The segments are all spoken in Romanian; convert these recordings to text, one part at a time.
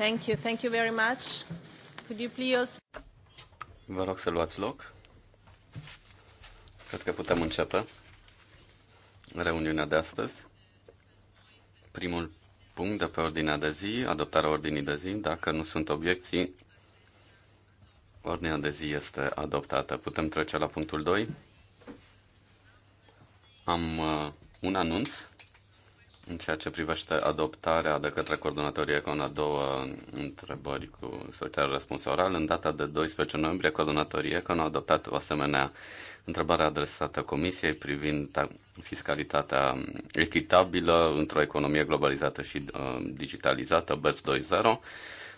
Thank you, thank you very much. Could you please... Vă rog să luați loc. Cred că putem începe reuniunea de astăzi. Primul punct de pe ordinea de zi, adoptarea ordinii de zi. Dacă nu sunt obiecții, ordinea de zi este adoptată. Putem trece la punctul 2. Am uh, un anunț în ceea ce privește adoptarea de către coordonatorii ECON a două întrebări cu solicitarea răspuns oral, în data de 12 noiembrie, coordonatorii ECON au adoptat o asemenea întrebare adresată Comisiei privind fiscalitatea echitabilă într-o economie globalizată și uh, digitalizată, BEPS 2.0.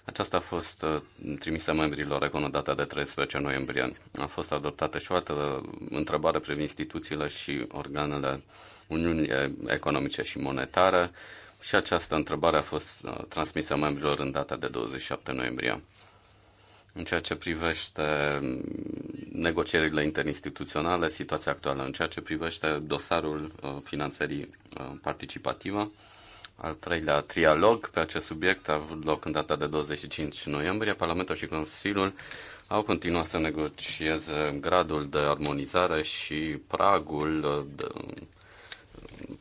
Aceasta a fost uh, trimisă membrilor ECON data de 13 noiembrie. A fost adoptată și o altă întrebare privind instituțiile și organele Uniunii Economice și Monetare și această întrebare a fost uh, transmisă membrilor în data de 27 noiembrie. În ceea ce privește mm, negocierile interinstituționale, situația actuală, în ceea ce privește dosarul uh, finanțării uh, participative, al treilea trialog pe acest subiect a avut loc în data de 25 noiembrie. Parlamentul și Consiliul au continuat să negocieze gradul de armonizare și pragul de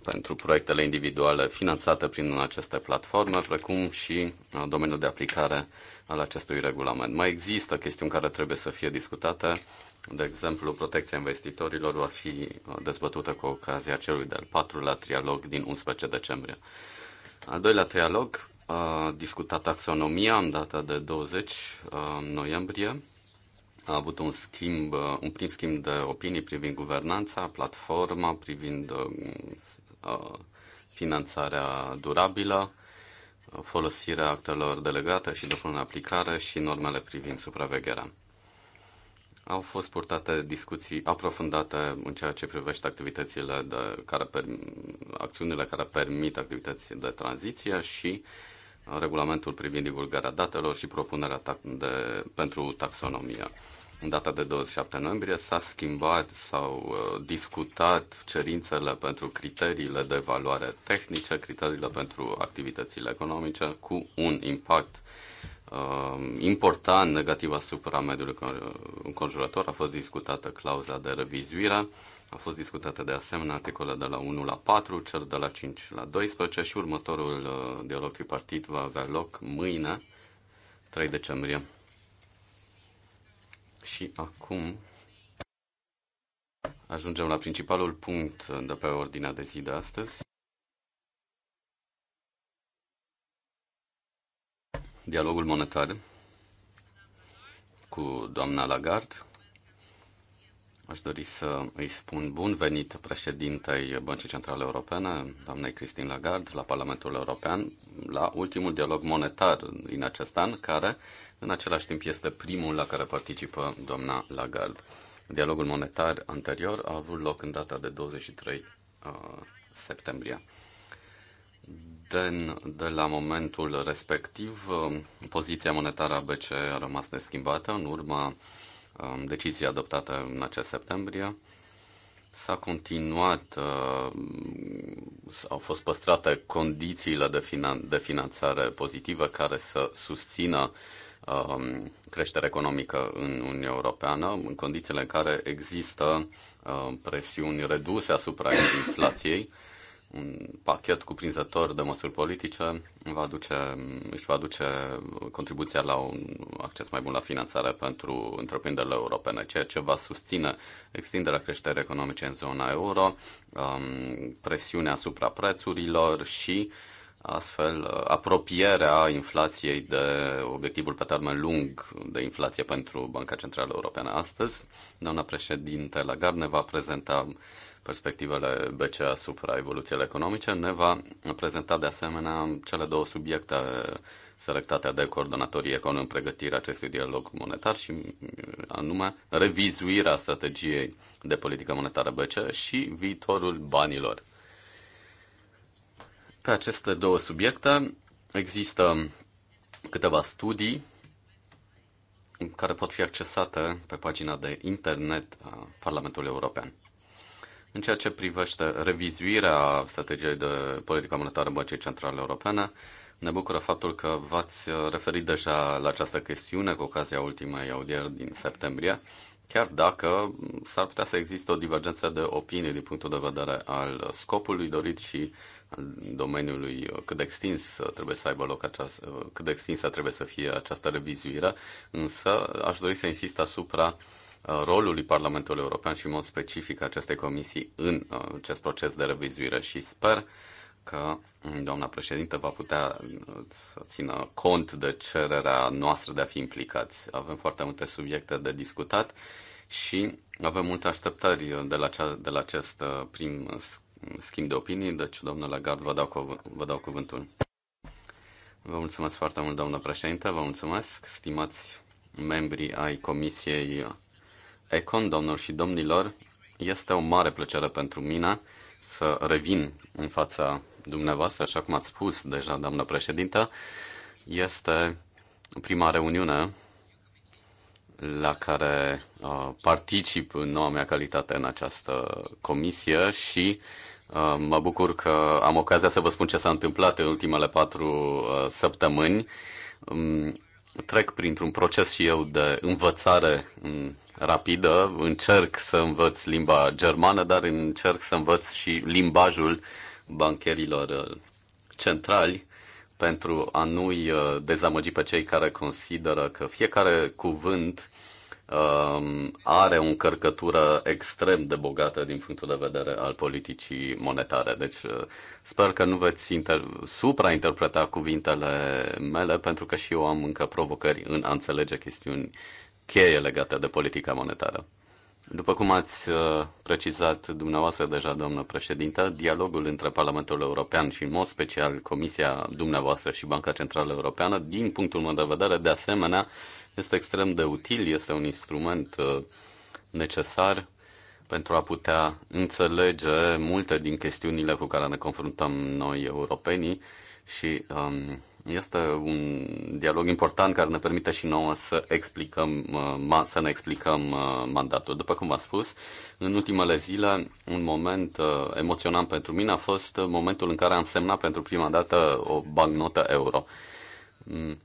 pentru proiectele individuale finanțate prin aceste platforme, precum și uh, domeniul de aplicare al acestui regulament. Mai există chestiuni care trebuie să fie discutate, de exemplu, protecția investitorilor va fi uh, dezbătută cu ocazia celui de-al patrulea trialog din 11 decembrie. Al doilea trialog a uh, discutat taxonomia în data de 20 noiembrie. A avut un, schimb, un prim schimb de opinii privind guvernanța, platforma, privind Uh, finanțarea durabilă, uh, folosirea actelor delegate și de până în aplicare și normele privind supravegherea. Au fost purtate discuții aprofundate în ceea ce privește activitățile de care per, acțiunile care permit activității de tranziție și uh, regulamentul privind divulgarea datelor și propunerea de, pentru taxonomia în data de 27 noiembrie, s-a schimbat, s-au uh, discutat cerințele pentru criteriile de evaluare tehnice, criteriile pentru activitățile economice, cu un impact uh, important negativ asupra mediului uh, înconjurător. A fost discutată clauza de revizuire, a fost discutată de asemenea articole de la 1 la 4, cel de la 5 la 12 și următorul uh, dialog tripartit va avea loc mâine, 3 decembrie. Și acum ajungem la principalul punct de pe ordinea de zi de astăzi. Dialogul monetar cu doamna Lagarde. Aș dori să îi spun bun venit președintei Băncii Centrale Europene, doamnei Christine Lagarde, la Parlamentul European, la ultimul dialog monetar din acest an, care în același timp este primul la care participă doamna Lagarde. Dialogul monetar anterior a avut loc în data de 23 uh, septembrie. De, de la momentul respectiv, uh, poziția monetară a BCE a rămas neschimbată în urma Um, decizia adoptată în acest septembrie. S-a continuat, uh, au fost păstrate condițiile de, finan- de finanțare pozitivă care să susțină um, creștere economică în Uniunea Europeană, în condițiile în care există uh, presiuni reduse asupra inflației un pachet cuprinzător de măsuri politice va aduce, își va aduce contribuția la un acces mai bun la finanțare pentru întreprinderile europene, ceea ce va susține extinderea creșterii economice în zona euro, um, presiunea asupra prețurilor și astfel apropierea inflației de obiectivul pe termen lung de inflație pentru Banca Centrală Europeană. Astăzi, doamna președinte Lagarde ne va prezenta perspectivele BCE asupra evoluției economice. Ne va prezenta de asemenea cele două subiecte selectate de coordonatorii econ în pregătirea acestui dialog monetar și anume revizuirea strategiei de politică monetară BCE și viitorul banilor. Pe aceste două subiecte există câteva studii care pot fi accesate pe pagina de internet a Parlamentului European. În ceea ce privește revizuirea strategiei de politică monetară Băncii Centrale Europene, ne bucură faptul că v-ați referit deja la această chestiune cu ocazia ultimei audieri din septembrie, chiar dacă s-ar putea să existe o divergență de opinie din punctul de vedere al scopului dorit și al domeniului cât de extins trebuie să aibă loc această, cât de extinsă trebuie să fie această revizuire, însă aș dori să insist asupra uh, Uh, rolului Parlamentului European și, în mod specific, acestei comisii în uh, acest proces de revizuire și sper că mm, doamna președintă va putea uh, să țină cont de cererea noastră de a fi implicați. Avem foarte multe subiecte de discutat și avem multe așteptări de la, cea, de la acest prim schimb de opinii, deci, domnule Lagarde, vă dau, cuv- vă dau cuvântul. Vă mulțumesc foarte mult, doamnă președinte, vă mulțumesc, stimați membrii ai Comisiei Econ, domnilor și domnilor, este o mare plăcere pentru mine să revin în fața dumneavoastră, așa cum ați spus deja, doamnă președintă. Este prima reuniune la care uh, particip în noua mea calitate în această comisie și uh, mă bucur că am ocazia să vă spun ce s-a întâmplat în ultimele patru uh, săptămâni. Um, trec printr-un proces și eu de învățare în rapidă, încerc să învăț limba germană, dar încerc să învăț și limbajul bancherilor uh, centrali pentru a nu-i uh, dezamăgi pe cei care consideră că fiecare cuvânt um, are o încărcătură extrem de bogată din punctul de vedere al politicii monetare. Deci uh, sper că nu veți inter- suprainterpreta cuvintele mele, pentru că și eu am încă provocări în a înțelege chestiuni cheie legate de politica monetară. După cum ați uh, precizat dumneavoastră deja, doamnă președintă, dialogul între Parlamentul European și, în mod special, Comisia dumneavoastră și Banca Centrală Europeană, din punctul meu de vedere, de asemenea, este extrem de util, este un instrument uh, necesar pentru a putea înțelege multe din chestiunile cu care ne confruntăm noi europenii și um, este un dialog important care ne permite și nouă să, explicăm, uh, să ne explicăm uh, mandatul. După cum v-am spus, în ultimele zile, un moment uh, emoționant pentru mine a fost momentul în care am semnat pentru prima dată o bagnotă euro mm.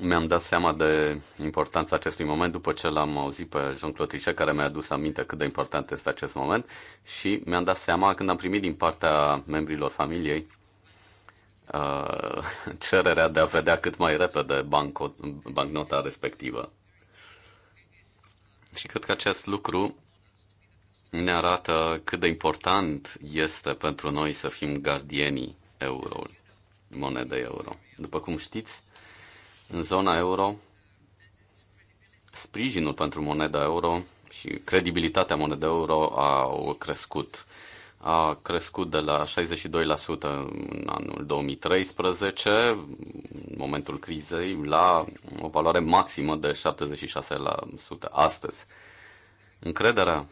mi-am dat seama de importanța acestui moment după ce l-am auzit pe Jean-Claude Trichet, care mi-a adus aminte cât de important este acest moment și mi-am dat seama când am primit din partea membrilor familiei Uh, cererea de a vedea cât mai repede banco, bancnota respectivă. Și cred că acest lucru ne arată cât de important este pentru noi să fim gardienii euro, monedei euro. După cum știți, în zona euro, sprijinul pentru moneda euro și credibilitatea monedei euro au crescut a crescut de la 62% în anul 2013, în momentul crizei, la o valoare maximă de 76% astăzi. Încrederea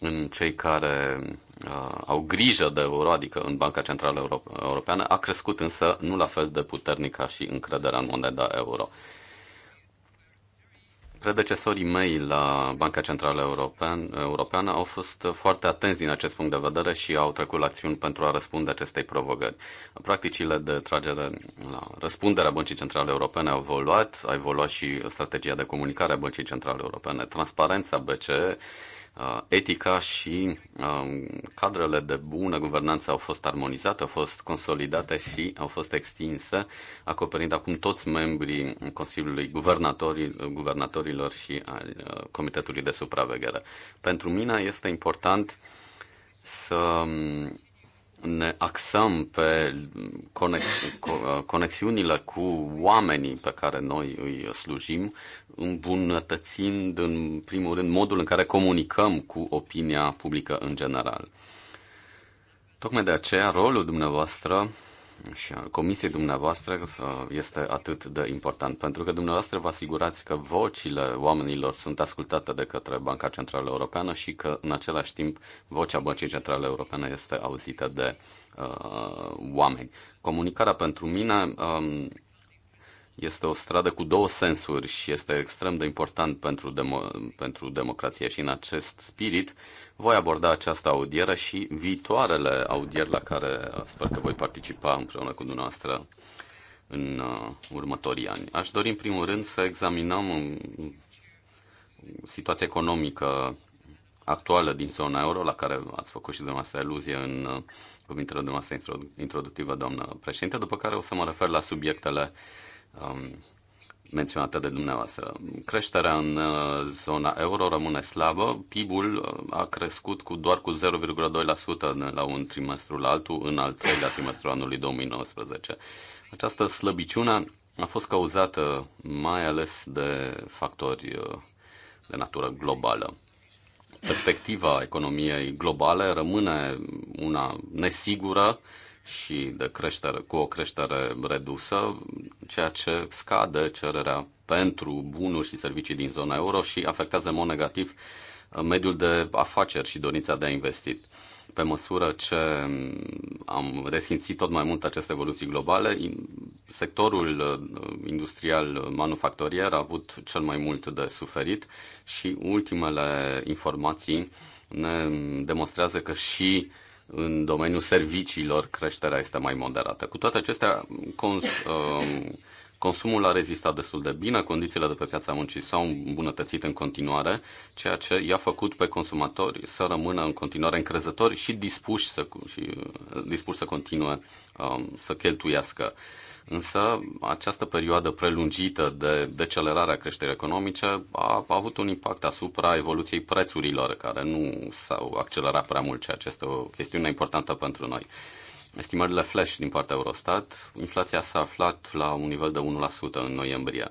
în cei care uh, au grijă de euro, adică în Banca Centrală Europeană, a crescut însă nu la fel de puternic ca și încrederea în moneda euro predecesorii mei la Banca Centrală European, Europeană au fost foarte atenți din acest punct de vedere și au trecut la acțiuni pentru a răspunde acestei provocări. Practicile de tragere la răspunderea Băncii Centrale Europene au evoluat, a evoluat și strategia de comunicare a Băncii Centrale Europene, transparența BCE, Uh, etica și um, cadrele de bună guvernanță au fost armonizate, au fost consolidate și au fost extinse, acoperind acum toți membrii Consiliului Guvernatorii, Guvernatorilor și al uh, Comitetului de Supraveghere. Pentru mine este important să um, ne axăm pe conex- conexiunile cu oamenii pe care noi îi slujim, îmbunătățind în primul rând modul în care comunicăm cu opinia publică în general. Tocmai de aceea, rolul dumneavoastră și al comisiei dumneavoastră uh, este atât de important, pentru că dumneavoastră vă asigurați că vocile oamenilor sunt ascultate de către Banca Centrală Europeană și că, în același timp, vocea Băncii Centrale Europene este auzită de uh, oameni. Comunicarea pentru mine um, este o stradă cu două sensuri și este extrem de important pentru, demo- pentru democrație. Și în acest spirit voi aborda această audieră și viitoarele audieri la care sper că voi participa împreună cu dumneavoastră în uh, următorii ani. Aș dori în primul rând să examinăm um, situația economică actuală din zona euro, la care ați făcut și dumneavoastră aluzie în uh, cuvintele dumneavoastră introductive, doamnă președinte, după care o să mă refer la subiectele uh, um, menționată de dumneavoastră. Creșterea în uh, zona euro rămâne slabă. PIB-ul uh, a crescut cu doar cu 0,2% la un trimestru la altul în al treilea trimestru anului 2019. Această slăbiciune a fost cauzată mai ales de factori uh, de natură globală. Perspectiva economiei globale rămâne una nesigură, și de creștere, cu o creștere redusă, ceea ce scade cererea pentru bunuri și servicii din zona euro și afectează în mod negativ uh, mediul de afaceri și dorința de a investi. Pe măsură ce mm, am resimțit tot mai mult aceste evoluții globale, sectorul uh, industrial manufacturier a avut cel mai mult de suferit și ultimele informații ne mm, demonstrează că și în domeniul serviciilor creșterea este mai moderată. Cu toate acestea, cons, um, consumul a rezistat destul de bine, condițiile de pe piața muncii s-au îmbunătățit în continuare, ceea ce i-a făcut pe consumatori să rămână în continuare încrezători și dispuși să, și, uh, dispuși să continue um, să cheltuiască. Uh, Însă această perioadă prelungită de decelerare a creșterii economice a, a avut un impact asupra evoluției prețurilor, care nu s-au accelerat prea mult, ceea ce este o chestiune importantă pentru noi. Estimările flash din partea Eurostat, inflația s-a aflat la un nivel de 1% în noiembrie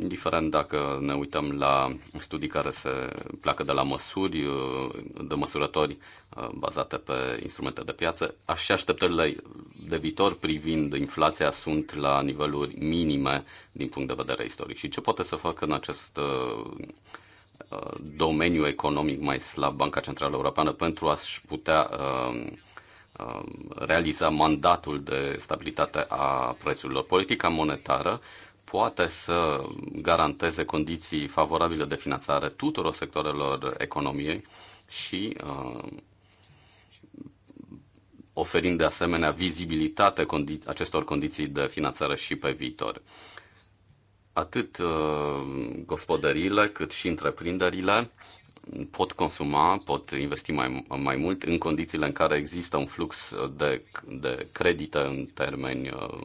indiferent dacă ne uităm la studii care se pleacă de la măsuri, de măsurători uh, bazate pe instrumente de piață, așa așteptările de viitor privind inflația sunt la niveluri minime din punct de vedere istoric. Și ce poate să facă în acest uh, uh, domeniu economic mai slab Banca Centrală Europeană pentru a-și putea realiza mandatul de stabilitate a prețurilor. Politica monetară poate să garanteze condiții favorabile de finanțare tuturor sectorelor economiei și uh, oferind de asemenea vizibilitate condi- acestor condiții de finanțare și pe viitor. Atât uh, gospodăriile cât și întreprinderile pot consuma, pot investi mai, mai mult în condițiile în care există un flux de, de credite în termeni uh,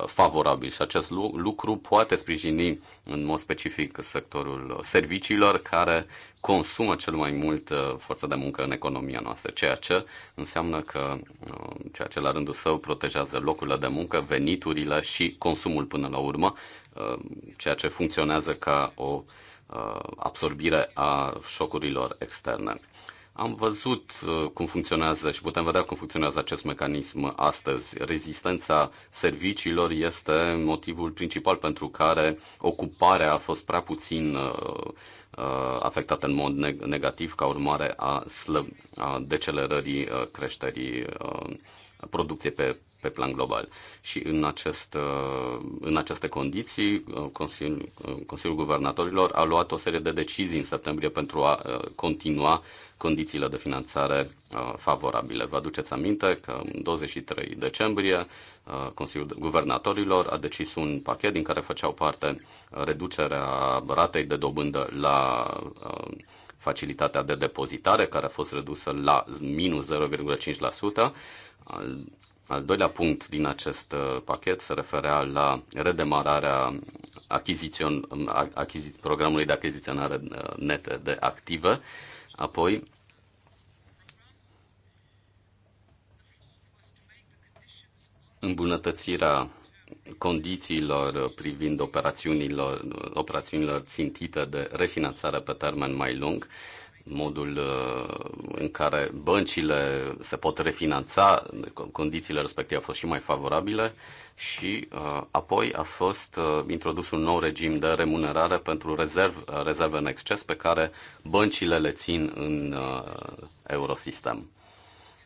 Uh, favorabil și acest lucru poate sprijini în mod specific sectorul serviciilor care consumă cel mai mult uh, forță de muncă în economia noastră, ceea ce înseamnă că uh, ceea ce la rândul său protejează locurile de muncă, veniturile și consumul până la urmă, ceea ce funcționează ca o absorbire a șocurilor externe. Am văzut uh, cum funcționează și putem vedea cum funcționează acest mecanism astăzi. Rezistența serviciilor este motivul principal pentru care ocuparea a fost prea puțin uh, uh, afectată în mod negativ ca urmare a, slăb- a decelerării creșterii producție pe, pe plan global. Și în, acest, uh, în aceste condiții, uh, Consiliul, uh, Consiliul Guvernatorilor a luat o serie de decizii în septembrie pentru a continua condițiile de finanțare favorabile. Vă aduceți aminte că în 23 decembrie Consiliul Guvernatorilor a decis un pachet din care făceau parte reducerea ratei de dobândă la facilitatea de depozitare, care a fost redusă la minus 0,5%, al, al doilea punct din acest uh, pachet se referea la redemararea achizițion, achizi, programului de achiziționare uh, nete de active, apoi îmbunătățirea condițiilor privind operațiunilor, operațiunilor țintite de refinanțare pe termen mai lung modul uh, în care băncile se pot refinanța, condițiile respective au fost și mai favorabile și uh, apoi a fost uh, introdus un nou regim de remunerare pentru rezerv, rezerve în exces pe care băncile le țin în eurosistem.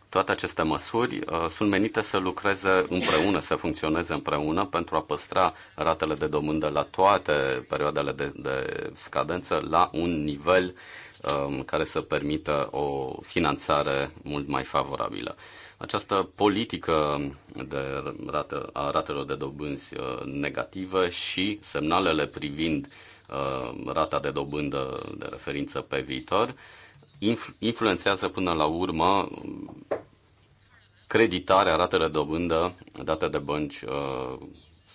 Toate aceste măsuri uh, sunt menite să lucreze împreună, să funcționeze împreună pentru a păstra ratele de domândă la toate perioadele de, de scadență la un nivel uh, Um, care să permită o finanțare mult mai favorabilă. Această politică de rată, a ratelor de dobânzi uh, negative și semnalele privind uh, rata de dobândă de referință pe viitor influențează până la urmă creditarea ratelor de dobândă date de bănci uh,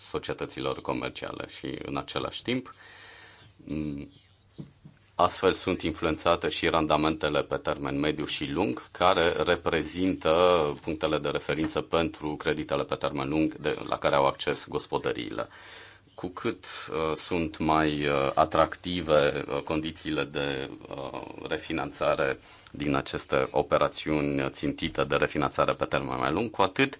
societăților comerciale și în același timp Astfel sunt influențate și randamentele pe termen mediu și lung, care reprezintă punctele de referință pentru creditele pe termen lung de, la care au acces gospodăriile. Cu cât uh, sunt mai uh, atractive uh, condițiile de uh, refinanțare din aceste operațiuni țintite de refinanțare pe termen mai lung, cu atât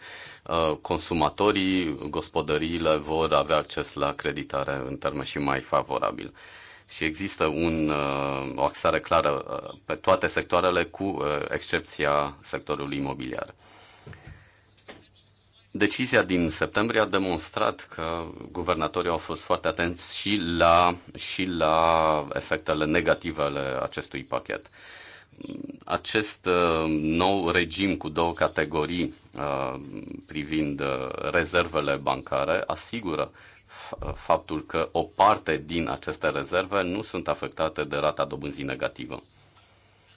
uh, consumatorii, gospodăriile vor avea acces la creditare în termen și mai favorabil și există un, uh, o axare clară uh, pe toate sectoarele, cu uh, excepția sectorului imobiliar. Decizia din septembrie a demonstrat că guvernatorii au fost foarte atenți și la, și la efectele negative ale acestui pachet. Acest nou regim cu două categorii privind rezervele bancare asigură faptul că o parte din aceste rezerve nu sunt afectate de rata dobânzii negativă.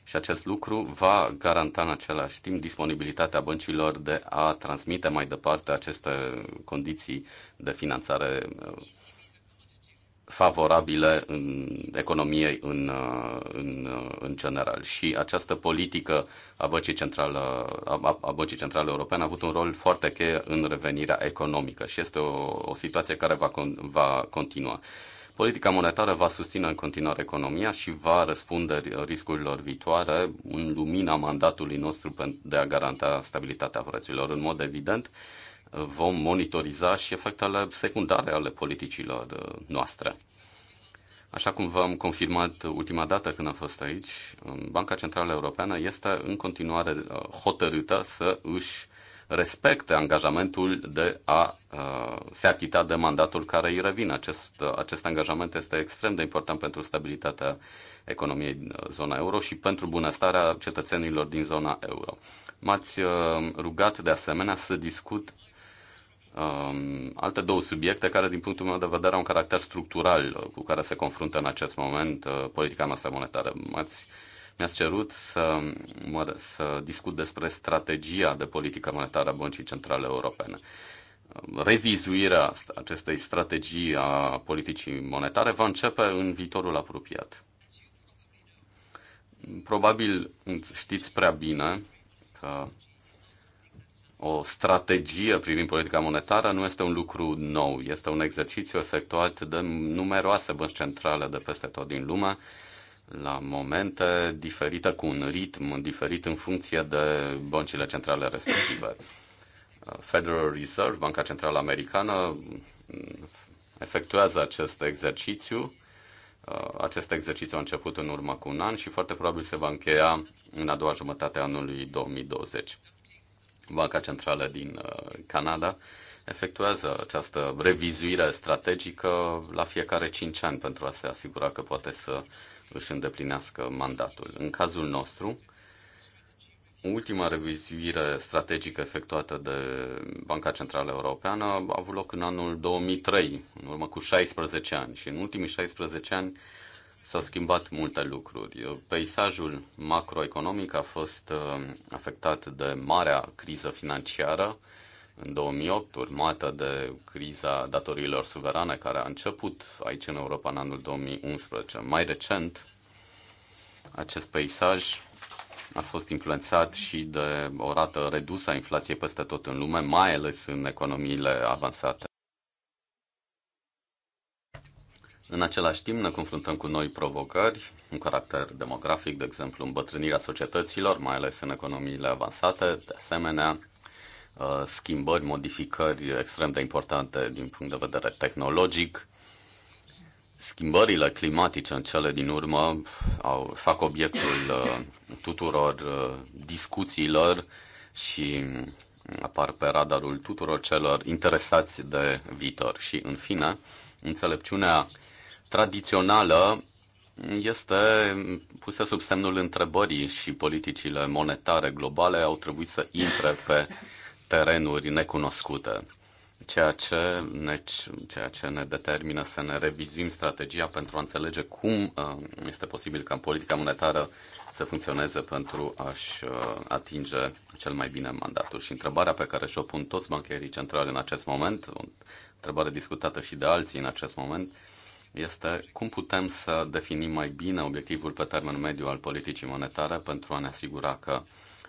Și acest lucru va garanta în același timp disponibilitatea băncilor de a transmite mai departe aceste condiții de finanțare uh, favorabile în economiei în, uh, în, uh, în general. Și această politică a Băcii Centrale, a, a Băcii Centrale Europene a avut un rol foarte cheie în revenirea economică și este o, o situație care va, va continua. Politica monetară va susține în continuare economia și va răspunde riscurilor viitoare în lumina mandatului nostru de a garanta stabilitatea prețurilor. În mod evident, vom monitoriza și efectele secundare ale politicilor uh, noastre. Așa cum v-am confirmat ultima dată când am fost aici, um, Banca Centrală Europeană este în continuare uh, hotărâtă să își respecte angajamentul de a uh, se achita de mandatul care îi revine. Acest, acest angajament este extrem de important pentru stabilitatea economiei zona euro și pentru bunăstarea cetățenilor din zona euro. M-ați rugat de asemenea să discut um, alte două subiecte care, din punctul meu de vedere, au un caracter structural uh, cu care se confruntă în acest moment uh, politica noastră monetară. M-ați, mi-ați cerut să, mă, să discut despre strategia de politică monetară a Băncii Centrale Europene. Um, revizuirea acestei strategii a politicii monetare va începe în viitorul apropiat. Probabil știți prea bine că o strategie privind politica monetară nu este un lucru nou, este un exercițiu efectuat de numeroase bănci centrale de peste tot din lume, la momente diferite, cu un ritm diferit în funcție de băncile centrale respective. Federal Reserve, Banca Centrală Americană, efectuează acest exercițiu. Acest exercițiu a început în urmă cu un an și foarte probabil se va încheia în a doua jumătate a anului 2020. Banca Centrală din uh, Canada, efectuează această revizuire strategică la fiecare 5 ani pentru a se asigura că poate să își îndeplinească mandatul. În cazul nostru, ultima revizuire strategică efectuată de Banca Centrală Europeană a avut loc în anul 2003, în urmă cu 16 ani. Și în ultimii 16 ani S-au schimbat multe lucruri. Peisajul macroeconomic a fost uh, afectat de marea criză financiară în 2008, urmată de criza datoriilor suverane care a început aici în Europa în anul 2011. Mai recent, acest peisaj a fost influențat și de o rată redusă a inflației peste tot în lume, mai ales în economiile avansate. În același timp ne confruntăm cu noi provocări, un caracter demografic, de exemplu îmbătrânirea societăților, mai ales în economiile avansate, de asemenea uh, schimbări, modificări extrem de importante din punct de vedere tehnologic. Schimbările climatice în cele din urmă au, fac obiectul uh, tuturor uh, discuțiilor și mm, apar pe radarul tuturor celor interesați de viitor. Și, în fine, înțelepciunea tradițională este pusă sub semnul întrebării și politicile monetare globale au trebuit să intre pe terenuri necunoscute, ceea ce ne, ceea ce ne determină să ne revizuim strategia pentru a înțelege cum uh, este posibil ca politica monetară să funcționeze pentru a-și uh, atinge cel mai bine mandatul. Și întrebarea pe care și-o pun toți bancherii centrali în acest moment, o întrebare discutată și de alții în acest moment, este cum putem să definim mai bine obiectivul pe termen mediu al politicii monetare pentru a ne asigura că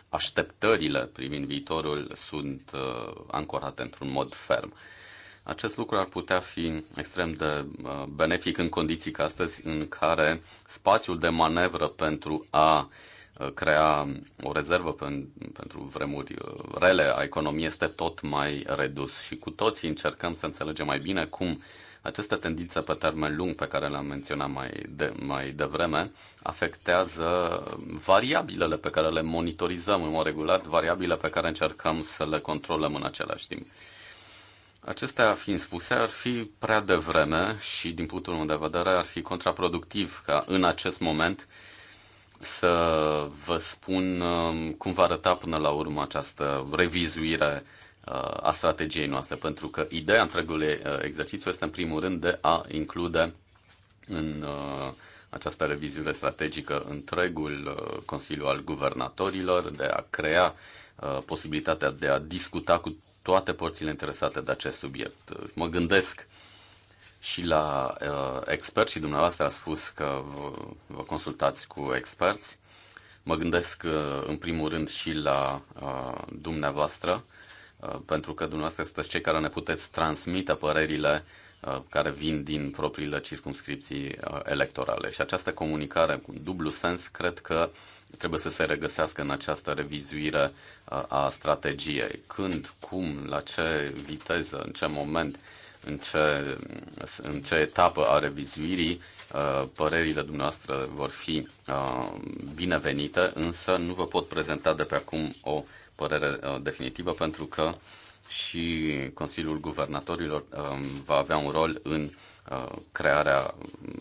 așteptările privind viitorul sunt uh, ancorate într-un mod ferm. Acest lucru ar putea fi extrem de uh, benefic în condiții ca astăzi în care spațiul de manevră pentru a uh, crea o rezervă pentru vremuri rele a economiei este tot mai redus și cu toții încercăm să înțelegem mai bine cum această tendință pe termen lung pe care l-am menționat mai, de, mai devreme afectează variabilele pe care le monitorizăm în mod regulat, variabile pe care încercăm să le controlăm în același timp. Acestea fiind spuse, ar fi prea devreme și, din punctul meu de vedere, ar fi contraproductiv ca în acest moment să vă spun um, cum va arăta până la urmă această revizuire Uh, a strategiei noastre, pentru că ideea întregului uh, exercițiu este, în primul rând, de a include în uh, această reviziune strategică întregul Consiliu al Guvernatorilor, de a crea posibilitatea de a discuta cu toate părțile interesate de acest subiect. Mă gândesc și la uh, experți și dumneavoastră a spus că vă, consultați cu experți. Mă gândesc uh, în primul rând și la uh, dumneavoastră Uh, pentru că dumneavoastră sunteți cei care ne puteți transmite părerile uh, care vin din propriile circumscripții uh, electorale. Și această comunicare cu dublu sens cred că trebuie să se regăsească în această revizuire a strategiei. Când, cum, la ce viteză, în ce moment, în ce, în ce etapă a revizuirii, părerile dumneavoastră vor fi binevenite, însă nu vă pot prezenta de pe acum o părere uh, definitivă pentru că și Consiliul Guvernatorilor um, va avea un rol în uh, crearea,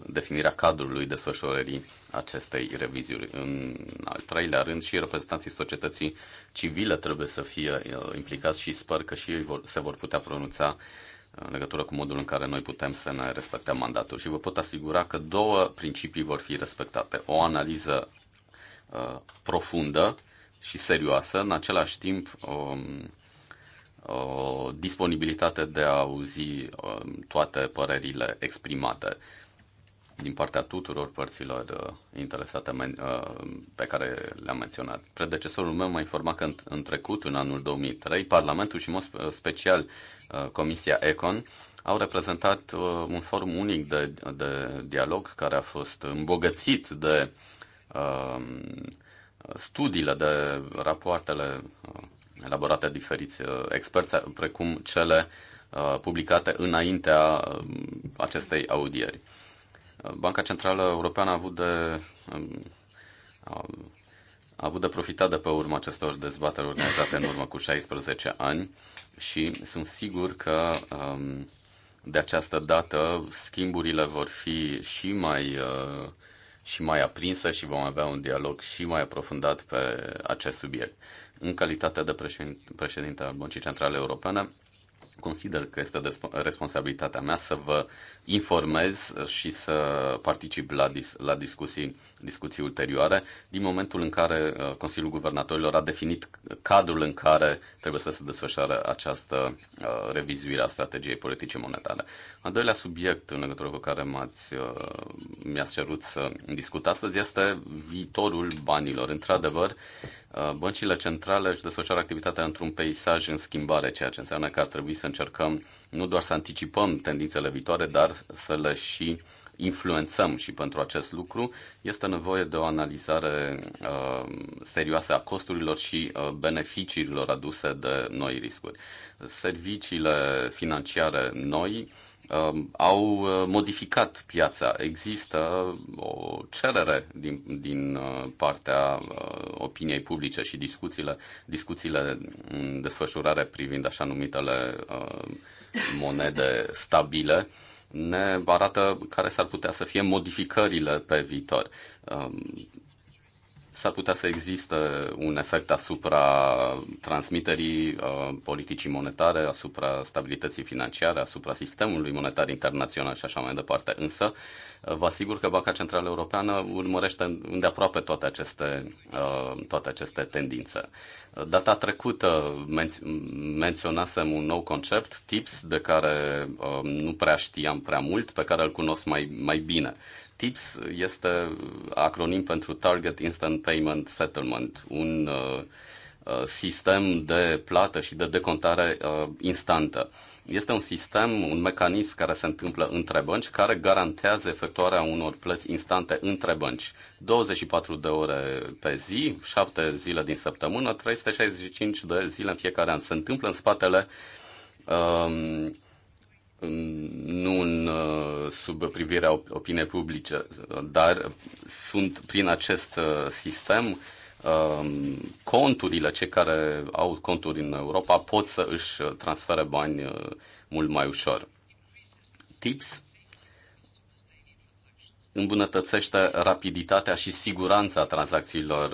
definirea cadrului desfășurării acestei reviziuri. În al treilea rând, și reprezentanții societății civile trebuie să fie uh, implicați și sper că și ei vor, se vor putea pronunța în legătură cu modul în care noi putem să ne respectăm mandatul. Și vă pot asigura că două principii vor fi respectate. O analiză uh, profundă și serioasă, în același timp o, um, o disponibilitate de a auzi um, toate părerile exprimate din partea tuturor părților uh, interesate uh, pe care le-am menționat. Predecesorul meu m-a informat că în trecut, în anul 2003, Parlamentul și, în mod special, uh, Comisia ECON au reprezentat un forum unic de, de dialog care a fost îmbogățit de um, studiile de rapoartele uh, elaborate de diferiți uh, experți, precum cele uh, publicate înaintea acestei audieri. Banca Centrală Europeană a avut de um, a avut de profitat de pe urma acestor dezbateri organizate în urmă cu 16 ani și sunt sigur că um, de această dată schimburile vor fi și mai uh, și mai aprinsă și vom avea un dialog și mai aprofundat pe acest subiect. În calitate de președinte al Băncii Centrale Europene, consider că este responsabilitatea mea să vă informez și să particip la, dis- la discuții, discuții ulterioare din momentul în care uh, Consiliul Guvernatorilor a definit cadrul în care trebuie să se desfășoare această uh, revizuire a strategiei politice monetare. Al doilea subiect în legătură cu care m-ați, uh, mi-ați cerut să discut astăzi este viitorul banilor. Într-adevăr, uh, băncile centrale își desfășoară activitatea într-un peisaj în schimbare, ceea ce înseamnă că ar trebui să să încercăm nu doar să anticipăm tendințele viitoare, dar să le și influențăm și pentru acest lucru, este nevoie de o analizare uh, serioasă a costurilor și uh, beneficiilor aduse de noi riscuri. Serviciile financiare noi Um, au uh, modificat piața. Există o cerere din, din uh, partea uh, opiniei publice și discuțiile, discuțiile în desfășurare privind așa numitele monede stabile ne arată care s-ar putea să fie modificările pe viitor. Um, s-ar putea să existe un efect asupra transmiterii uh, politicii monetare, asupra stabilității financiare, asupra sistemului monetar internațional și așa mai departe. Însă, uh, vă asigur că Banca Centrală Europeană urmărește îndeaproape toate aceste, uh, toate aceste tendințe. Data trecută men- menționasem un nou concept, TIPS, de care uh, nu prea știam prea mult, pe care îl cunosc mai, mai bine. TIPS este acronim pentru Target Instant Payment Settlement, un uh, uh, sistem de plată și de decontare uh, instantă. Este un sistem, un mecanism care se întâmplă între bănci, care garantează efectuarea unor plăți instante între bănci. 24 de ore pe zi, 7 zile din săptămână, 365 de zile în fiecare an. Se întâmplă în spatele uh, nu în, uh, sub privirea opiniei publice, dar sunt prin acest uh, sistem um, conturile, cei care au conturi în Europa pot să își transfere bani uh, mult mai ușor. Tips îmbunătățește rapiditatea și siguranța tranzacțiilor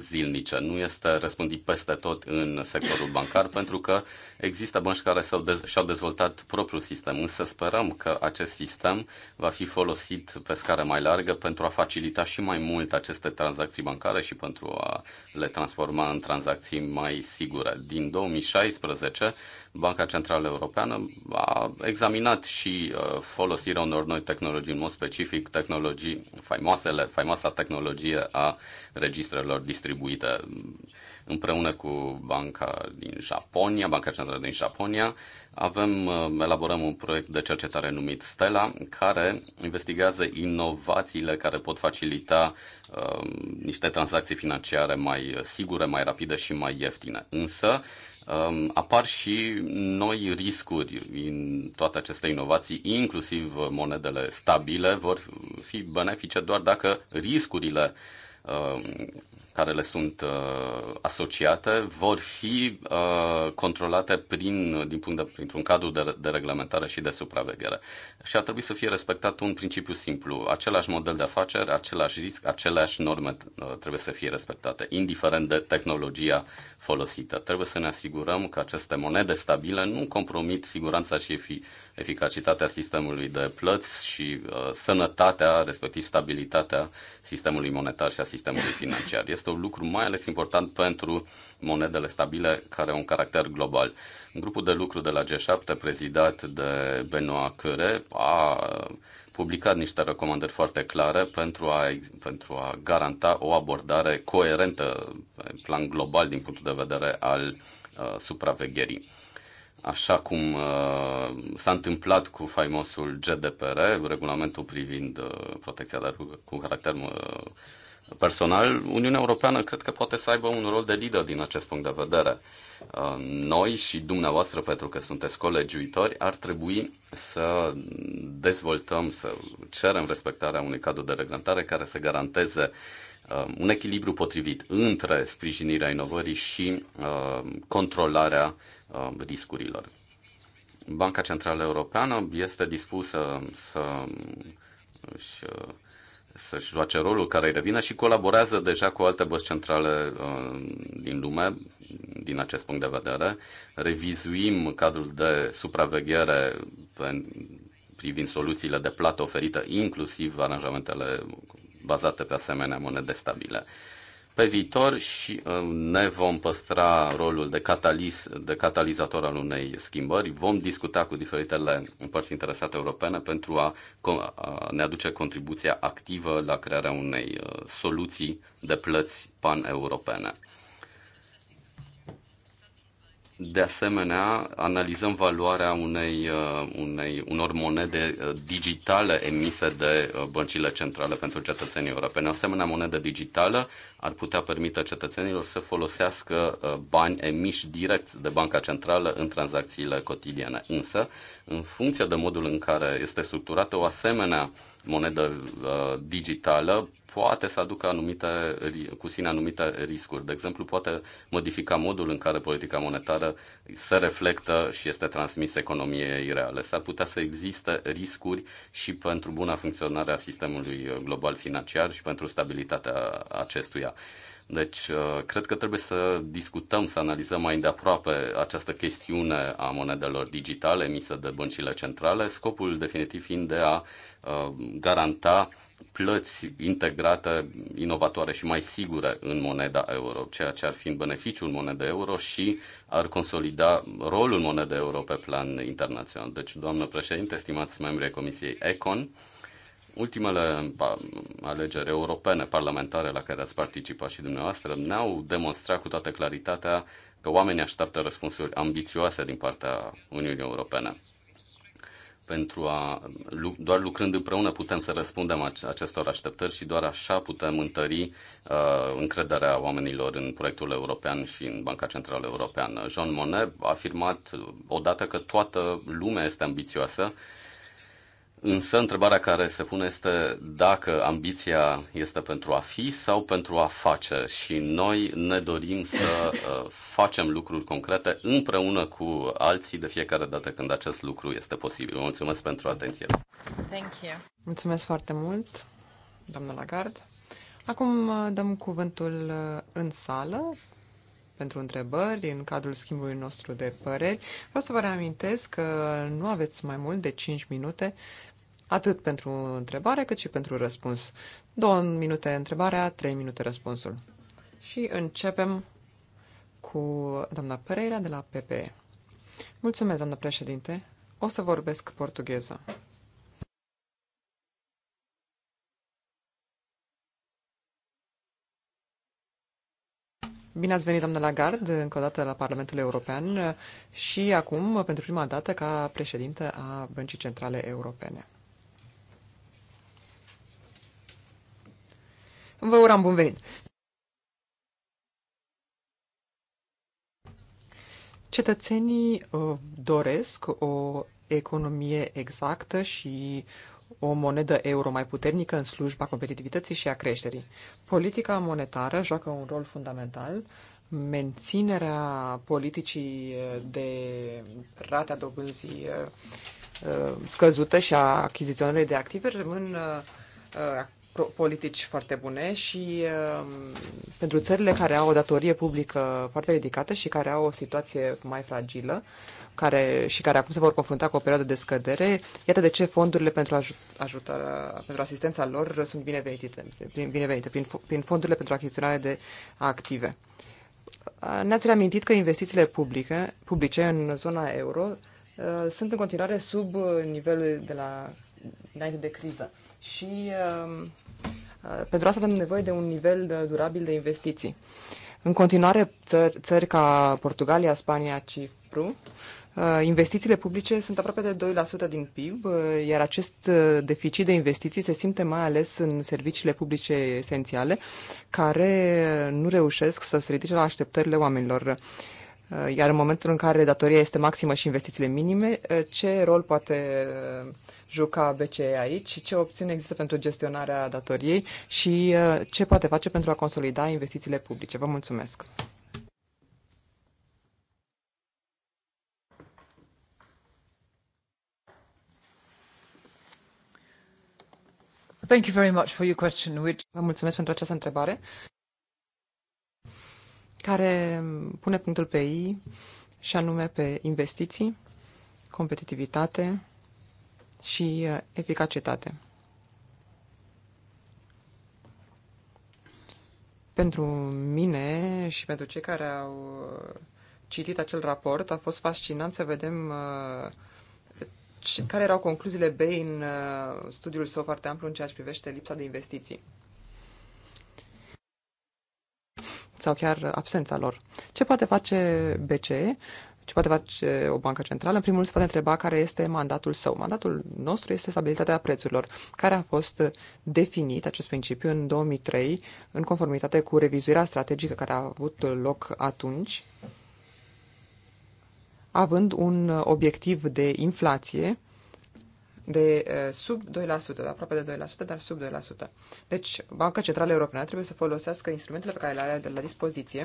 zilnice. Nu este răspândit peste tot în sectorul bancar pentru că uh, Există bănci care s-au de- și-au dezvoltat propriul sistem, însă sperăm că acest sistem va fi folosit pe scară mai largă pentru a facilita și mai mult aceste tranzacții bancare și pentru a le transforma în tranzacții mai sigure. Din 2016, Banca Centrală Europeană a examinat și uh, folosirea unor noi tehnologii, în mod specific tehnologii, faimoasele, faimoasa tehnologie a registrelor distribuite împreună cu Banca din Japonia, Banca Centrală din Japonia, avem, uh, elaborăm un proiect de cercetare numit Stella, care investigează inovațiile care pot facilita uh, niște tranzacții financiare mai sigure, mai rapide și mai ieftine. Însă, um, apar și noi riscuri în toate aceste inovații, inclusiv monedele stabile vor fi benefice doar dacă riscurile um, care le sunt uh, asociate vor fi uh, controlate prin, din punct de, printr-un cadru de, de reglementare și de supraveghere. Și ar trebui să fie respectat un principiu simplu. Același model de afaceri, același risc, aceleași norme uh, trebuie să fie respectate, indiferent de tehnologia folosită. Trebuie să ne asigurăm că aceste monede stabile nu compromit siguranța și efi- eficacitatea sistemului de plăți și uh, sănătatea, respectiv stabilitatea sistemului monetar și a sistemului financiar. Este este un lucru mai ales important pentru monedele stabile care au un caracter global. Grupul de lucru de la G7, prezidat de Benoît Căre, a publicat niște recomandări foarte clare pentru a, pentru a garanta o abordare coerentă pe plan global din punctul de vedere al uh, supravegherii așa cum uh, s-a întâmplat cu faimosul GDPR, regulamentul privind uh, protecția de cu caracter uh, personal, Uniunea Europeană cred că poate să aibă un rol de lider din acest punct de vedere. Uh, noi și dumneavoastră, pentru că sunteți colegiuitori, ar trebui să dezvoltăm, să cerem respectarea unui cadru de reglementare care să garanteze uh, un echilibru potrivit între sprijinirea inovării și uh, controlarea riscurilor. Banca Centrală Europeană este dispusă să își să-și joace rolul care îi revine și colaborează deja cu alte băzi centrale uh, din lume, din acest punct de vedere. Revizuim cadrul de supraveghere privind soluțiile de plată oferită, inclusiv aranjamentele bazate pe asemenea monede stabile. Pe viitor și um, ne vom păstra rolul de, cataliz, de catalizator al unei schimbări. Vom discuta cu diferitele părți interesate europene pentru a, a ne aduce contribuția activă la crearea unei uh, soluții de plăți pan-europene. De asemenea, analizăm valoarea unei, uh, unei, unor monede uh, digitale emise de uh, băncile centrale pentru cetățenii europeni. O asemenea monedă digitală ar putea permite cetățenilor să folosească bani emiși direct de Banca Centrală în tranzacțiile cotidiene. Însă, în funcție de modul în care este structurată, o asemenea monedă digitală poate să aducă anumite, cu sine anumite riscuri. De exemplu, poate modifica modul în care politica monetară se reflectă și este transmisă economiei reale. S-ar putea să existe riscuri și pentru buna funcționare a sistemului global financiar și pentru stabilitatea acestuia. Deci, uh, cred că trebuie să discutăm, să analizăm mai îndeaproape această chestiune a monedelor digitale emise de băncile centrale, scopul definitiv fiind de a uh, garanta plăți integrată, inovatoare și mai sigură în moneda euro, ceea ce ar fi în beneficiul monedei euro și ar consolida rolul monedei euro pe plan internațional. Deci, doamnă președinte, stimați membri ai Comisiei ECON, ultimele alegeri europene parlamentare la care ați participat și dumneavoastră ne-au demonstrat cu toată claritatea că oamenii așteaptă răspunsuri ambițioase din partea Uniunii Europene pentru a, doar lucrând împreună putem să răspundem acestor așteptări și doar așa putem întări uh, încrederea oamenilor în proiectul european și în Banca Centrală Europeană. Jean Monnet a afirmat odată că toată lumea este ambițioasă, uh, Însă întrebarea care se pune este dacă ambiția este pentru a fi sau pentru a face și noi ne dorim să ă, facem lucruri concrete împreună cu alții de fiecare dată când acest lucru este posibil. Vă mulțumesc pentru atenție. Thank you. Mulțumesc foarte mult, doamna Lagarde. Acum ă, dăm cuvântul ă, în sală pentru întrebări în cadrul schimbului nostru de păreri. Vreau să vă reamintesc că nu aveți mai mult de 5 minute Atât pentru întrebare, cât și pentru răspuns. Două minute întrebarea, trei minute răspunsul. Și începem cu doamna Pereira de la PPE. Mulțumesc, doamna președinte. O să vorbesc portugheză. Bine ați venit, doamnă Lagarde, încă o dată la Parlamentul European și acum, pentru prima dată, ca președinte a Băncii Centrale Europene. Vă uram bun venit! Cetățenii uh, doresc o economie exactă și o monedă euro mai puternică în slujba competitivității și a creșterii. Politica monetară joacă un rol fundamental. Menținerea politicii uh, de rata dobânzii uh, scăzută și a achiziționării de active rămân politici foarte bune și um, pentru țările care au o datorie publică foarte ridicată și care au o situație mai fragilă care, și care acum se vor confrunta cu o perioadă de scădere, iată de ce fondurile pentru, ajut, ajuta, pentru asistența lor sunt binevenite, prin, binevenite prin, prin fondurile pentru achiziționare de active. Ne-ați reamintit că investițiile publice, publice în zona euro uh, sunt în continuare sub nivelul de la înainte de criză. Și um, uh, pentru asta avem nevoie de un nivel durabil de investiții. În continuare, țări, țări ca Portugalia, Spania, Cipru, uh, investițiile publice sunt aproape de 2% din PIB, uh, iar acest deficit de investiții se simte mai ales în serviciile publice esențiale, care nu reușesc să se ridice la așteptările oamenilor. Eh, iar în momentul în care datoria este maximă și investițiile minime, eh, ce rol poate eh, juca BCE aici și ce opțiuni există pentru gestionarea datoriei și ce poate face pentru a consolida investițiile publice? Vă mulțumesc! Thank you very much for your question, which... Vă mulțumesc pentru această întrebare care pune punctul pe I și anume pe investiții, competitivitate și uh, eficacitate. Pentru mine și pentru cei care au uh, citit acel raport, a fost fascinant să vedem uh, care erau concluziile BEI în studiul său foarte amplu în ceea ce privește lipsa de investiții. sau chiar absența lor. Ce poate face BCE? Ce poate face o bancă centrală? În primul rând se poate întreba care este mandatul său. Mandatul nostru este stabilitatea prețurilor, care a fost definit acest principiu în 2003 în conformitate cu revizuirea strategică care a avut loc atunci, având un obiectiv de inflație de eh, sub 2%, de aproape de 2%, dar sub 2%. Deci, Banca Centrală Europeană trebuie să folosească instrumentele pe care le are de la dispoziție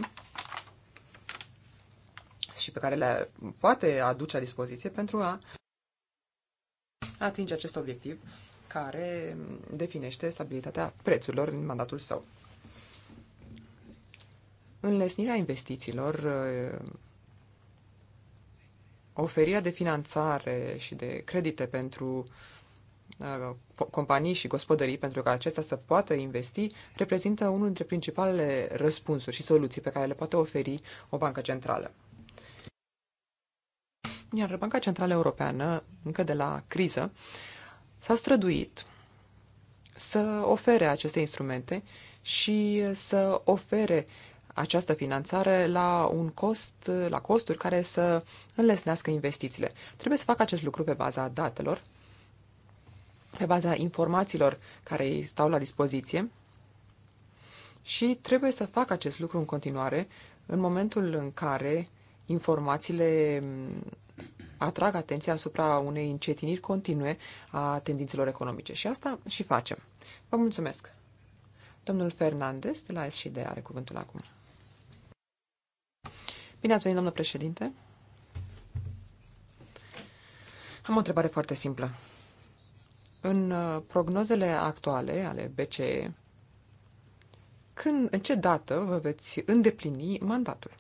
și pe care le poate aduce la dispoziție pentru a atinge acest obiectiv care definește stabilitatea prețurilor în mandatul său. Înlesnirea investițiilor eh, oferirea de finanțare și de credite pentru uh, companii și gospodării pentru ca acestea să poată investi reprezintă unul dintre principalele răspunsuri și soluții pe care le poate oferi o bancă centrală. Iar Banca Centrală Europeană, încă de la criză, s-a străduit să ofere aceste instrumente și să ofere această finanțare la un cost, la costuri care să înlesnească investițiile. Trebuie să fac acest lucru pe baza datelor, pe baza informațiilor care îi stau la dispoziție și trebuie să fac acest lucru în continuare în momentul în care informațiile atrag atenția asupra unei încetiniri continue a tendințelor economice. Și asta și facem. Vă mulțumesc! Domnul Fernandez de la SCD are cuvântul acum. Bine ați venit, domnule președinte. Am o întrebare foarte simplă. În uh, prognozele actuale ale BCE, când, în ce dată vă veți îndeplini mandatul?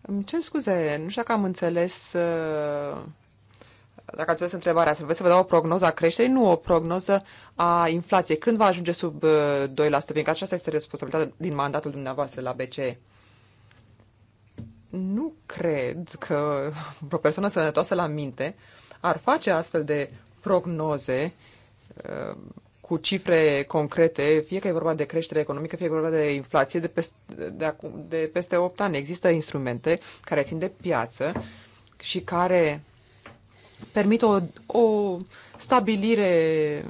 Îmi cer scuze, nu știu dacă am înțeles uh, dacă ați văzut întrebarea să vă dau o prognoză a creșterii? Nu, o prognoză a inflației. Când va ajunge sub 2%? Pentru că aceasta este responsabilitatea din mandatul dumneavoastră la BCE. Nu cred că o persoană sănătoasă la minte ar face astfel de prognoze uh, cu cifre concrete, fie că e vorba de creștere economică, fie că e vorba de inflație, de peste, de, acum, de peste 8 ani. Există instrumente care țin de piață și care permit o, o stabilire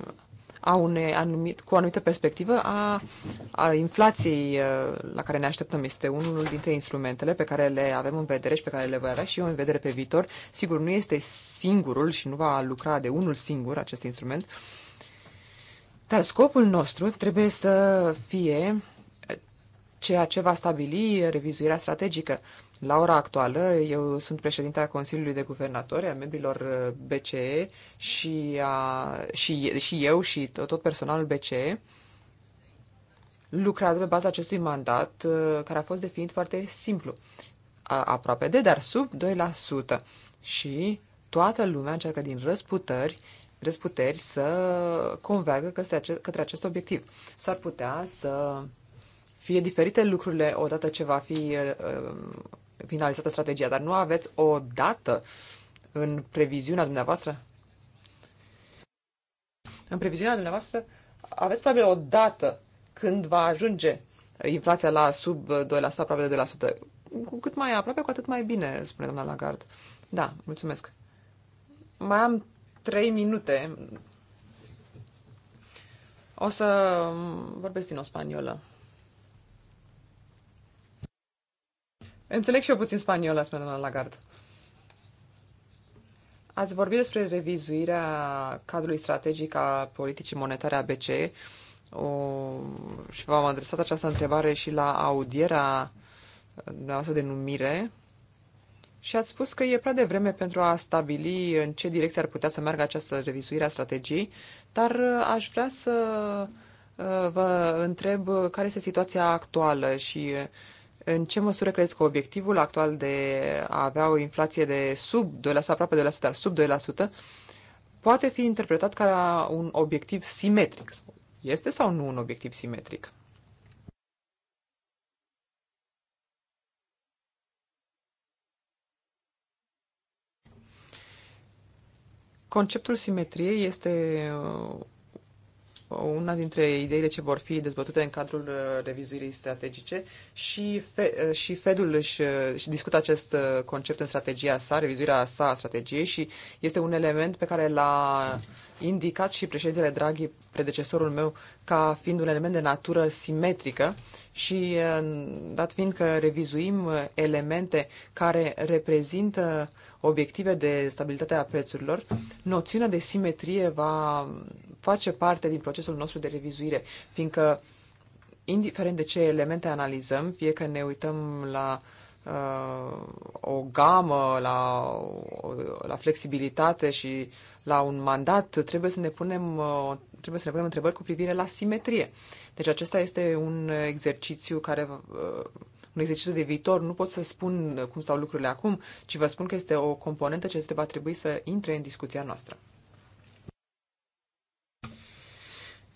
a unei anumit, cu o anumită perspectivă a, a inflației uh, la care ne așteptăm. Este unul dintre instrumentele pe care le avem în vedere și pe care le voi avea și eu în vedere pe viitor. Sigur, nu este singurul și nu va lucra de unul singur acest instrument, dar scopul nostru trebuie să fie ceea ce va stabili revizuirea strategică la ora actuală, eu sunt președintea Consiliului de Guvernatori, a membrilor uh, BCE și, a, și, și eu și tot, tot personalul BCE lucrează pe baza acestui mandat uh, care a fost definit foarte simplu. A, aproape de, dar sub 2%. Și toată lumea încearcă din răsputări răsputeri să convergă către acest, către acest obiectiv. S-ar putea să fie diferite lucrurile odată ce va fi uh, finalizată strategia, dar nu aveți o dată în previziunea dumneavoastră? În previziunea dumneavoastră aveți probabil o dată când va ajunge inflația la sub 2%, aproape de 2%. Cu cât mai aproape, cu atât mai bine, spune doamna Lagarde. Da, mulțumesc. Mai am 3 minute. O să vorbesc din o spaniolă. Înțeleg și eu puțin spaniola, spune doamna Lagarde. Ați vorbit despre revizuirea cadrului strategic a politicii monetare a BCE și v-am adresat această întrebare și la audierea dumneavoastră de numire și ați spus că e prea devreme pentru a stabili în ce direcție ar putea să meargă această revizuire a strategiei, dar uh, aș vrea să uh, vă întreb care este situația actuală și uh, în ce măsură crezi că obiectivul actual de a avea o inflație de sub 2%, aproape 2%, dar sub 2%, poate fi interpretat ca un obiectiv simetric? Este sau nu un obiectiv simetric? Conceptul simetriei este uh, una dintre ideile ce vor fi dezbătute în cadrul uh, revizuirii strategice și, Fe, uh, și Fedul își, își uh, discută acest concept în strategia sa, revizuirea sa a strategiei și este un element pe care l-a indicat și președintele Draghi, predecesorul meu, ca fiind un element de natură simetrică și dat fiind că revizuim elemente care reprezintă uh, obiective de stabilitate a prețurilor, noțiunea de simetrie va face parte din procesul nostru de revizuire, fiindcă, indiferent de ce elemente analizăm, fie că ne uităm la uh, o gamă, la, la flexibilitate și la un mandat, trebuie să ne punem uh, trebuie să ne punem întrebări cu privire la simetrie. Deci acesta este un exercițiu care, uh, un exercițiu de viitor. Nu pot să spun cum stau lucrurile acum, ci vă spun că este o componentă ce va trebui să intre în discuția noastră.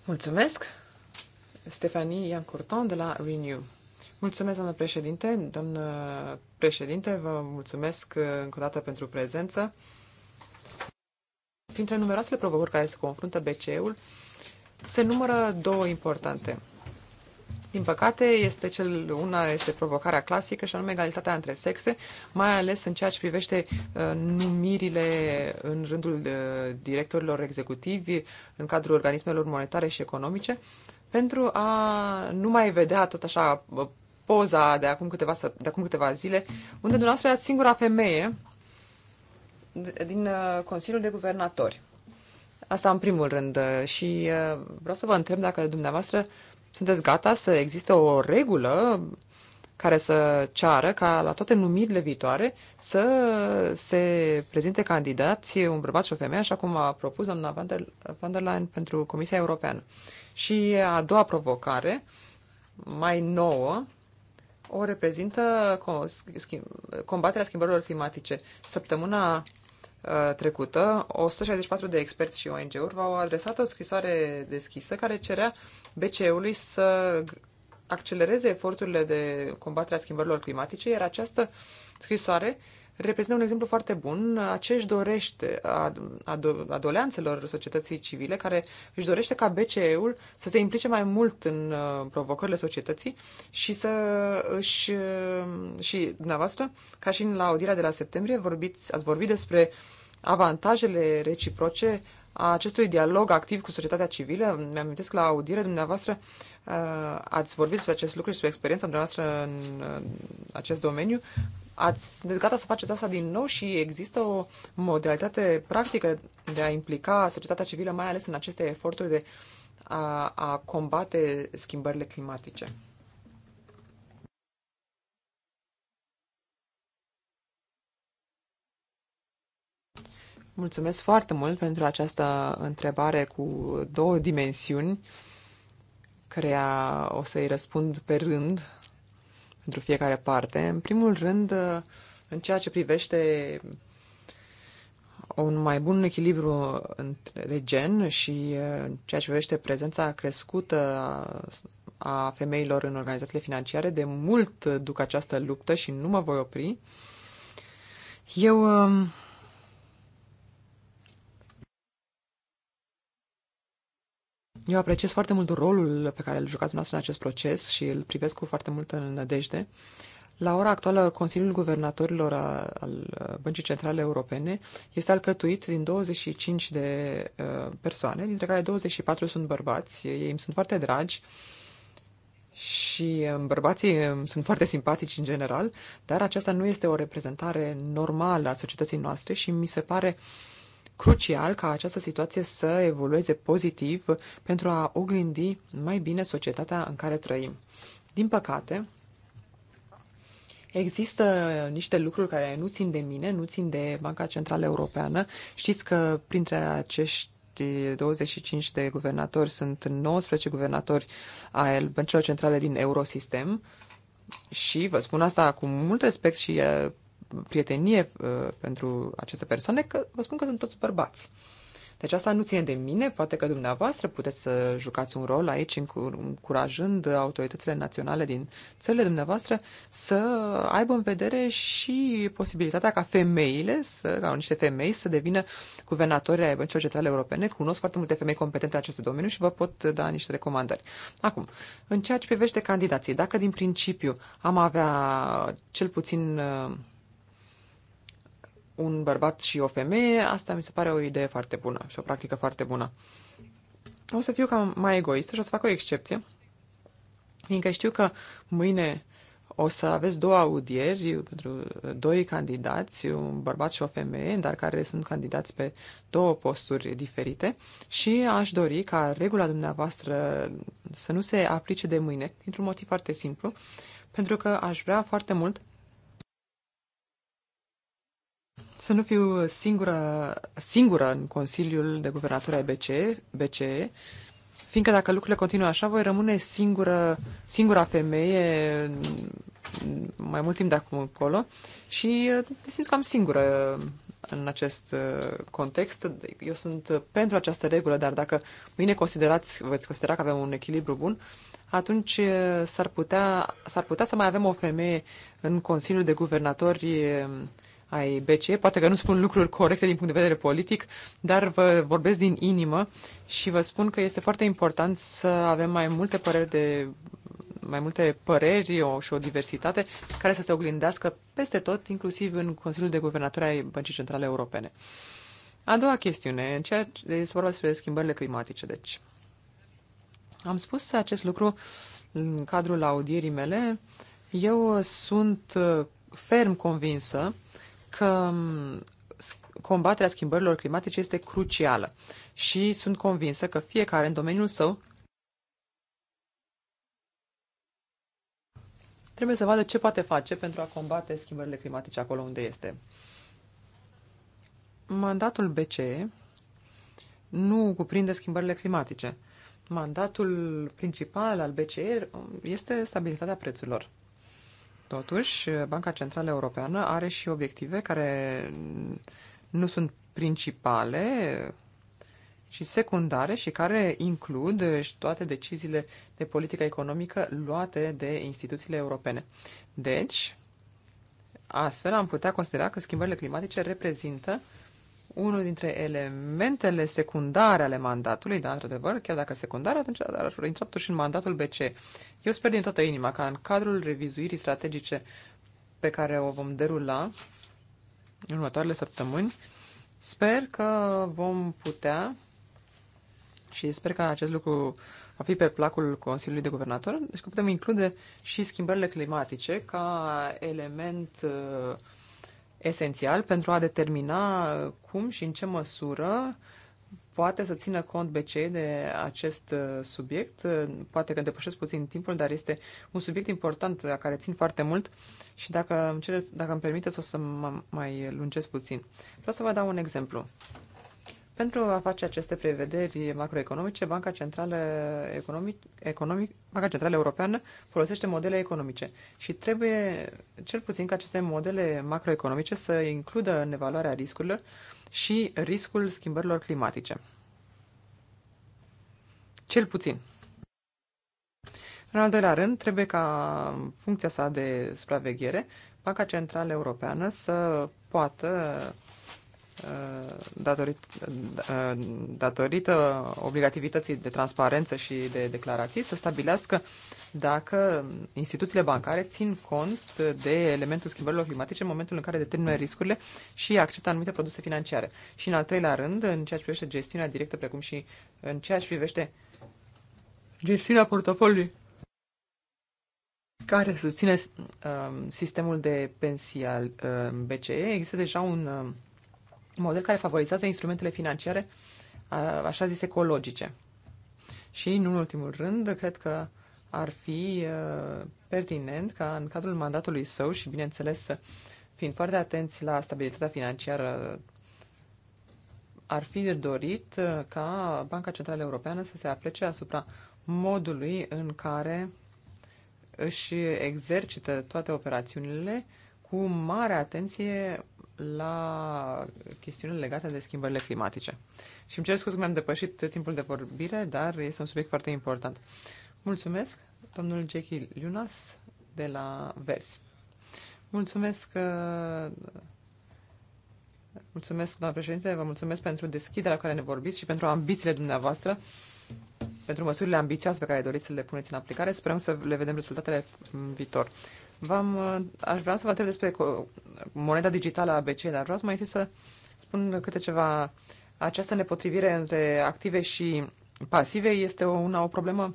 Mulțumesc! Stefanie Curton de la Renew. Mulțumesc, doamnă președinte. Doamnă președinte, vă mulțumesc uh, încă o dată pentru prezență. Dintre numeroasele provocări care se confruntă BCE-ul, se numără două importante. Din păcate, este cel, una este provocarea clasică și anume egalitatea între sexe, mai ales în ceea ce privește uh, numirile în rândul de uh, directorilor executivi, în cadrul organismelor monetare și economice, pentru a nu mai vedea tot așa uh, poza de acum câteva, de acum câteva zile, unde dumneavoastră ați singura femeie din uh, Consiliul de Guvernatori. Asta în primul rând și vreau să vă întreb dacă dumneavoastră uh, sunteți gata să existe o regulă care să ceară ca la toate numirile viitoare să se prezinte candidați un bărbat și o femeie, așa cum a propus doamna van der, van der Leyen pentru Comisia Europeană. Și a doua provocare, mai nouă, o reprezintă combaterea schimbărilor climatice. Săptămâna Uh, trecută, 164 de experți și ONG-uri v-au adresat o scrisoare deschisă care cerea BCE-ului să accelereze eforturile de combatere a schimbărilor climatice, iar această scrisoare reprezintă un exemplu foarte bun a ce își dorește, a, a, a doleanțelor societății civile, care își dorește ca BCE-ul să se implice mai mult în uh, provocările societății și să își, uh, și dumneavoastră, ca și în la audirea de la septembrie, vorbiți, ați vorbit despre avantajele reciproce a acestui dialog activ cu societatea civilă. Mi-amintesc la audiere dumneavoastră uh, ați vorbit despre acest lucru și despre experiența dumneavoastră în uh, acest domeniu. Ați sunteți gata să faceți asta din nou și există o modalitate practică de a implica societatea civilă, mai ales în aceste eforturi de a, a combate schimbările climatice? Mulțumesc foarte mult pentru această întrebare cu două dimensiuni, care o să-i răspund pe rând pentru fiecare parte. În primul rând, uh, în ceea ce privește un mai bun echilibru între gen și uh, ceea ce privește prezența crescută a femeilor în organizațiile financiare, de mult duc această luptă și nu mă voi opri. Eu um, Eu apreciez foarte mult rolul pe care îl jucați dumneavoastră în acest proces și îl privesc cu foarte multă nădejde. La ora actuală, Consiliul Guvernatorilor a, al uh, Băncii Centrale Europene este alcătuit din 25 de uh, persoane, dintre care 24 sunt bărbați. Ei îmi sunt foarte dragi și um, bărbații um, sunt foarte simpatici în general, dar aceasta nu este o reprezentare normală a societății noastre și mi se pare uh, crucial ca această situație să evolueze pozitiv pentru a oglindi mai bine societatea în care trăim. Din păcate, Există niște lucruri care nu țin de mine, nu țin de Banca Centrală Europeană. Știți că printre acești 25 de guvernatori sunt 19 guvernatori ai băncilor centrale din Eurosistem și vă spun asta cu mult respect și eh, prietenie uh, pentru aceste persoane, că vă spun că sunt toți bărbați. Deci asta nu ține de mine, poate că dumneavoastră puteți să jucați un rol aici, încurajând autoritățile naționale din țările dumneavoastră să aibă în vedere și posibilitatea ca femeile, să, ca niște femei să devină guvernatori ai băncilor centrale europene. Cunosc foarte multe femei competente în acest domeniu și vă pot da niște recomandări. Acum, în ceea ce privește candidații, dacă din principiu am avea cel puțin uh, un bărbat și o femeie, asta mi se pare o idee foarte bună și o practică foarte bună. O să fiu cam mai egoistă și o să fac o excepție, fiindcă știu că mâine o să aveți două audieri pentru doi candidați, un bărbat și o femeie, dar care sunt candidați pe două posturi diferite și aș dori ca regula dumneavoastră să nu se aplice de mâine, dintr-un motiv foarte simplu, pentru că aș vrea foarte mult să nu fiu singura singura în Consiliul de Guvernatură ai BCE, BCE, fiindcă dacă lucrurile continuă așa, voi rămâne singura singura femeie mai mult timp de acum încolo și uh, te simți cam singură în acest uh, context. Eu sunt pentru această regulă, dar dacă mâine considerați, veți considera că avem un echilibru bun, atunci uh, s-ar putea, s-ar putea să mai avem o femeie în Consiliul de Guvernatori um, ai BCE. Poate că nu spun lucruri corecte din punct de vedere politic, dar vă vorbesc din inimă și vă spun că este foarte important să avem mai multe păreri de mai multe păreri o, și o diversitate care să se oglindească peste tot, inclusiv în Consiliul de Guvernatori ai Băncii Centrale Europene. A doua chestiune, în ceea ce se vorba despre schimbările climatice, deci. Am spus acest lucru în cadrul audierii mele. Eu sunt uh, ferm convinsă că combaterea schimbărilor climatice este crucială și sunt convinsă că fiecare în domeniul său trebuie să vadă ce poate face pentru a combate schimbările climatice acolo unde este. Mandatul BCE nu cuprinde schimbările climatice. Mandatul principal al BCE este stabilitatea prețurilor. Totuși, Banca Centrală Europeană are și obiective care nu sunt principale și secundare și care includ toate deciziile de politică economică luate de instituțiile europene. Deci, astfel am putea considera că schimbările climatice reprezintă unul dintre elementele secundare ale mandatului, dar într-adevăr, chiar dacă secundare, atunci ar fi intrat și în mandatul BC. Eu sper din toată inima ca în cadrul revizuirii strategice pe care o vom derula în următoarele săptămâni, sper că vom putea și sper că acest lucru va fi pe placul Consiliului de Guvernator, deci că putem include și schimbările climatice ca element uh, esențial pentru a determina uh, cum și în ce măsură poate să țină cont BCE de acest uh, subiect. Uh, poate că depășesc puțin timpul, dar este un subiect important la care țin foarte mult și dacă îmi, cere, dacă îmi permiteți o să mă mai lungesc puțin. Vreau să vă dau un exemplu. Pentru a face aceste prevederi macroeconomice, Banca Centrală, economic, economic, Banca Centrală Europeană folosește modele economice și trebuie cel puțin ca aceste modele macroeconomice să includă în evaluarea riscurilor și riscul schimbărilor climatice. Cel puțin. În al doilea rând, trebuie ca funcția sa de supraveghere, Banca Centrală Europeană să poată Uh, datorit, uh, datorită obligativității de transparență și de declarații, să stabilească dacă instituțiile bancare țin cont de elementul schimbărilor climatice în momentul în care determină riscurile și acceptă anumite produse financiare. Și în al treilea rând, în ceea ce privește gestiunea directă, precum și în ceea ce privește gestiunea portofoliului care susține uh, sistemul de pensii al uh, um, BCE, există deja un uh, model care favorizează instrumentele financiare, așa zis, ecologice. Și, în ultimul rând, cred că ar fi pertinent ca în cadrul mandatului său și, bineînțeles, fiind foarte atenți la stabilitatea financiară, ar fi dorit ca Banca Centrală Europeană să se aplece asupra modului în care își exercită toate operațiunile cu mare atenție la chestiunile legate de schimbările climatice. Și îmi cer scuze că mi-am depășit timpul de vorbire, dar este un subiect foarte important. Mulțumesc, domnul Jackie Lunas de la Vers. Mulțumesc, uh, mulțumesc, doamna președinte, vă mulțumesc pentru deschiderea cu care ne vorbiți și pentru ambițiile dumneavoastră, pentru măsurile ambițioase pe care doriți să le puneți în aplicare. Sperăm să le vedem rezultatele în viitor. V-am, uh, aș vrea să vă întreb despre moneda digitală a BCE, dar vreau mai întâi să spun câte ceva. Această nepotrivire între active și pasive este una o problemă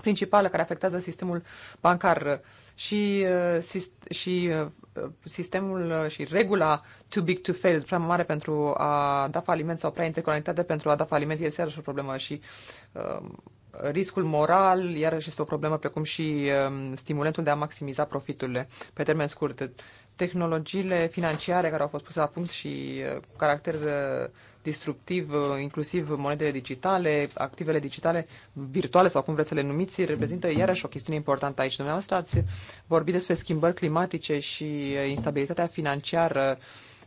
principală care afectează sistemul bancar și, uh, și uh, sistemul și regula too big to fail, prea mare pentru a da faliment sau prea interconectate pentru a da faliment, este iarăși o problemă și riscul moral, iarăși este o problemă, precum și um, stimulentul de a maximiza profiturile pe termen scurt. Tehnologiile financiare care au fost puse la punct și uh, cu caracter uh, distructiv, uh, inclusiv monedele digitale, activele digitale, virtuale sau cum vreți să le numiți, reprezintă iarăși o chestiune importantă aici. Dumneavoastră ați vorbit despre schimbări climatice și instabilitatea financiară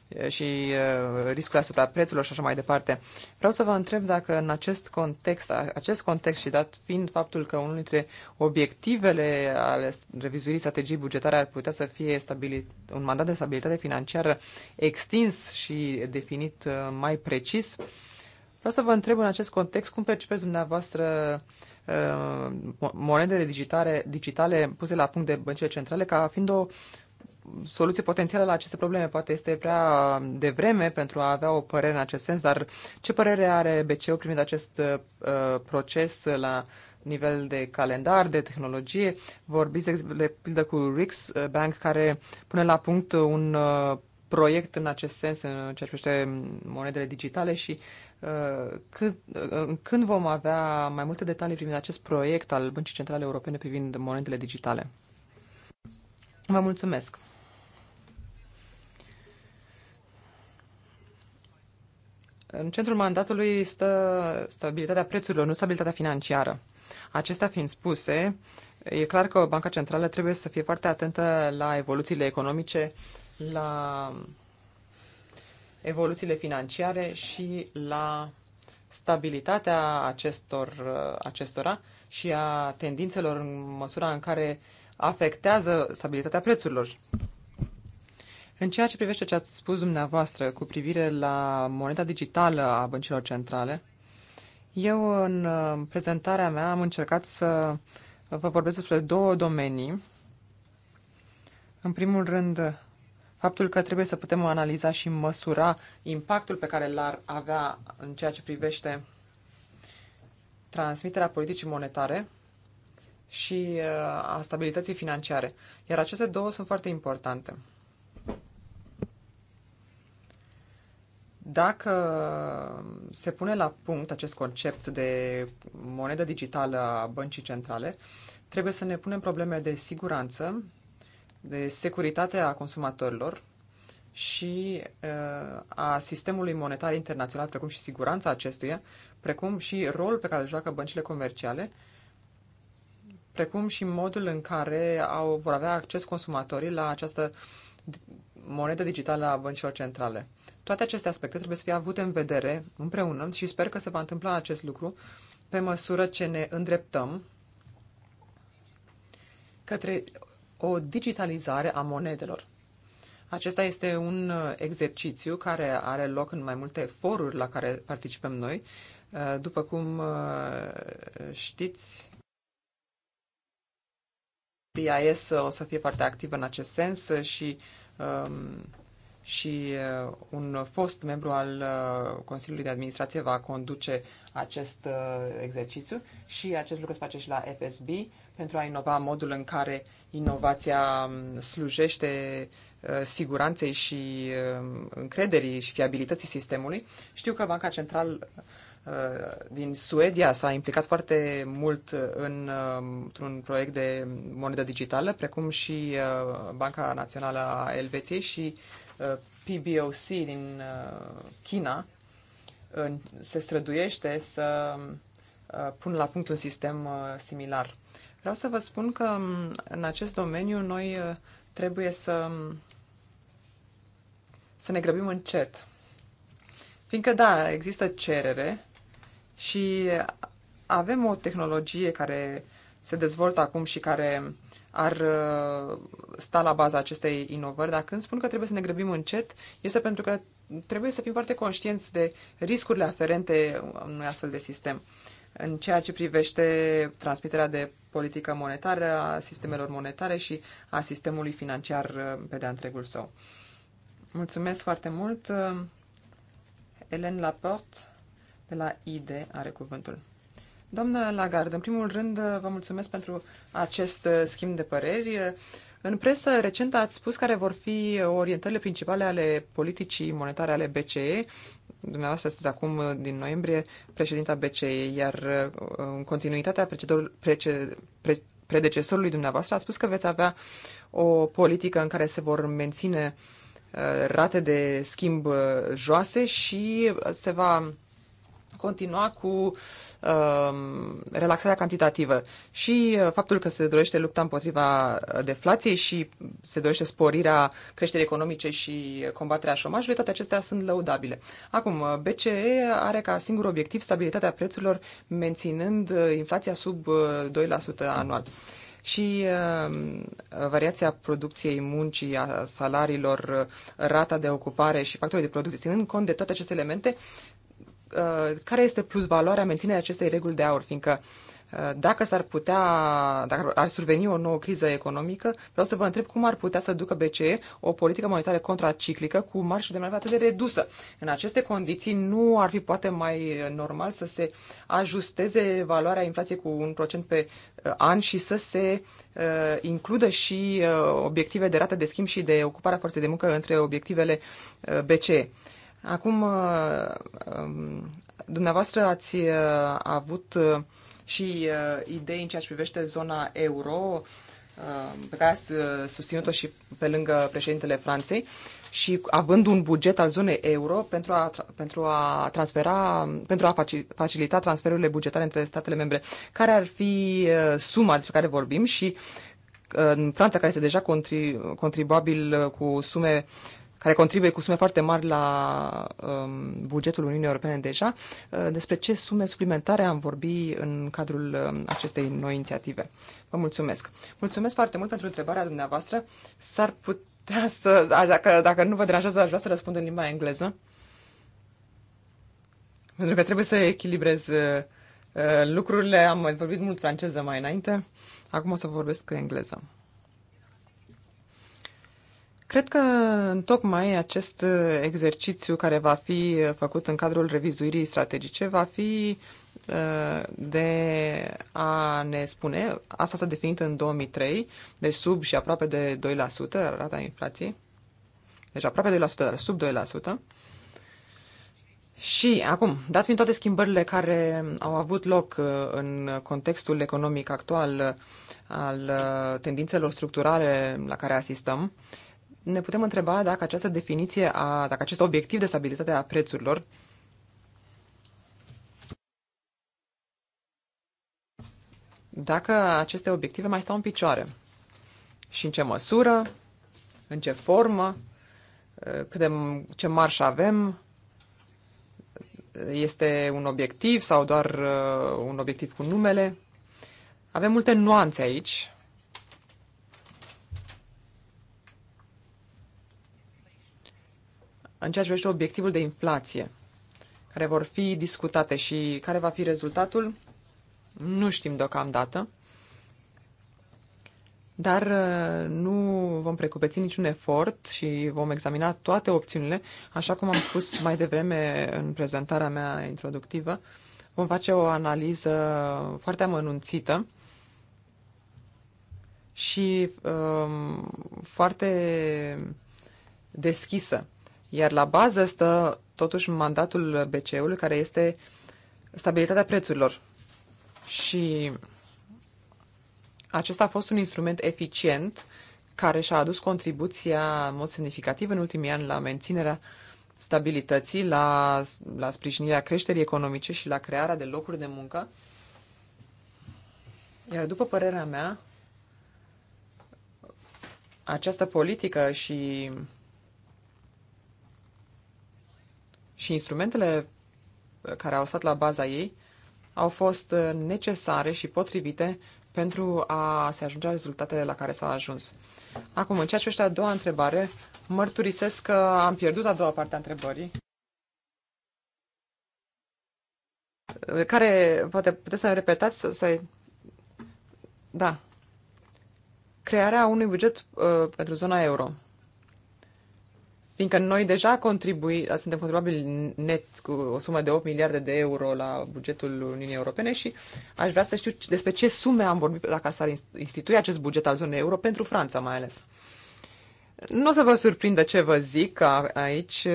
Eh, și eh, riscul asupra prețurilor și așa mai departe. Vreau să vă întreb dacă în acest context, acest context și dat fiind faptul că unul dintre obiectivele ale revizuirii strategiei bugetare ar putea să fie stabilit, un mandat de stabilitate financiară extins și definit eh, mai precis, vreau să vă întreb în acest context cum percepeți dumneavoastră monedele digitale, digitale puse la punct de băncile centrale ca fiind o soluție potențială la aceste probleme. Poate este prea devreme pentru a avea o părere în acest sens, dar ce părere are BCE privind acest uh, proces la nivel de calendar, de tehnologie? Vorbiți de pildă cu Rix Bank, care pune la punct un uh, proiect în acest sens, în ceea ce privește monedele digitale și uh, când, uh, când vom avea mai multe detalii privind acest proiect al Băncii Centrale Europene privind monedele digitale? Vă mulțumesc! În centrul mandatului stă stabilitatea prețurilor, nu stabilitatea financiară. Acestea fiind spuse, e clar că Banca Centrală trebuie să fie foarte atentă la evoluțiile economice, la evoluțiile financiare și la stabilitatea acestor, acestora și a tendințelor în măsura în care afectează stabilitatea prețurilor. În ceea ce privește ce ați spus dumneavoastră cu privire la moneda digitală a băncilor centrale, eu în uh, prezentarea mea am încercat să vă vorbesc despre două domenii. În primul rând, faptul că trebuie să putem analiza și măsura impactul pe care l-ar avea în ceea ce privește transmiterea politicii monetare și uh, a stabilității financiare. Iar aceste două sunt foarte importante. Dacă se pune la punct acest concept de monedă digitală a băncii centrale, trebuie să ne punem probleme de siguranță, de securitate a consumatorilor și a sistemului monetar internațional, precum și siguranța acestuia, precum și rolul pe care îl joacă băncile comerciale, precum și modul în care au, vor avea acces consumatorii la această monedă digitală a băncilor centrale. Toate aceste aspecte trebuie să fie avute în vedere împreună și sper că se va întâmpla acest lucru pe măsură ce ne îndreptăm către o digitalizare a monedelor. Acesta este un uh, exercițiu care are loc în mai multe foruri la care participăm noi. Uh, după cum uh, știți, BIS o să fie foarte activă în acest sens și Um, și uh, un fost membru al uh, Consiliului de Administrație va conduce acest uh, exercițiu și acest lucru se face și la FSB pentru a inova modul în care inovația um, slujește siguranței și um, încrederii și fiabilității sistemului. Știu că Banca Central, Uh, din Suedia s-a implicat foarte mult uh, în, uh, într-un proiect de monedă digitală, precum și Banca Națională a Elveției și PBOC din China se străduiește să pună la punct un sistem similar. Vreau să vă spun că um, în acest domeniu noi trebuie să, um, să ne grăbim încet. Fiindcă, da, există cerere, și avem o tehnologie care se dezvoltă acum și care ar uh, sta la baza acestei inovări, dar când spun că trebuie să ne grăbim încet, este pentru că trebuie să fim foarte conștienți de riscurile aferente unui astfel de sistem. În ceea ce privește transmiterea de politică monetară, a sistemelor monetare și a sistemului financiar uh, pe de-a întregul său. Mulțumesc foarte mult, uh, Elen Laporte de la ID are cuvântul. Doamnă Lagarde, în primul rând vă mulțumesc pentru acest uh, schimb de păreri. În presă recent ați spus care vor fi orientările principale ale politicii monetare ale BCE. Dumneavoastră sunteți acum uh, din noiembrie președinta BCE, iar uh, în continuitatea predecesorului dumneavoastră a spus că veți avea o politică în care se vor menține rate de schimb joase și se va continua cu uh, relaxarea cantitativă și uh, faptul că se dorește lupta împotriva uh, deflației și se dorește sporirea creșterii economice și combaterea șomajului, toate acestea sunt lăudabile. Acum, uh, BCE are ca singur obiectiv stabilitatea prețurilor, menținând uh, inflația sub 2% anual și uh, variația producției muncii, a salariilor, rata de ocupare și factorii de producție. Ținând cont de toate aceste elemente, Uh, care este plus valoarea menținerii acestei reguli de aur, fiindcă uh, dacă s-ar putea, dacă ar surveni o nouă criză economică, vreau să vă întreb cum ar putea să ducă BCE o politică monetară contraciclică cu marșă de mai atât de redusă. În aceste condiții nu ar fi poate mai normal să se ajusteze valoarea inflației cu un procent pe uh, an și să se uh, includă și uh, obiective de rată de schimb și de ocuparea forței de muncă între obiectivele uh, BCE. Uh, Acum, uh, um, dumneavoastră ați uh, avut uh, și idei în ceea ce privește zona euro, pe care ați susținut-o și pe lângă președintele Franței și având un buget al zonei euro pentru a, pentru a transfera, pentru a facilita transferurile bugetare între statele membre. Care ar fi suma despre care vorbim și în Franța, care este deja contribuabil cu sume care contribuie cu sume foarte mari la um, bugetul Uniunii Europene deja. Uh, despre ce sume suplimentare am vorbit în cadrul uh, acestei noi inițiative. Vă mulțumesc. Mulțumesc foarte mult pentru întrebarea dumneavoastră. S-ar putea să, dacă, dacă nu vă deranjează, aș vrea să răspund în limba engleză. Pentru că trebuie să echilibrez uh, uh lucrurile. Am vorbit mult franceză mai înainte. Acum o să vorbesc engleză. Cred că tocmai acest uh, exercițiu care va fi uh, făcut în cadrul revizuirii strategice va fi uh, de a ne spune, asta s-a definit în 2003, deci sub și aproape de 2% rata inflației, deci aproape de 2%, dar sub 2%. Și acum, dat fiind toate schimbările care au avut loc în contextul economic actual al tendințelor structurale la care asistăm, ne putem întreba dacă această definiție, a, dacă acest obiectiv de stabilitate a prețurilor dacă aceste obiective mai stau în picioare și în ce măsură, în ce formă, cât de, ce marș avem, este un obiectiv sau doar uh, un obiectiv cu numele. Avem multe nuanțe aici în ceea ce privește obiectivul de inflație, care vor fi discutate și care va fi rezultatul, nu știm deocamdată. Dar uh, nu vom precupeți niciun efort și vom examina toate opțiunile. Așa cum am spus mai devreme în prezentarea mea introductivă, vom face o analiză foarte amănunțită și um, foarte deschisă iar la bază stă totuși mandatul BCE-ului, care este stabilitatea prețurilor. Și acesta a fost un instrument eficient care și-a adus contribuția în mod semnificativ în ultimii ani la menținerea stabilității, la, la sprijinirea creșterii economice și la crearea de locuri de muncă. Iar după părerea mea, această politică și și instrumentele uh, care au stat la baza ei au fost uh, necesare și potrivite pentru a se ajunge la rezultatele la care s au ajuns. Acum, în ceea ce a doua întrebare, mărturisesc că am pierdut a doua parte a întrebării. Uh, care, poate puteți să-mi repetați? Să, să... Da. Crearea unui buget uh, pentru zona euro fiindcă noi deja contribui, suntem contribuabili net cu o sumă de 8 miliarde de euro la bugetul Uniunii Europene și aș vrea să știu despre ce sume am vorbit dacă s-ar institui acest buget al zonei euro pentru Franța mai ales. Nu o să vă surprindă ce vă zic că aici.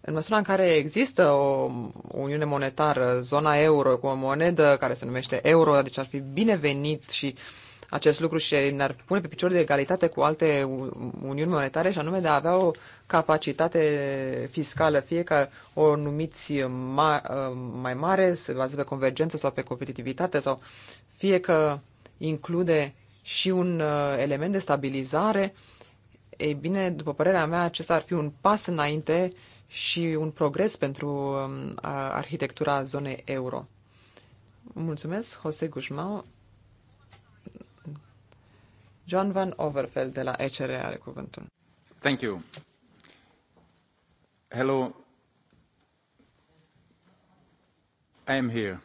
În măsura în care există o uniune monetară, zona euro, cu o monedă care se numește euro, deci ar fi binevenit și uh, acest lucru și ne-ar pune pe picior de egalitate cu alte uniuni monetare și anume de a avea o capacitate fiscală, fie că o numiți ma- uh, mai mare, se bazează pe convergență sau pe competitivitate, sau fie că include și un uh, element de stabilizare, ei bine, după părerea mea, acesta ar fi un pas înainte și un progres pentru um, arhitectura zonei euro. Mulțumesc, Jose Gușmau. John Van Overfeld de la ECR are cuvântul. Thank you. Hello. I am here.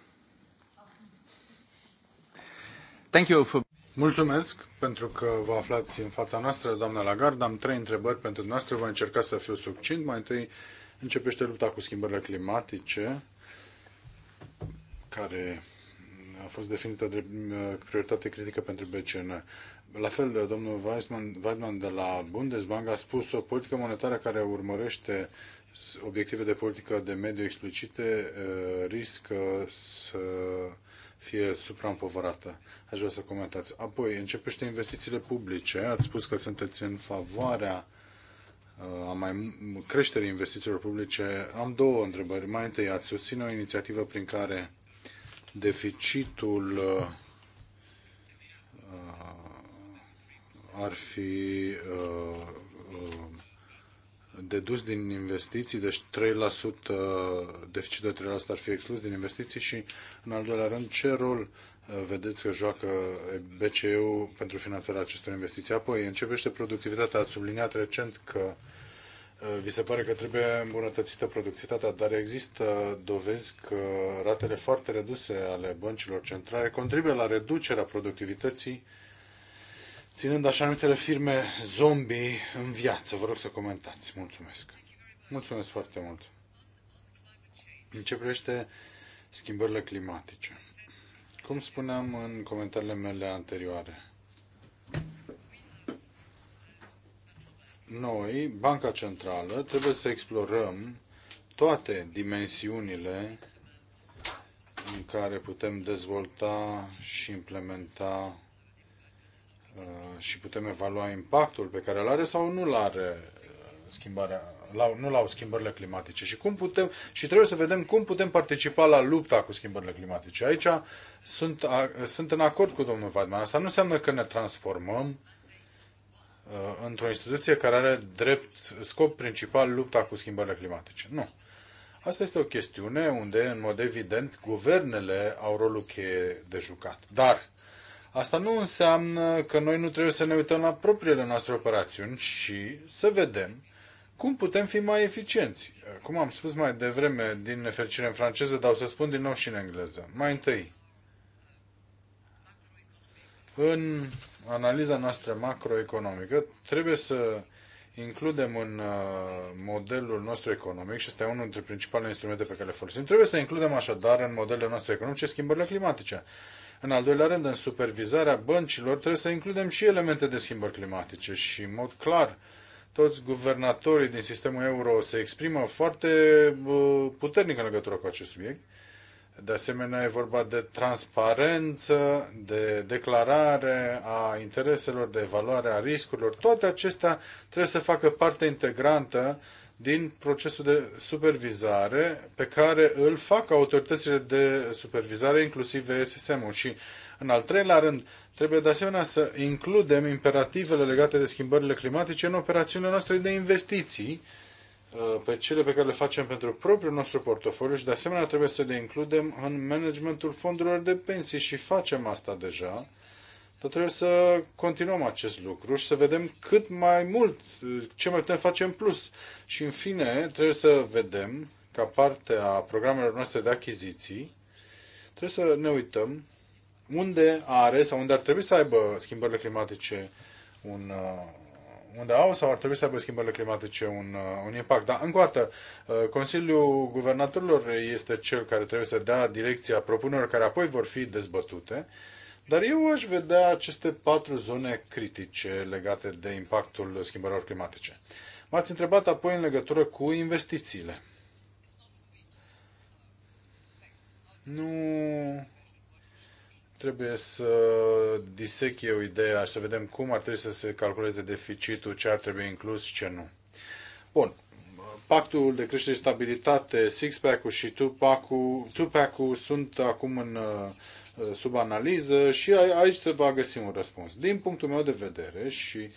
Thank you for... Mulțumesc pentru că vă aflați în fața noastră, doamna Lagarde. Am trei întrebări pentru noastră. Voi încerca să fiu succint. Mai întâi începește lupta cu schimbările climatice, care a fost definită de uh, prioritate critică pentru BCN la fel, domnul Weidman, de la Bundesbank a spus o politică monetară care urmărește obiective de politică de mediu explicite uh, riscă să fie supraîmpovărată. Aș vrea să comentați. Apoi, începește investițiile publice. Ați spus că sunteți în favoarea uh, a mai creșterii investițiilor publice. Am două întrebări. Mai întâi, ați susține o inițiativă prin care deficitul uh, ar fi uh, uh, dedus din investiții, deci 3%, deficit de 3% ar fi exclus din investiții și, în al doilea rând, ce rol uh, vedeți că joacă BCE-ul pentru finanțarea acestor investiții. Apoi, începește productivitatea. Ați subliniat recent că vi se pare că trebuie îmbunătățită productivitatea, dar există dovezi că ratele foarte reduse ale băncilor centrale contribuie la reducerea productivității ținând așa numitele firme zombie în viață. Vă rog să comentați. Mulțumesc. Mulțumesc foarte mult. În ce privește schimbările climatice. Cum spuneam în comentariile mele anterioare, noi, Banca Centrală, trebuie să explorăm toate dimensiunile în care putem dezvolta și implementa Uh, și putem evalua impactul pe care îl are sau nu îl are uh, schimbarea, la, nu la schimbările climatice și cum putem, și trebuie să vedem cum putem participa la lupta cu schimbările climatice. Aici sunt, a, sunt în acord cu domnul Weidman. Asta nu înseamnă că ne transformăm uh, într-o instituție care are drept scop principal lupta cu schimbările climatice. Nu. Asta este o chestiune unde, în mod evident, guvernele au rolul cheie de jucat. Dar Asta nu înseamnă că noi nu trebuie să ne uităm la propriile noastre operațiuni și să vedem cum putem fi mai eficienți. Cum am spus mai devreme din nefericire în franceză, dar o să spun din nou și în engleză. Mai întâi, în analiza noastră macroeconomică trebuie să includem în uh, modelul nostru economic, și este unul dintre principalele instrumente pe care le folosim, trebuie să includem așadar în modelele noastre economice schimbările climatice. În al doilea rând, în supervizarea băncilor trebuie să includem și elemente de schimbări climatice și, în mod clar, toți guvernatorii din sistemul euro se exprimă foarte uh, puternic în legătură cu acest subiect. De asemenea, e vorba de transparență, de declarare a intereselor, de evaluare a riscurilor. Toate acestea trebuie să facă parte integrantă din procesul de supervizare pe care îl fac autoritățile de supervizare, inclusiv SSM-ul. Și în al treilea rând, trebuie de asemenea să includem imperativele legate de schimbările climatice în operațiunile noastre de investiții, uh, pe cele pe care le facem pentru propriul nostru portofoliu și de asemenea trebuie să le includem în managementul fondurilor de pensii și facem asta deja dar trebuie să continuăm acest lucru și să vedem cât mai mult, ce mai putem face în plus. Și în fine, trebuie să vedem, ca parte a programelor noastre de achiziții, trebuie să ne uităm unde are sau unde ar trebui să aibă schimbările climatice un uh, unde au sau ar trebui să aibă schimbările climatice un, uh, un impact. Dar, încă o dată, uh, Consiliul Guvernatorilor este cel care trebuie să dea direcția propunerilor care apoi vor fi dezbătute dar eu aș vedea aceste patru zone critice legate de impactul schimbărilor climatice. M-ați întrebat apoi în legătură cu investițiile. Nu trebuie să disec eu ideea și să vedem cum ar trebui să se calculeze deficitul, ce ar trebui inclus și ce nu. Bun, pactul de creștere și stabilitate, six-pack-ul și two-pack-ul, two sunt acum în Uh, sub analiză și aici se va găsi un răspuns. Din punctul meu de vedere și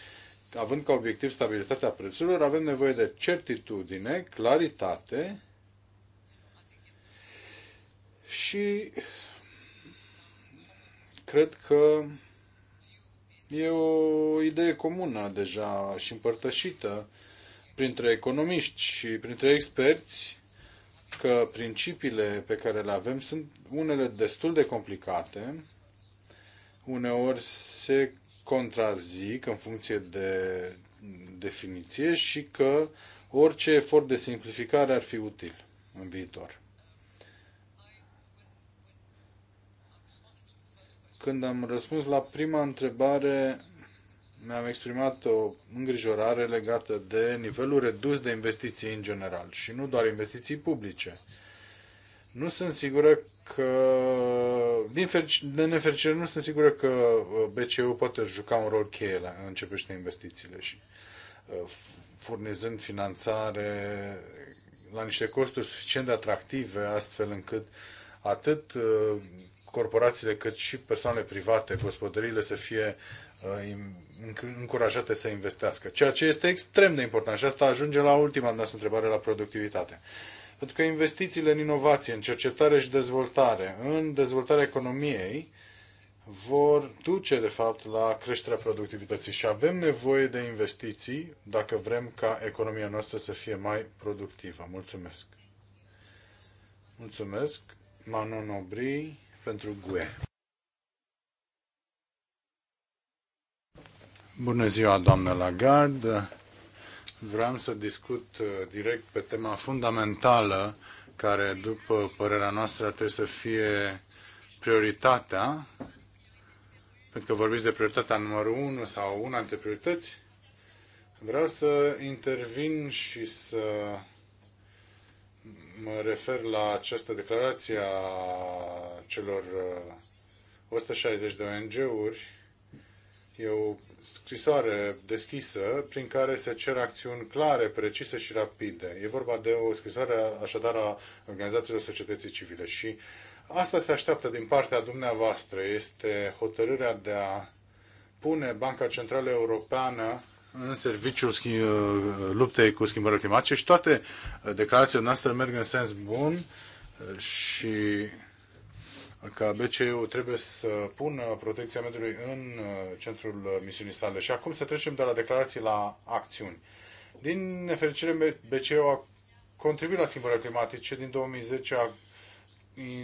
având ca obiectiv stabilitatea prețurilor, avem nevoie de certitudine, claritate și cred că e o idee comună deja și împărtășită printre economiști și printre experți că principiile pe care le avem sunt unele destul de complicate, uneori se contrazic în funcție de definiție și că orice efort de simplificare ar fi util în viitor. Când am răspuns la prima întrebare, mi-am exprimat o îngrijorare legată de nivelul redus de investiții în general și nu doar investiții publice. Nu sunt sigură că, din de nefericire, nu sunt sigură că uh, BCE poate juca un rol cheie la începește investițiile și uh, furnizând finanțare la niște costuri suficient de atractive, astfel încât atât uh, corporațiile cât și persoane private, gospodăriile să fie încurajate să investească. Ceea ce este extrem de important și asta ajunge la ultima noastră întrebare la productivitate. Pentru că investițiile în inovație, în cercetare și dezvoltare, în dezvoltarea economiei, vor duce, de fapt, la creșterea productivității. Și avem nevoie de investiții dacă vrem ca economia noastră să fie mai productivă. Mulțumesc! Mulțumesc, Manon Obri, pentru GUE. Bună ziua, doamnă Lagarde! vreau să discut uh, direct pe tema fundamentală care, după părerea noastră, trebuie să fie prioritatea, pentru că vorbiți de prioritatea numărul 1 sau una dintre priorități, vreau să intervin și să mă refer la această declarație a celor 160 uh, de ONG-uri. Eu scrisoare deschisă prin care se cer acțiuni clare, precise și rapide. E vorba de o scrisoare așadar a organizațiilor societății civile și asta se așteaptă din partea dumneavoastră. Este hotărârea de a pune Banca Centrală Europeană în serviciul uh, luptei cu schimbările climatice și toate uh, declarațiile noastre merg în sens bun uh, și că BCE trebuie să pună protecția mediului în uh, centrul uh, misiunii sale. Și acum să trecem de la declarații la acțiuni. Din nefericire, BCE a contribuit la schimbările climatice. Din 2010 a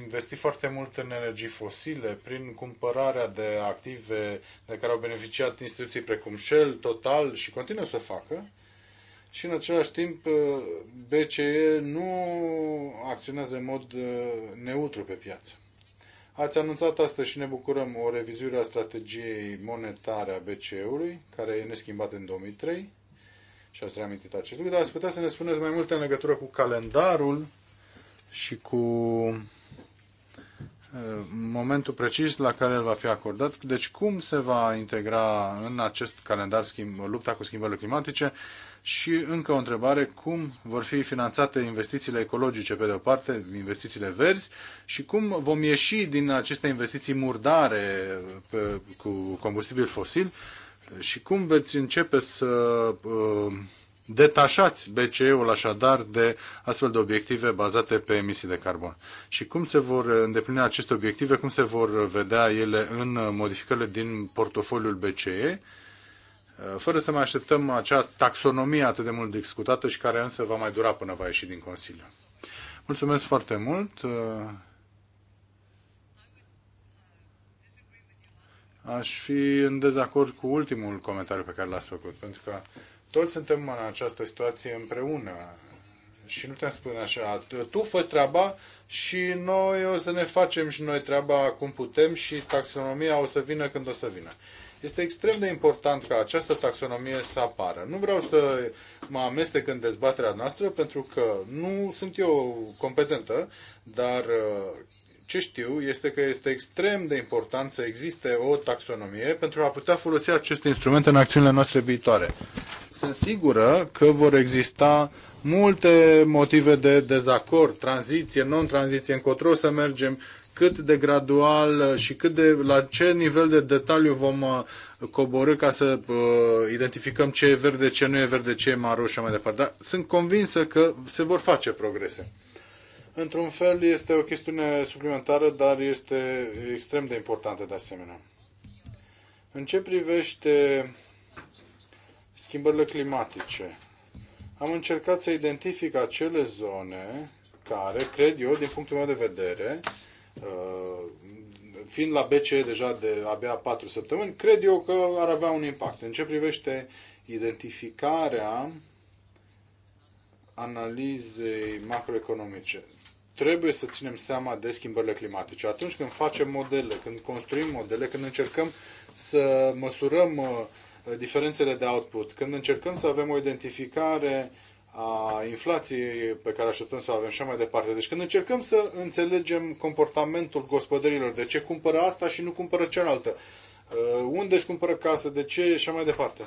investit foarte mult în energii fosile prin cumpărarea de active de care au beneficiat instituții precum Shell, Total și continuă să o facă. Și în același timp, uh, BCE nu acționează în mod neutru pe piață. Ați anunțat astăzi și ne bucurăm o revizuire a strategiei monetare a BCE-ului, care e neschimbată în 2003 și ați reamintit acest lucru, dar ați putea să ne spuneți mai multe în legătură cu calendarul și cu uh, momentul precis la care el va fi acordat. Deci cum se va integra în acest calendar schimb, lupta cu schimbările climatice și încă o întrebare, cum vor fi finanțate investițiile ecologice pe de o parte, investițiile verzi și cum vom ieși din aceste investiții murdare pe, cu combustibil fosil și cum veți începe să uh, detașați BCE-ul așadar de astfel de obiective bazate pe emisii de carbon. Și cum se vor îndeplini aceste obiective, cum se vor vedea ele în modificările din portofoliul BCE Uh, fără să mai așteptăm acea taxonomie atât de mult discutată și care însă va mai dura până va ieși din Consiliu. Mulțumesc foarte mult! Uh, aș fi în dezacord cu ultimul comentariu pe care l-ați făcut, pentru că toți suntem în această situație împreună și nu te-am spune așa, tu fă treaba și noi o să ne facem și noi treaba cum putem și taxonomia o să vină când o să vină. Este extrem de important ca această taxonomie să apară. Nu vreau să mă amestec în dezbaterea noastră pentru că nu sunt eu competentă, dar uh, ce știu este că este extrem de important să existe o taxonomie pentru a putea folosi acest instrument în acțiunile noastre viitoare. Sunt sigură că vor exista multe motive de dezacord, tranziție, non-tranziție, încotro să mergem cât de gradual și cât de, la ce nivel de detaliu vom uh, coborâ ca să uh, identificăm ce e verde, ce nu e verde, ce e maro și mai departe. Dar sunt convinsă că se vor face progrese. Într-un fel este o chestiune suplimentară, dar este extrem de importantă de asemenea. În ce privește schimbările climatice, am încercat să identific acele zone care, cred eu, din punctul meu de vedere, Uh, fiind la BCE deja de abia patru săptămâni, cred eu că ar avea un impact. În ce privește identificarea analizei macroeconomice, trebuie să ținem seama de schimbările climatice. Atunci când facem modele, când construim modele, când încercăm să măsurăm uh, diferențele de output, când încercăm să avem o identificare a inflației pe care așteptăm să o avem și mai departe. Deci când încercăm să înțelegem comportamentul gospodărilor, de ce cumpără asta și nu cumpără cealaltă, uh, unde își cumpără casă, de ce și mai departe.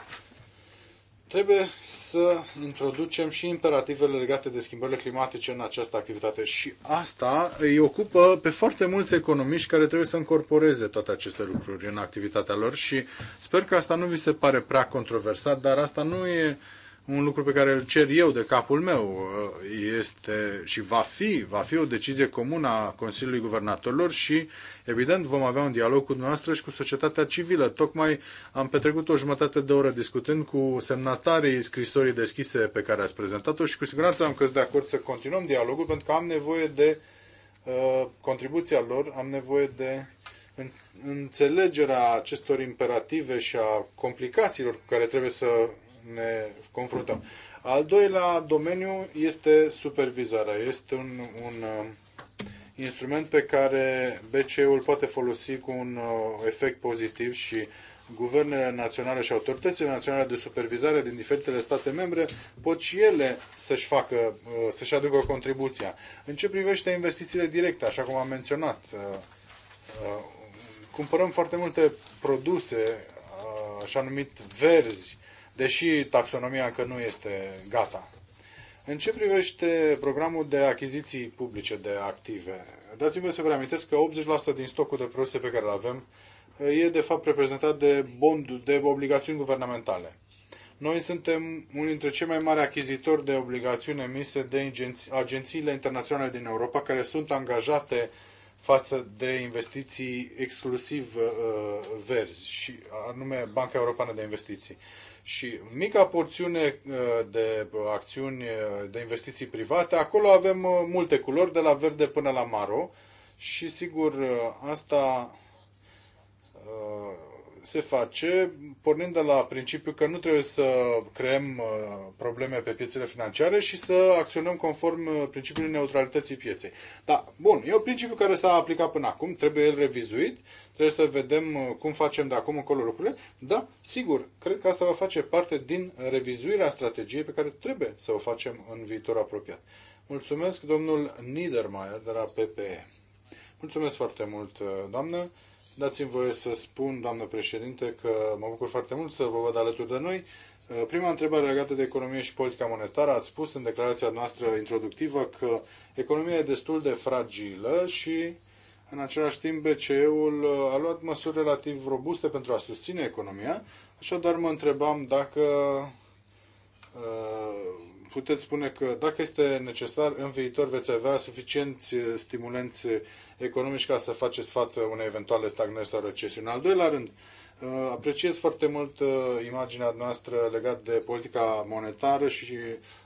Trebuie să introducem și imperativele legate de schimbările climatice în această activitate și asta îi ocupă pe foarte mulți economiști care trebuie să încorporeze toate aceste lucruri în activitatea lor și sper că asta nu vi se pare prea controversat, dar asta nu e uh, un lucru pe care îl cer eu de capul meu uh, este și va fi, va fi o decizie comună a Consiliului Guvernatorilor și evident vom avea un dialog cu dumneavoastră și cu societatea civilă. Tocmai am petrecut o jumătate de oră discutând cu semnatarii scrisorii deschise pe care ați prezentat-o și cu siguranță am căzut de acord să continuăm dialogul pentru că am nevoie de uh, contribuția lor, am nevoie de înțelegerea acestor imperative și a complicațiilor cu care trebuie să ne confruntăm. Al doilea domeniu este supervizarea. Este un, un uh, instrument pe care BCE-ul poate folosi cu un uh, efect pozitiv și guvernele naționale și autoritățile naționale de supervizare din diferitele state membre pot și ele să-și facă, uh, să-și aducă contribuția. În ce privește investițiile directe, așa cum am menționat, cumpărăm foarte multe produse, așa numit verzi, deși taxonomia încă nu este gata. În ce privește programul de achiziții publice de active, dați-mi să vă reamintesc că 80% din stocul de produse pe care îl avem e de fapt reprezentat de, bond, de obligațiuni guvernamentale. Noi suntem unul dintre cei mai mari achizitori de obligațiuni emise de agențiile internaționale din Europa, care sunt angajate față de investiții exclusiv uh, uh verzi, și anume Banca Europeană de Investiții și mica porțiune uh, de uh, acțiuni uh, de investiții private, acolo avem multe culori, de la verde până la maro și sigur asta se face pornind de la principiu că nu trebuie să creăm probleme pe piețele financiare și să acționăm conform principiului neutralității pieței. Da, bun, e un principiu care s-a aplicat până acum, trebuie el revizuit, trebuie să vedem uh, cum facem de acum încolo lucrurile, dar, sigur, cred că asta va face parte din revizuirea strategiei pe care trebuie să o facem în viitor apropiat. Mulțumesc, domnul Niedermayer de la PPE. Mulțumesc foarte mult, uh, doamnă. Dați-mi voie să spun, doamnă președinte, că mă bucur foarte mult să vă văd alături de noi. Uh, prima întrebare legată de economie și politica monetară. Ați spus în declarația noastră introductivă că economia e destul de fragilă și în același timp, BCE-ul uh, a luat măsuri relativ robuste pentru a susține economia, așadar mă întrebam dacă uh, puteți spune că dacă este necesar, în viitor veți avea suficienți uh, stimulenți economici ca să faceți față unei eventuale stagnări sau recesiuni. Al doilea rând, apreciez foarte mult imaginea noastră legată de politica monetară și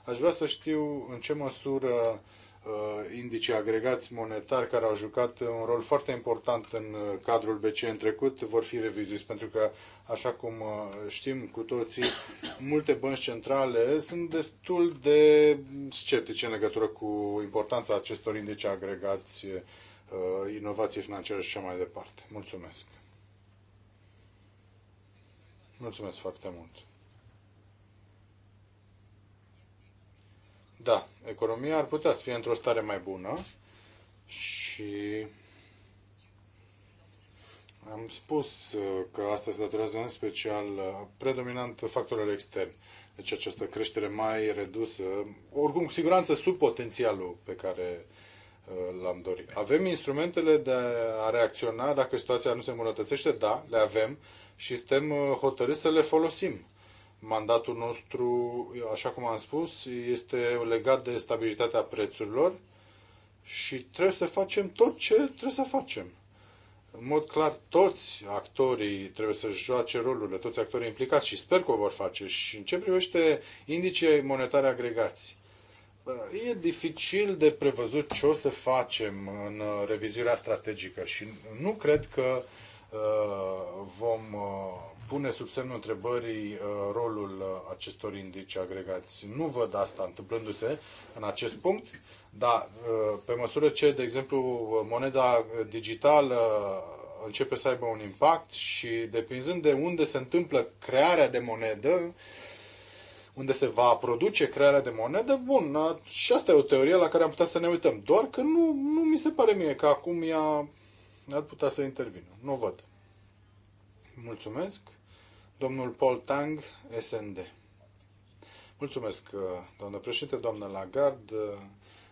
aș vrea să știu în ce măsură Uh, indicii agregați monetari care au jucat un rol foarte important în uh, cadrul BCE în trecut vor fi revizuiți, pentru că, așa cum uh, știm cu toții, multe bănci centrale sunt destul de sceptice în legătură cu importanța acestor indicii agregați, inovații financiare și așa mai departe. Mulțumesc! Mulțumesc foarte mult! Da, economia ar putea să fie într-o stare mai bună și am spus uh, că asta se datorează în special uh, predominant factorilor externi. Deci această creștere mai redusă, oricum cu siguranță sub potențialul pe care uh, l-am dorit. Avem instrumentele de a reacționa dacă situația nu se îmbunătățește? Da, le avem și suntem hotărâți să le folosim. Mandatul nostru, așa cum am spus, este legat de stabilitatea prețurilor și trebuie să facem tot ce trebuie să facem. În mod clar, toți actorii trebuie să joace rolurile, toți actorii implicați și sper că o vor face. Și în ce privește indicii monetari agregați, E dificil de prevăzut ce o să facem în uh, revizuirea strategică și nu cred că uh, vom uh, pune sub semnul întrebării uh, rolul uh, acestor indici agregați. Nu văd asta întâmplându-se în acest punct, dar uh, pe măsură ce, de exemplu, moneda digitală începe să aibă un impact și depinzând de unde se întâmplă crearea de monedă, unde se va produce crearea de monedă, bun, și asta e o teorie la care am putea să ne uităm. Doar că nu, nu mi se pare mie că acum ea ar putea să intervină. Nu o văd. Mulțumesc. Domnul Paul Tang, SND. Mulțumesc, uh, doamnă președinte, doamnă Lagarde. Uh,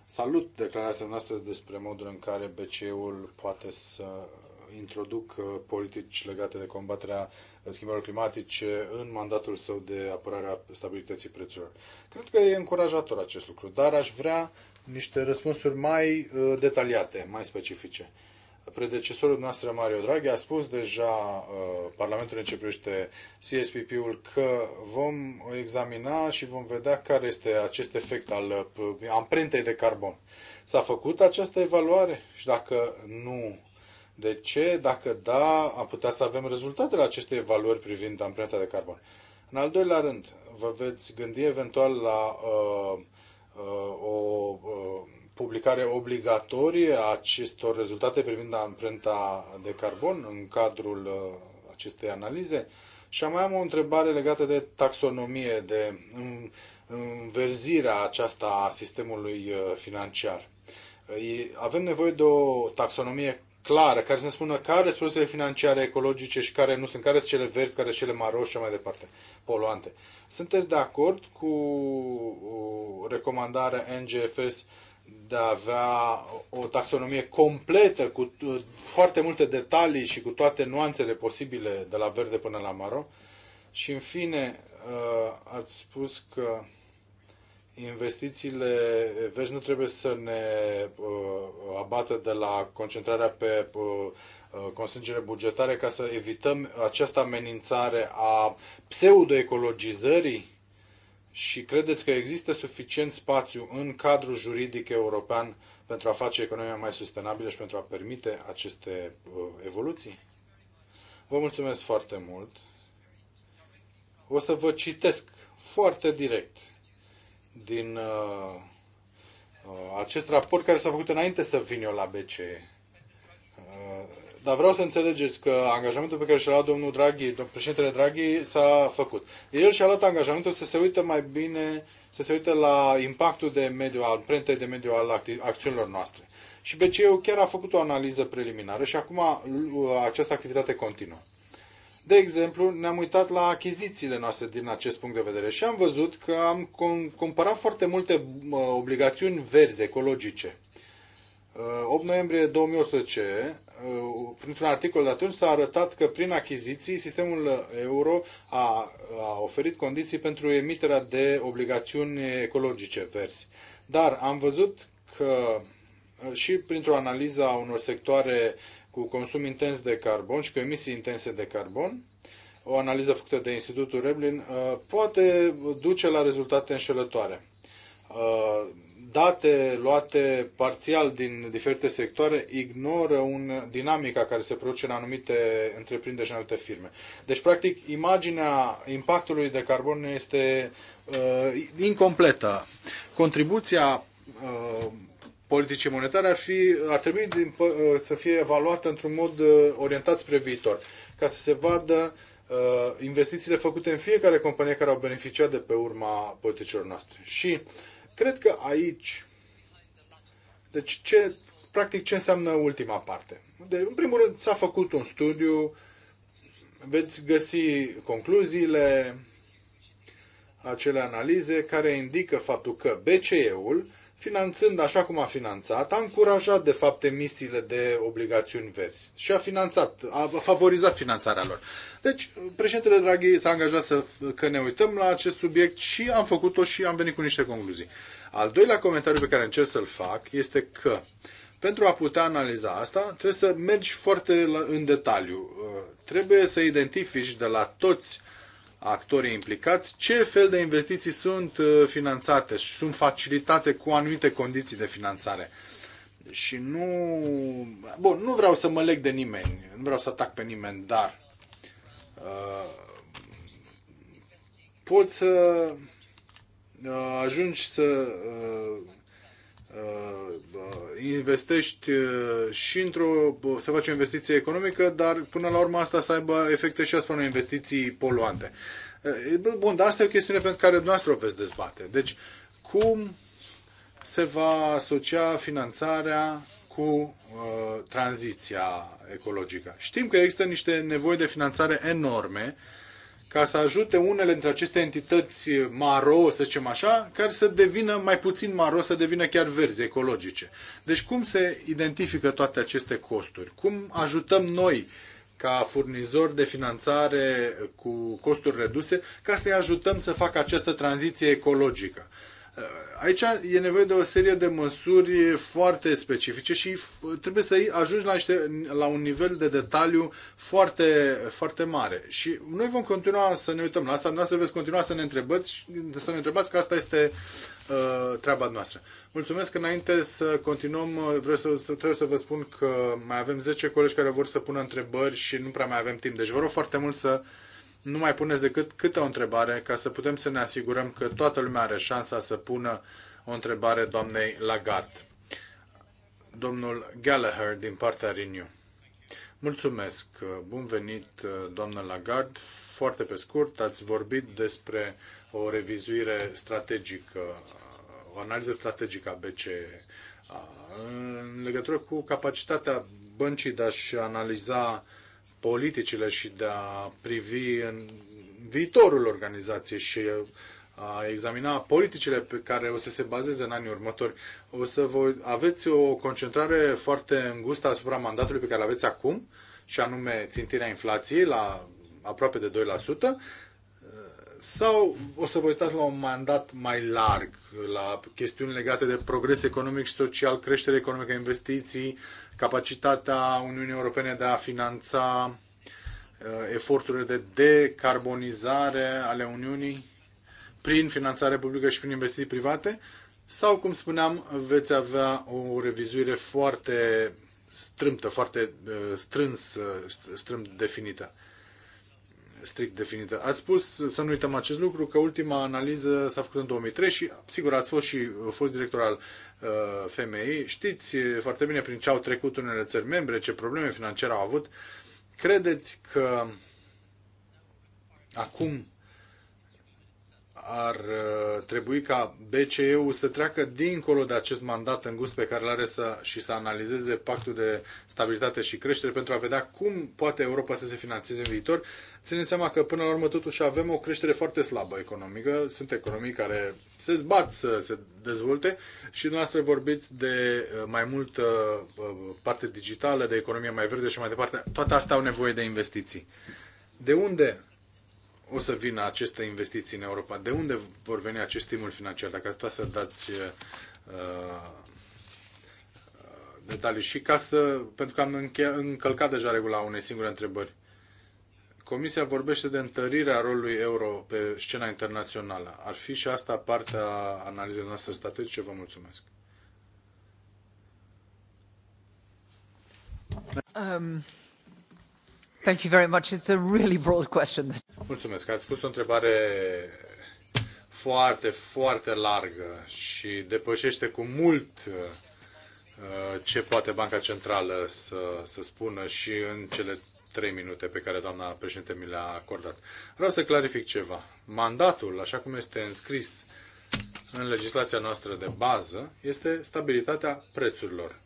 salut declarația noastră despre modul în care BCE-ul poate să introduc uh, politici legate de combaterea schimbărilor climatice în mandatul său de apărare a stabilității prețurilor. Cred că e încurajator acest lucru, dar aș vrea niște răspunsuri mai detaliate, mai specifice predecesorul noastră, Mario Draghi, a spus deja uh, Parlamentul în ce privește CSPP-ul că vom examina și vom vedea care este acest efect al uh, amprentei de carbon. S-a făcut această evaluare și dacă nu, de ce? Dacă da, am putea să avem rezultatele acestei evaluări privind amprenta de carbon. În al doilea rând, vă veți gândi eventual la uh, uh, o uh, publicare obligatorie a acestor rezultate privind amprenta de carbon în cadrul uh, acestei analize? Și mai am o întrebare legată de taxonomie, de înverzirea aceasta a sistemului uh, financiar. Uh, avem nevoie de o taxonomie clară, care să spună care sunt produsele financiare ecologice și care nu sunt, care sunt cele verzi, care sunt cele maro și mai departe, poluante. Sunteți de acord cu recomandarea NGFS de a avea o taxonomie completă cu foarte multe detalii și cu toate nuanțele posibile de la verde până la maro. Și în fine, uh, ați spus că investițiile vezi nu trebuie să ne uh, abată de la concentrarea pe uh, constrângere bugetare ca să evităm această amenințare a pseudoecologizării și credeți că există suficient spațiu în cadrul juridic european pentru a face economia mai sustenabilă și pentru a permite aceste uh, evoluții? Vă mulțumesc foarte mult. O să vă citesc foarte direct din uh, uh acest raport care s-a făcut înainte să vin eu la BCE. Uh, dar vreau să înțelegeți că angajamentul pe care și a luat domnul Draghi, domnul președintele Draghi, s-a făcut. El și-a luat angajamentul să se uite mai bine, să se uite la impactul de mediu, al prentei de mediu al acțiunilor noastre. Și BCE-ul chiar a făcut o analiză preliminară și acum această activitate continuă. De exemplu, ne-am uitat la achizițiile noastre din acest punct de vedere și am văzut că am cumpărat foarte multe obligațiuni verzi, ecologice. 8 uh, noiembrie 2018 printr-un uh, articol de atunci s-a arătat că prin achiziții sistemul euro a, a oferit condiții pentru emiterea de obligațiuni ecologice verzi. Dar am văzut că uh, și printr-o analiză a unor sectoare cu consum intens de carbon și cu emisii intense de carbon, o analiză făcută de Institutul Reblin uh, poate duce la rezultate înșelătoare. Uh, date luate parțial din diferite sectoare ignoră un dinamica care se produce în anumite întreprinderi și în alte firme. Deci, practic, imaginea impactului de carbon este uh, incompletă. Contribuția uh, politicii monetare ar, fi, ar trebui din, uh, să fie evaluată într-un mod uh, orientat spre viitor, ca să se vadă uh, investițiile făcute în fiecare companie care au beneficiat de pe urma politicilor noastre. Și uh, Cred că aici, deci ce, practic ce înseamnă ultima parte? De, în primul rând s-a făcut un studiu, veți găsi concluziile acele analize care indică faptul că BCE-ul, finanțând așa cum a finanțat, a încurajat de fapt emisiile de obligațiuni verzi și a finanțat, a favorizat finanțarea lor. Deci, președintele Draghi s-a angajat să, că ne uităm la acest subiect și am făcut-o și am venit cu niște concluzii. Al doilea comentariu pe care încerc să-l fac este că pentru a putea analiza asta, trebuie să mergi foarte la, în detaliu. Uh, trebuie să identifici de la toți actorii implicați ce fel de investiții sunt uh, finanțate și sunt facilitate cu anumite condiții de finanțare. Și nu... Bun, nu vreau să mă leg de nimeni, nu vreau să atac pe nimeni, dar Uh, poți să uh, ajungi să uh, investești și într-o, să faci o investiție economică, dar până la urmă asta să aibă efecte și asupra unei investiții poluante. Bun, dar asta e o chestiune pentru care dumneavoastră o veți dezbate. Deci, cum se va asocia finanțarea cu uh, tranziția ecologică. Știm că există niște nevoi de finanțare enorme ca să ajute unele dintre aceste entități maro, să zicem așa, care să devină mai puțin maro, să devină chiar verzi, ecologice. Deci cum se identifică toate aceste costuri? Cum ajutăm noi ca furnizor de finanțare cu costuri reduse ca să-i ajutăm să facă această tranziție ecologică? Eh, aici e nevoie de o serie de măsuri foarte specifice și eh, trebuie să ajungi la, niște, la un nivel de detaliu foarte, foarte mare. Și noi vom continua să ne uităm la asta, să veți continua să ne întrebați, să ne întrebați că asta este uh, treaba noastră. Mulțumesc. Înainte să continuăm, vreau să, să, trebuie să vă spun că mai avem 10 colegi care vor să pună întrebări și nu prea mai avem timp. Deci vă rog foarte mult să nu mai puneți decât câte o întrebare ca să putem să ne asigurăm că toată lumea are șansa să pună o întrebare doamnei Lagarde. Domnul Gallagher din partea Renew. Mulțumesc. Bun venit, doamnă Lagarde. Foarte pe scurt, ați vorbit despre o revizuire strategică, o analiză strategică a BCE. În legătură cu capacitatea băncii de a-și analiza politicile și de a privi în viitorul organizației și uh, a examina politicile pe care o să se bazeze în anii următori. O să vă, aveți o concentrare foarte îngustă asupra mandatului pe care îl aveți acum, și anume țintirea inflației la aproape de 2%, uh, sau o să vă uitați la un mandat mai larg, la chestiuni legate de progres economic și social, creștere economică, investiții, capacitatea Uniunii Europene de a finanța uh, eforturile de decarbonizare ale Uniunii prin finanțare publică și prin investiții private sau, cum spuneam, veți avea o revizuire foarte strâmtă, foarte uh, strâns, uh, strâmt definită strict definită. Ați spus, să nu uităm acest lucru, că ultima analiză s-a făcut în 2003 și, sigur, ați fost și fost director al Uh, femei. Știți foarte bine prin ce au trecut unele țări membre, ce probleme financiare au avut. Credeți că acum ar uh, trebui ca BCE-ul să treacă dincolo de acest mandat îngust pe care îl are să, și să analizeze pactul de stabilitate și creștere pentru a vedea cum poate Europa să se finanțeze în viitor, ținând seama că până la urmă totuși avem o creștere foarte slabă economică, sunt economii care se zbat să se dezvolte și dumneavoastră vorbiți de uh, mai multă uh, parte digitală, de economie mai verde și mai departe. Toate astea au nevoie de investiții. De unde o să vină aceste investiții în Europa? De unde vor veni acest stimul financiar? Dacă ați să dați uh, uh, detalii și ca să, pentru că am încheia, încălcat deja regula unei singure întrebări. Comisia vorbește de întărirea rolului euro pe scena internațională. Ar fi și asta partea analizei noastre strategice? Vă mulțumesc. Um, Thank you very much. It's a really broad question. Mulțumesc. Ați spus o întrebare foarte, foarte largă și depășește cu mult uh, ce poate Banca Centrală să, să spună și în cele trei minute pe care doamna președinte mi le-a acordat. Vreau să clarific ceva. Mandatul, așa cum este înscris în legislația noastră de bază, este stabilitatea prețurilor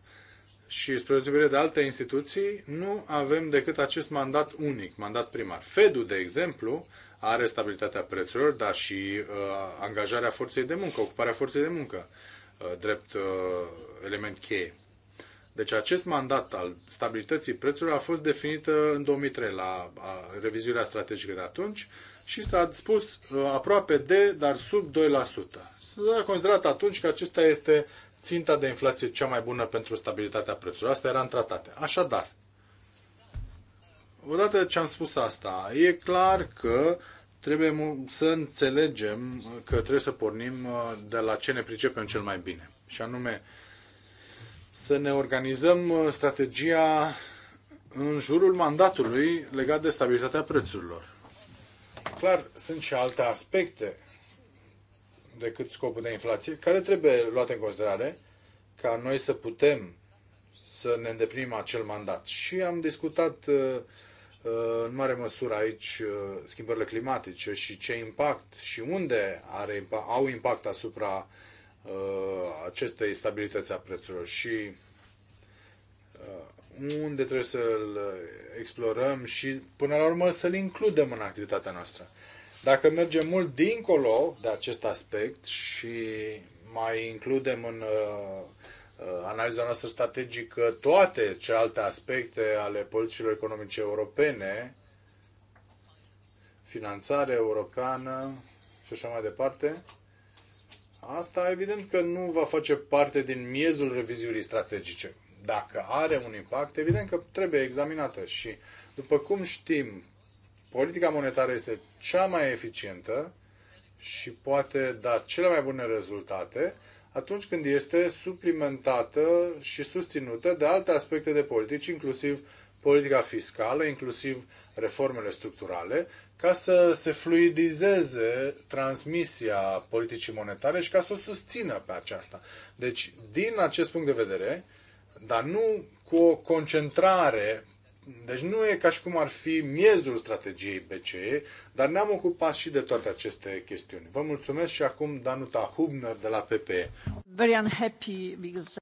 și spre deosebire de alte instituții, nu avem decât acest mandat unic, mandat primar. Fedul, de exemplu, are stabilitatea prețurilor, dar și uh, angajarea forței de muncă, ocuparea forței de muncă, uh, drept uh, element cheie. Deci acest mandat al stabilității prețurilor a fost definit uh, în 2003 la revizuirea strategică de atunci și s-a spus uh, aproape de, dar sub 2%. S-a considerat atunci că acesta este ținta de inflație cea mai bună pentru stabilitatea prețurilor. Asta era în tratate. Așadar, odată ce am spus asta, e clar că trebuie să înțelegem că trebuie să pornim uh, de la ce ne pricepem cel mai bine. Și anume, să ne organizăm uh, strategia în jurul mandatului legat de stabilitatea prețurilor. Clar, sunt și alte aspecte decât scopul de inflație, care trebuie luat în considerare ca noi să putem să ne îndeplinim acel mandat. Și am discutat uh, uh, în mare măsură aici uh, schimbările climatice și ce impact și unde are, au impact asupra acestei stabilități a prețurilor și unde trebuie să-l explorăm și până la urmă să-l includem în activitatea noastră. Dacă mergem mult dincolo de acest aspect și mai includem în uh, uh, analiza noastră strategică toate celelalte aspecte ale politicilor economice europene, finanțare europeană și așa mai departe, asta evident că nu va face parte din miezul revizuirii strategice. Dacă are un impact, evident că trebuie examinată și după cum știm, politica monetară este cea mai eficientă și poate da cele mai bune rezultate atunci când este suplimentată și susținută de alte aspecte de politici, inclusiv politica fiscală, inclusiv reformele structurale, ca să se fluidizeze transmisia politicii monetare și ca să o susțină pe aceasta. Deci, din acest punct de vedere, dar nu cu o concentrare deci nu e ca și cum ar fi miezul strategiei BCE, dar ne-am ocupat și de toate aceste chestiuni. Vă mulțumesc și acum Danuta Hubner de la PPE. Very unhappy because...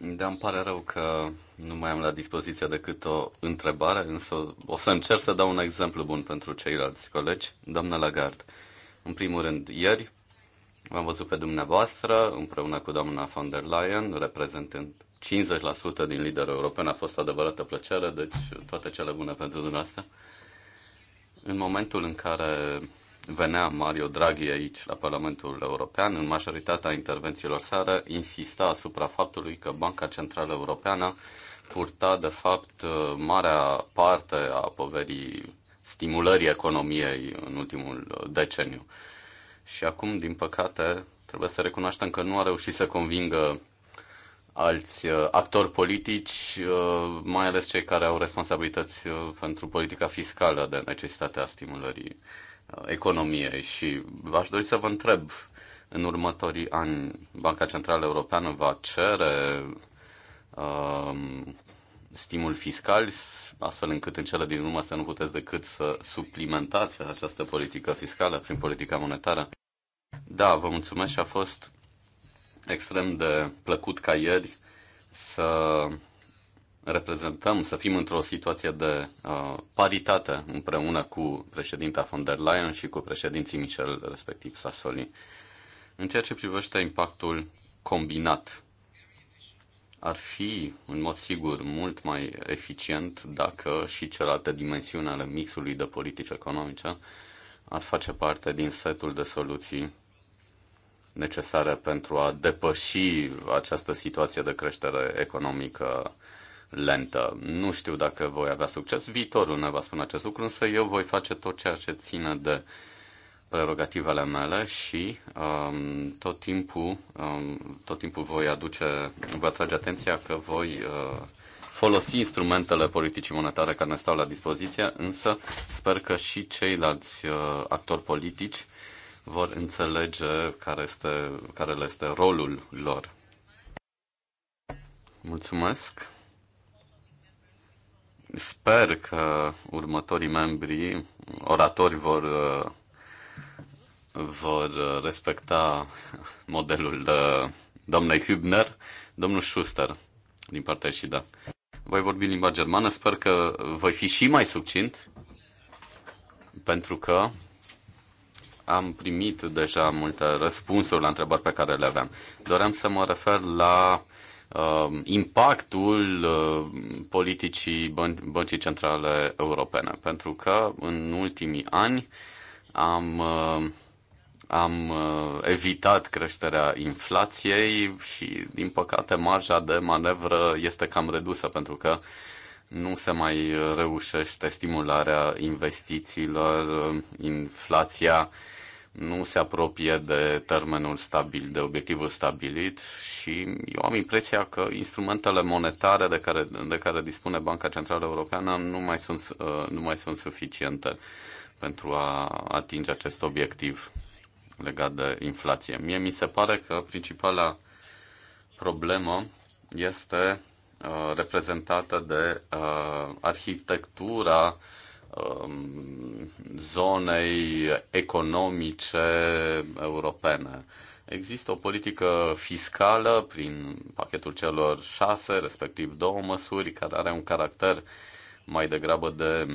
Da, îmi pare rău că nu mai am la dispoziție decât o întrebare, însă o să încerc să dau un exemplu bun pentru ceilalți colegi. Doamna Lagarde, în primul rând, ieri v-am văzut pe dumneavoastră împreună cu doamna von der Leyen, reprezentând 50% din liderul european a fost o adevărată plăcere, deci toate cele bune pentru dumneavoastră. În momentul în care venea Mario Draghi aici la Parlamentul European, în majoritatea intervențiilor sale, insista asupra faptului că Banca Centrală Europeană purta, de fapt, marea parte a poverii stimulării economiei în ultimul deceniu. Și acum, din păcate, trebuie să recunoaștem că nu a reușit să convingă alți uh, actori politici, uh, mai ales cei care au responsabilități uh, pentru politica fiscală de necesitatea stimulării economiei. Și v-aș dori să vă întreb, în următorii ani Banca Centrală Europeană va cere um, stimul fiscal, astfel încât în cele din urmă să nu puteți decât să suplimentați această politică fiscală prin politica monetară. Da, vă mulțumesc și a fost extrem de plăcut ca ieri să reprezentăm, să fim într-o situație de uh, paritate împreună cu președinta von der Leyen și cu președinții Michel, respectiv Sassoli. În ceea ce privește impactul combinat, ar fi, în mod sigur, mult mai eficient dacă și celelalte dimensiuni ale mixului de politici economice ar face parte din setul de soluții necesare pentru a depăși această situație de creștere economică lentă. Nu știu dacă voi avea succes, viitorul ne va spune acest lucru, însă eu voi face tot ceea ce ține de prerogativele mele și um, tot, timpul, um, tot timpul voi aduce, vă atrage atenția că voi uh, folosi instrumentele politicii monetare care ne stau la dispoziție, însă sper că și ceilalți uh, actori politici vor înțelege care, este, care le este rolul lor. Mulțumesc! Sper că următorii membri, oratori, vor, vor respecta modelul uh, domnului Hübner, domnul Schuster, din partea și da. Voi vorbi limba germană, sper că voi fi și mai succint, pentru că am primit deja multe răspunsuri la întrebări pe care le aveam. Doream să mă refer la uh, impactul uh, politicii bân- Băncii Centrale Europene, pentru că în ultimii ani am, uh, am uh, evitat creșterea inflației și, din păcate, marja de manevră este cam redusă, pentru că nu se mai reușește stimularea investițiilor, uh, inflația nu se apropie de termenul stabil, de obiectivul stabilit și eu am impresia că instrumentele monetare de care, de care dispune Banca Centrală Europeană nu mai sunt, uh, nu mai sunt suficiente pentru a atinge acest obiectiv legat de inflație. Mie mi se pare că principala problemă este uh, reprezentată de uh, arhitectura Um, zonei economice europene. Există o politică fiscală prin pachetul celor șase, respectiv două măsuri, care are un caracter mai degrabă de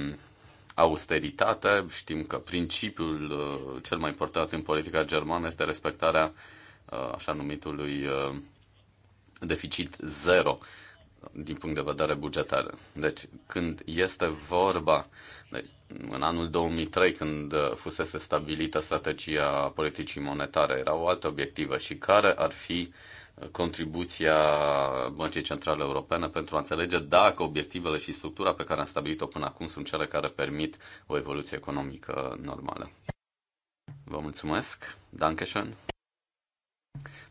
austeritate. Știm că principiul uh, cel mai important în politica germană este respectarea uh, așa numitului uh, deficit zero din punct de vedere bugetar. Deci, când este vorba, în anul 2003, când fusese stabilită strategia politicii monetare, o altă obiectivă și care ar fi contribuția Băncii Centrale Europene pentru a înțelege dacă obiectivele și structura pe care am stabilit-o până acum sunt cele care permit o evoluție economică normală. Vă mulțumesc. Dankeschön.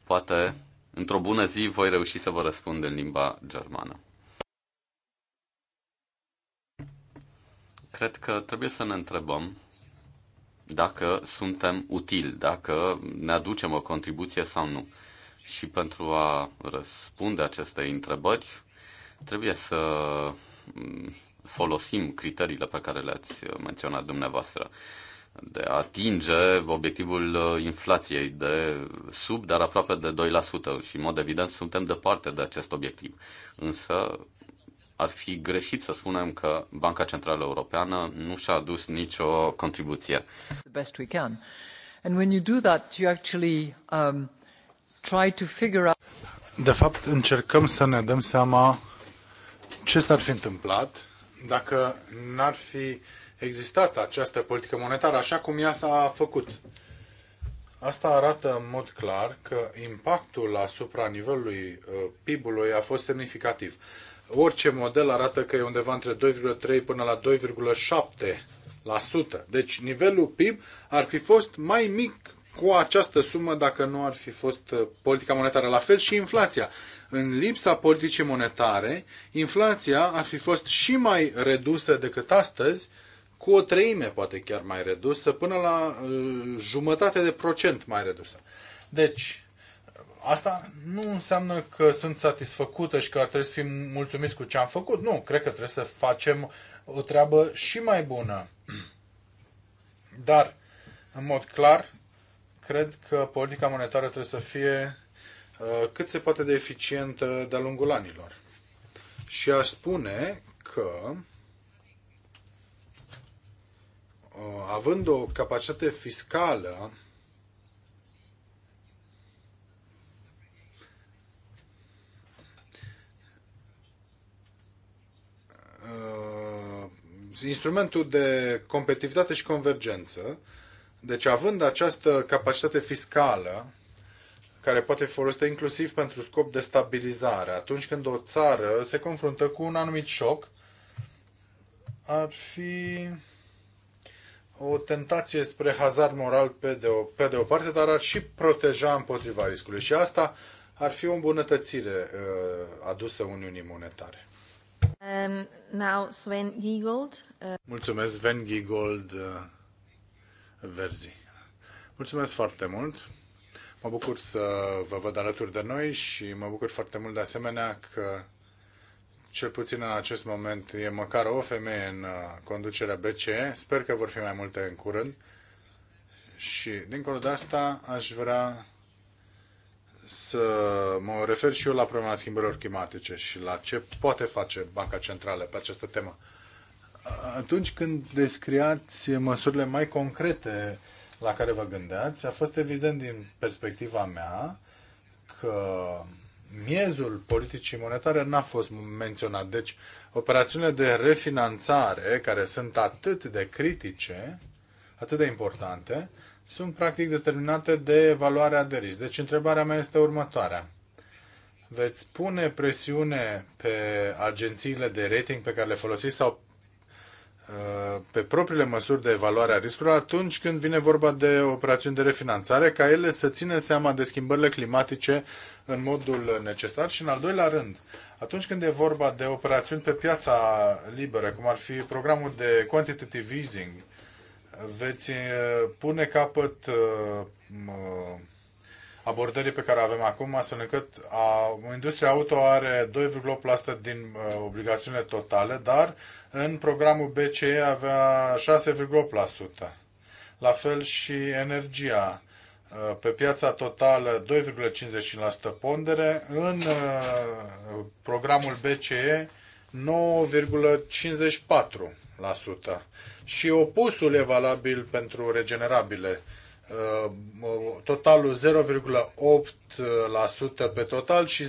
Poate Într-o bună zi voi reuși să vă răspund în limba germană. Cred că trebuie să ne întrebăm dacă suntem utili, dacă ne aducem o contribuție sau nu. Și pentru a răspunde acestei întrebări, trebuie să mm, folosim criteriile pe care le-ați menționat dumneavoastră de a atinge obiectivul uh, inflației de sub, dar aproape de 2%. Și, în mod evident, suntem departe de acest obiectiv. Însă, ar fi greșit să spunem că Banca Centrală Europeană nu și-a adus nicio contribuție. The best we can. And when you do that, you actually um, try to figure out... De fapt, încercăm să ne dăm seama ce s-ar fi întâmplat dacă n-ar fi existat această politică monetară așa cum ea s-a făcut. Asta arată în mod clar că impactul asupra nivelului uh, PIB-ului a fost semnificativ. Orice model arată că e undeva între 2,3 până la 2,7%. Deci nivelul PIB ar fi fost mai mic cu această sumă dacă nu ar fi fost uh, politica monetară. La fel și inflația. În lipsa politicii monetare, inflația ar fi fost și mai redusă decât astăzi cu o treime, poate chiar mai redusă, până la uh, jumătate de procent mai redusă. Deci, asta nu înseamnă că sunt satisfăcută și că ar trebui să fim mulțumiți cu ce am făcut. Nu, cred că trebuie să facem o treabă și mai bună. Dar, în mod clar, cred că politica monetară trebuie să fie uh, cât se poate de eficientă de-a lungul anilor. Și aș spune că Uh, având o capacitate fiscală uh, instrumentul de competitivitate și convergență, deci având această capacitate fiscală care poate fi folosită inclusiv pentru scop de stabilizare, atunci când o țară se confruntă cu un anumit șoc, ar fi o tentație spre hazard moral pe de, o, pe de o parte, dar ar și proteja împotriva riscului. Și asta ar fi o îmbunătățire uh, adusă Uniunii Monetare. Um, now Sven Giegold. Uh... Mulțumesc, Sven Giegold, uh, Verzi. Mulțumesc foarte mult. Mă bucur să vă văd alături de noi și mă bucur foarte mult de asemenea că cel puțin în acest moment, e măcar o femeie în uh, conducerea BCE. Sper că vor fi mai multe în curând. Și, dincolo de asta, aș vrea să mă refer și eu la problema schimbărilor climatice și la ce poate face Banca Centrală pe această temă. Uh, atunci când descriați măsurile mai concrete la care vă gândeați, a fost evident din perspectiva mea că miezul politicii monetare n-a fost menționat. Deci, operațiunile de refinanțare, care sunt atât de critice, atât de importante, sunt practic determinate de evaluarea de risc. Deci, întrebarea mea este următoarea. Veți pune presiune pe agențiile de rating pe care le folosiți sau uh, pe propriile măsuri de evaluare a riscului atunci când vine vorba de operațiuni de refinanțare, ca ele să țină seama de schimbările climatice în modul necesar și, în al doilea rând, atunci când e vorba de operațiuni pe piața liberă, cum ar fi programul de quantitative easing, veți eh, pune capăt eh, abordării pe care o avem acum, astfel încât a, industria auto are 2,8% din eh, obligațiunile totale, dar în programul BCE avea 6,8%. La fel și energia Uh, pe piața totală 2,55% pondere, în uh, programul BCE 9,54% și opusul e valabil pentru regenerabile, uh, totalul 0,8% pe total și 0%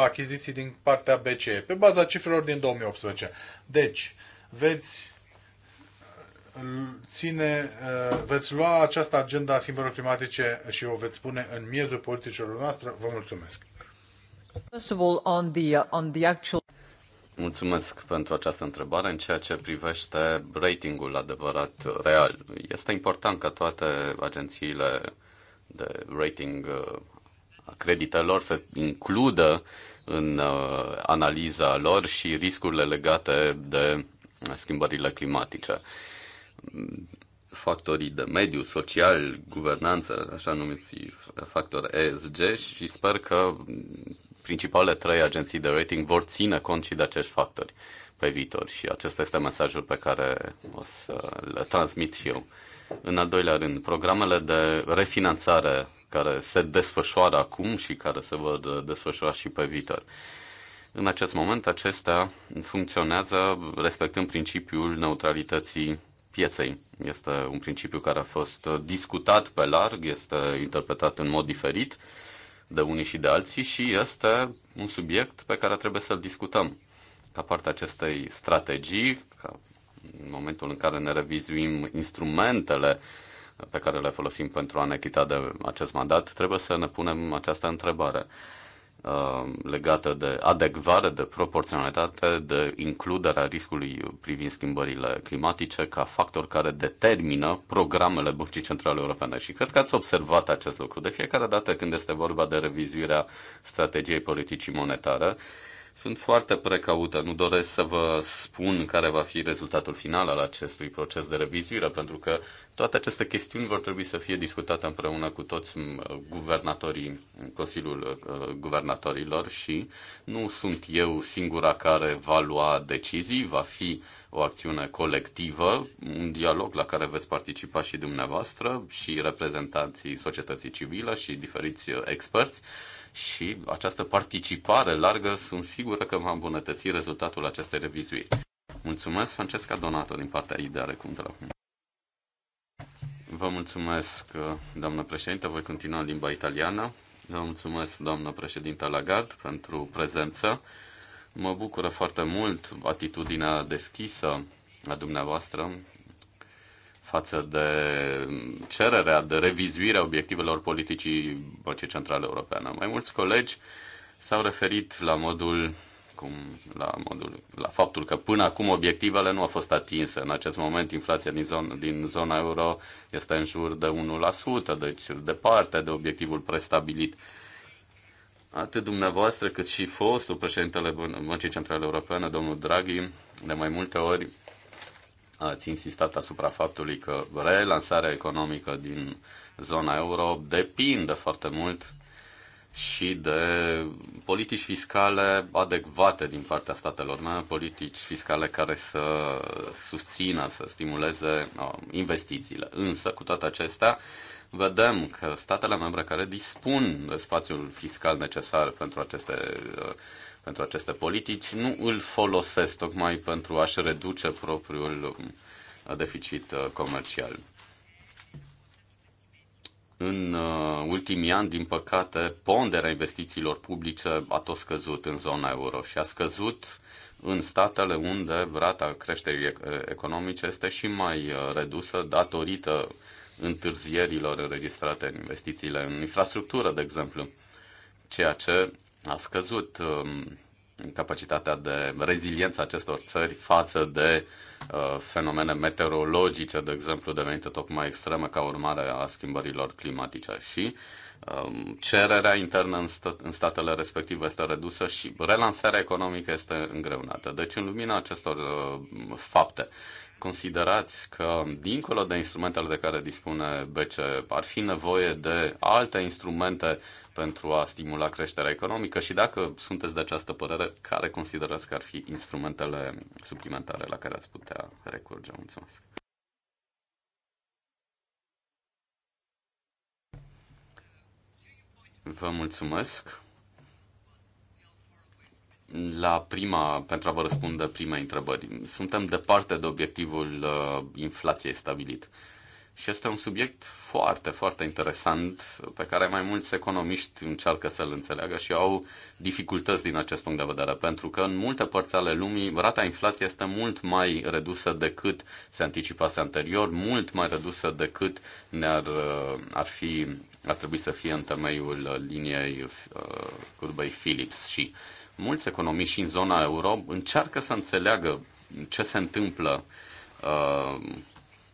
achiziții din partea BCE, pe baza cifrelor din 2018. Deci, veți ține, uh, veți lua această agenda a schimbărilor climatice și o veți pune în miezul politicilor noastre. Vă mulțumesc. Uh, mulțumesc pentru această întrebare. În ceea ce privește ratingul adevărat uh, real, este important ca toate agențiile de rating a creditelor să includă în analiza lor și riscurile legate de schimbările climatice factorii de mediu, social, guvernanță, așa numiți factor ESG și sper că principalele trei agenții de rating vor ține cont și de acești factori pe viitor și acesta este mesajul pe care o să le transmit și eu. În al doilea rând, programele de refinanțare care se desfășoară acum și care se vor desfășura și pe viitor. În acest moment, acestea funcționează respectând principiul neutralității pieței. Este un principiu care a fost discutat pe larg, este interpretat în mod diferit de unii și de alții și este un subiect pe care trebuie să-l discutăm. Ca parte acestei strategii, ca în momentul în care ne revizuim instrumentele pe care le folosim pentru a ne chita de acest mandat, trebuie să ne punem această întrebare. Um, legată de adecvare, de proporționalitate, de includerea riscului privind schimbările climatice ca factor care determină programele Băncii Centrale Europene. Și cred că ați observat acest lucru. De fiecare dată când este vorba de revizuirea strategiei politicii monetare, uh, sunt foarte precaută, nu doresc să vă spun care va fi rezultatul final al acestui proces de revizuire, pentru că toate aceste chestiuni vor trebui să fie discutate împreună cu toți guvernatorii, Consiliul uh, Guvernatorilor și nu sunt eu singura care va lua decizii, va fi o acțiune colectivă, un dialog la care veți participa și dumneavoastră și reprezentanții societății civile și diferiți uh, experți și această participare largă sunt sigură că va îmbunătăți rezultatul acestei revizuiri. Mulțumesc, Francesca Donato, din partea IDE, are cum de Vă mulțumesc, doamnă președintă, voi continua în limba italiană. Vă mulțumesc, doamnă președintă Lagarde, pentru prezență. Mă bucură foarte mult atitudinea deschisă a dumneavoastră față de cererea de revizuire a obiectivelor politicii Băncii Centrale Europene. Mai mulți colegi s-au referit la modul cum, la, modul, la faptul că până acum obiectivele nu au fost atinse. În acest moment inflația din, zon, din zona euro este în jur de 1%, deci departe de obiectivul prestabilit. Atât dumneavoastră cât și fostul președintele Băncii Centrale Europene, domnul Draghi, de mai multe ori ați insistat asupra faptului că relansarea economică din zona euro depinde foarte mult și de politici fiscale adecvate din partea statelor mele, politici fiscale care să susțină, să stimuleze uh, investițiile. Însă, cu toate acestea, vedem că statele membre care dispun de spațiul fiscal necesar pentru aceste uh, pentru aceste politici nu îl folosesc tocmai pentru a-și reduce propriul uh, deficit uh, comercial. În uh, ultimii ani, din păcate, ponderea investițiilor publice a tot scăzut în zona euro și a scăzut în statele unde rata creșterii economice este și mai redusă datorită întârzierilor înregistrate în investițiile în infrastructură, de exemplu, ceea ce a scăzut um, capacitatea de reziliență a acestor țări față de uh, fenomene meteorologice, de exemplu, devenite tocmai extreme ca urmare a schimbărilor climatice și um, cererea internă în, statele respective este redusă și relansarea economică este îngreunată. Deci, în lumina acestor uh, fapte, considerați că, dincolo de instrumentele de care dispune BC, ar fi nevoie de alte instrumente pentru a stimula creșterea economică și dacă sunteți de această părere, care considerați că ar fi instrumentele suplimentare la care ați putea recurge? Mulțumesc! Vă mulțumesc! la prima, pentru a vă răspunde prima întrebări, suntem departe de obiectivul uh, inflației stabilit. Și este un subiect foarte, foarte interesant pe care mai mulți economiști încearcă să-l înțeleagă și au dificultăți din acest punct de vedere, pentru că în multe părți ale lumii rata inflației este mult mai redusă decât se anticipase anterior, mult mai redusă decât ne-ar uh, ar fi ar trebui să fie în temeiul uh, liniei uh, curbei Philips și uh, mulți economiști și în zona euro încearcă să înțeleagă ce se întâmplă uh,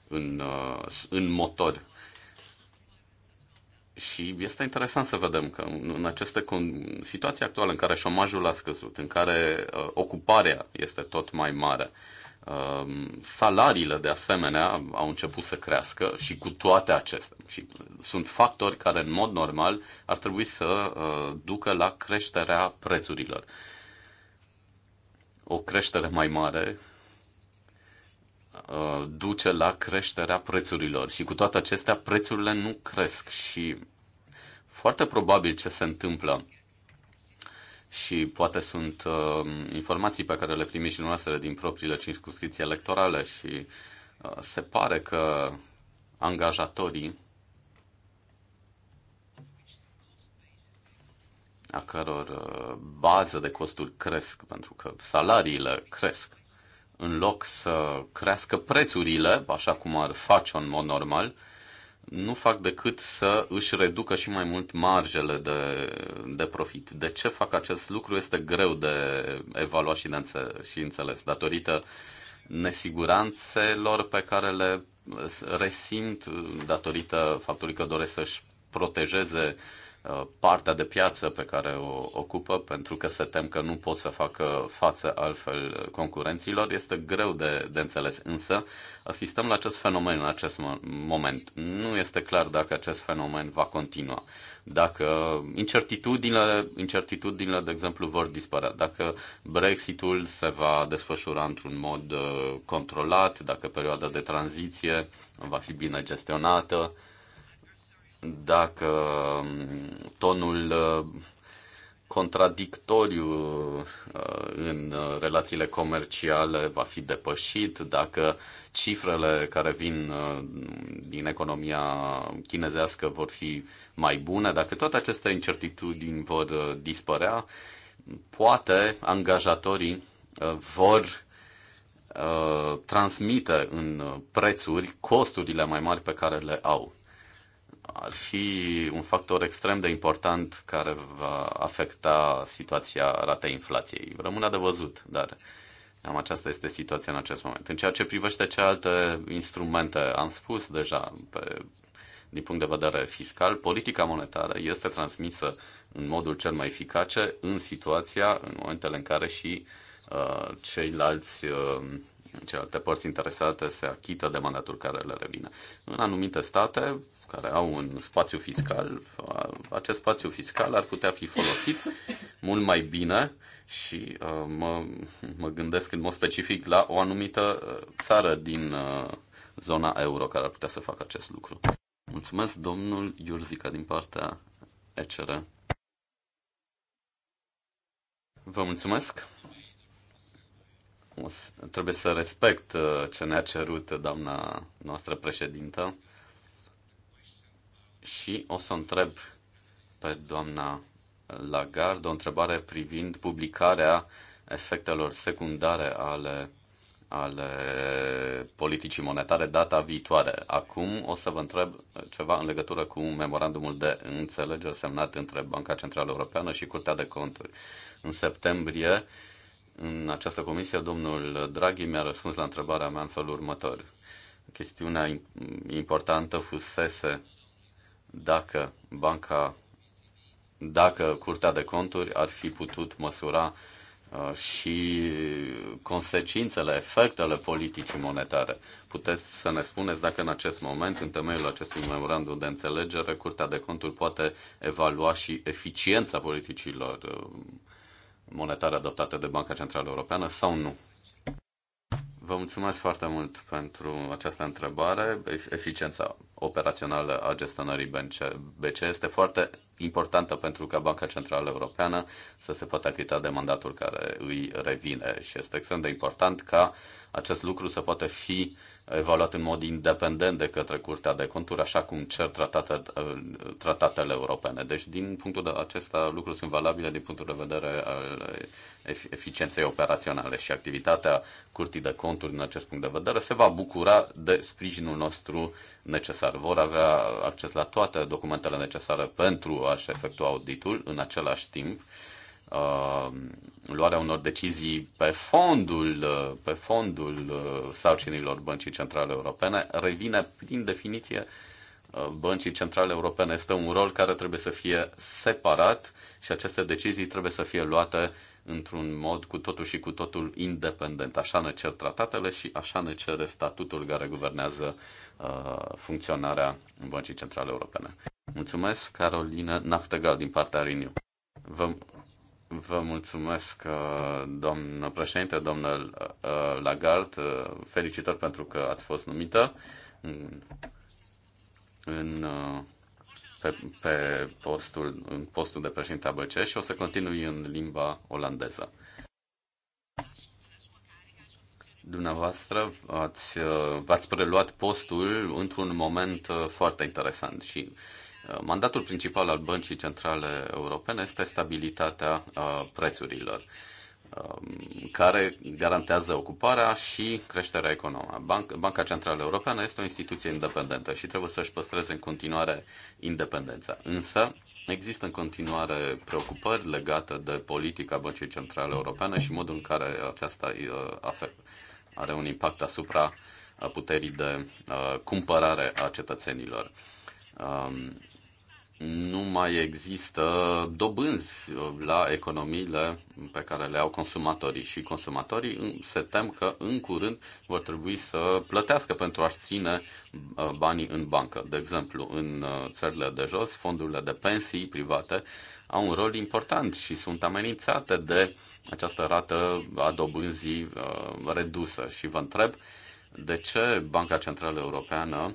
în, uh, în motor. Și este interesant să vedem că în aceste situații actuale în care șomajul a scăzut, în care uh, ocuparea este tot mai mare, uh, Um, salariile de asemenea au început să crească și cu toate acestea. Și sunt factori care în mod normal ar trebui să uh, ducă la creșterea prețurilor. O creștere mai mare uh, duce la creșterea prețurilor și cu toate acestea prețurile nu cresc și foarte probabil ce se întâmplă și poate sunt uh, informații pe care le primiți și dumneavoastră din propriile circunscripții electorale și uh, se pare că angajatorii a căror uh, bază de costuri cresc, pentru că salariile cresc, în loc să crească prețurile, așa cum ar face în mod normal, uh, nu fac decât să își reducă și mai mult marjele de, de profit. De ce fac acest lucru este greu de evaluat și de înțe- și înțeles, datorită nesiguranțelor pe care le resimt, datorită faptului că doresc să-și protejeze uh, Uh, partea de piață pe care o ocupă, pentru că se tem că nu pot să facă față altfel concurenților. Este greu de, de înțeles, însă asistăm la acest fenomen în acest moment. Nu este clar dacă acest fenomen va continua, dacă incertitudinile, incertitudinile de exemplu, vor dispărea, dacă Brexitul se va desfășura într-un mod uh, controlat, dacă perioada de tranziție va fi bine gestionată, dacă um, tonul uh, contradictoriu uh, în uh, relațiile comerciale va fi depășit, dacă cifrele care vin din economia chinezească vor fi mai bune, dacă toate aceste incertitudini vor dispărea, poate angajatorii vor transmite în prețuri costurile mai mari pe care le au ar fi un factor extrem de important care va afecta situația ratei inflației. Rămâne de văzut, dar Cam aceasta este situația în acest moment. În ceea ce privește celelalte instrumente, am spus deja, pe, din punct de vedere fiscal, politica monetară este transmisă în modul cel mai eficace în situația, în momentele în care și uh, ceilalți uh, celelalte părți interesate se achită de mandatul care le revine. În anumite state care au un spațiu fiscal, acest spațiu fiscal ar putea fi folosit mult mai bine și uh, mă, mă gândesc în mod specific la o anumită uh, țară din uh, zona euro care ar putea să facă acest lucru. Mulțumesc, domnul Iurzica, din partea ECR. Vă mulțumesc trebuie să respect uh, ce ne-a cerut doamna noastră președintă și o să întreb pe doamna Lagarde o întrebare privind publicarea efectelor secundare ale, ale politicii monetare data viitoare. Acum o să vă întreb ceva în legătură cu memorandumul de înțelegere semnat între Banca Centrală Europeană și Curtea de Conturi. În septembrie, în această comisie, domnul Draghi mi-a răspuns la întrebarea mea în felul următor. Chestiunea importantă fusese dacă banca, dacă Curtea de Conturi ar fi putut măsura uh, și consecințele, efectele politicii monetare. Puteți să ne spuneți dacă în acest moment, în temeiul acestui memorandum de înțelegere, Curtea de Conturi poate evalua și eficiența politicilor uh, monetare adoptată de Banca Centrală Europeană sau nu? Vă mulțumesc foarte mult pentru această întrebare. Eficiența operațională a gestionării BC este foarte importantă pentru ca Banca Centrală Europeană să se poată achita de mandatul care îi revine și este extrem de important ca acest lucru să poată fi evaluat în mod independent de către Curtea de Conturi, așa cum cer tratate, tratatele europene. Deci, din punctul de acesta, lucruri sunt valabile din punctul de vedere al eficienței operaționale și activitatea Curții de Conturi, în acest punct de vedere, se va bucura de sprijinul nostru necesar. Vor avea acces la toate documentele necesare pentru a-și efectua auditul în același timp. Uh, luarea unor decizii pe fondul, uh, pe fondul uh, sarcinilor Băncii Centrale Europene revine prin definiție uh, Băncii Centrale Europene. Este un rol care trebuie să fie separat și aceste decizii trebuie să fie luate într-un mod cu totul și cu totul independent. Așa ne cer tratatele și așa ne cere statutul care guvernează uh, Uh, funcționarea Băncii Centrale Europene. Mulțumesc, Carolina Naftegal, din partea Renew. Vă, vă mulțumesc, uh, doamnă președinte, doamnă uh, Lagarde. Felicitări pentru că ați fost numită în, în pe, pe postul, în postul de președinte BCE și o să continui în limba olandeză. Dumneavoastră ați, uh, v-ați preluat postul într-un moment uh, foarte interesant și uh, mandatul principal al Băncii Centrale Europene este stabilitatea prețurilor um, care garantează ocuparea și creșterea economică. Banca, Banca Centrală Europeană este o instituție independentă și trebuie să-și păstreze în continuare independența. Însă, există în continuare preocupări legate de politica Băncii Centrale Europene și modul în care aceasta are un impact asupra uh, puterii de uh, cumpărare a cetățenilor. Um, nu mai există dobânzi uh, la economiile pe care le au consumatorii și consumatorii se tem că în curând vor trebui să plătească pentru a-și ține uh, banii în bancă. De exemplu, în țările de jos, fondurile de pensii private au un rol important și sunt amenințate de uh, această rată a dobânzii uh, redusă. Și vă întreb de ce Banca Centrală Europeană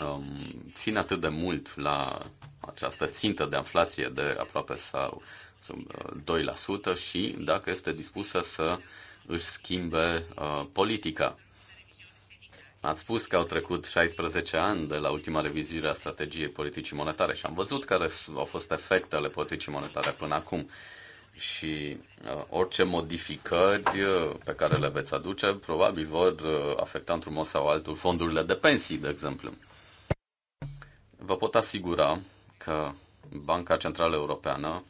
um, ține atât de mult la această țintă de inflație de aproape sau, 2% uh, și dacă este dispusă să își schimbe uh, politica. Ați spus că au trecut 16 ani de la ultima revizuire a strategiei politicii monetare și am văzut care au fost efectele politicii monetare până acum și uh, orice modificări uh, pe care le veți aduce probabil vor uh, afecta într-un mod sau altul fondurile de pensii, de exemplu. Vă pot asigura că Banca Centrală Europeană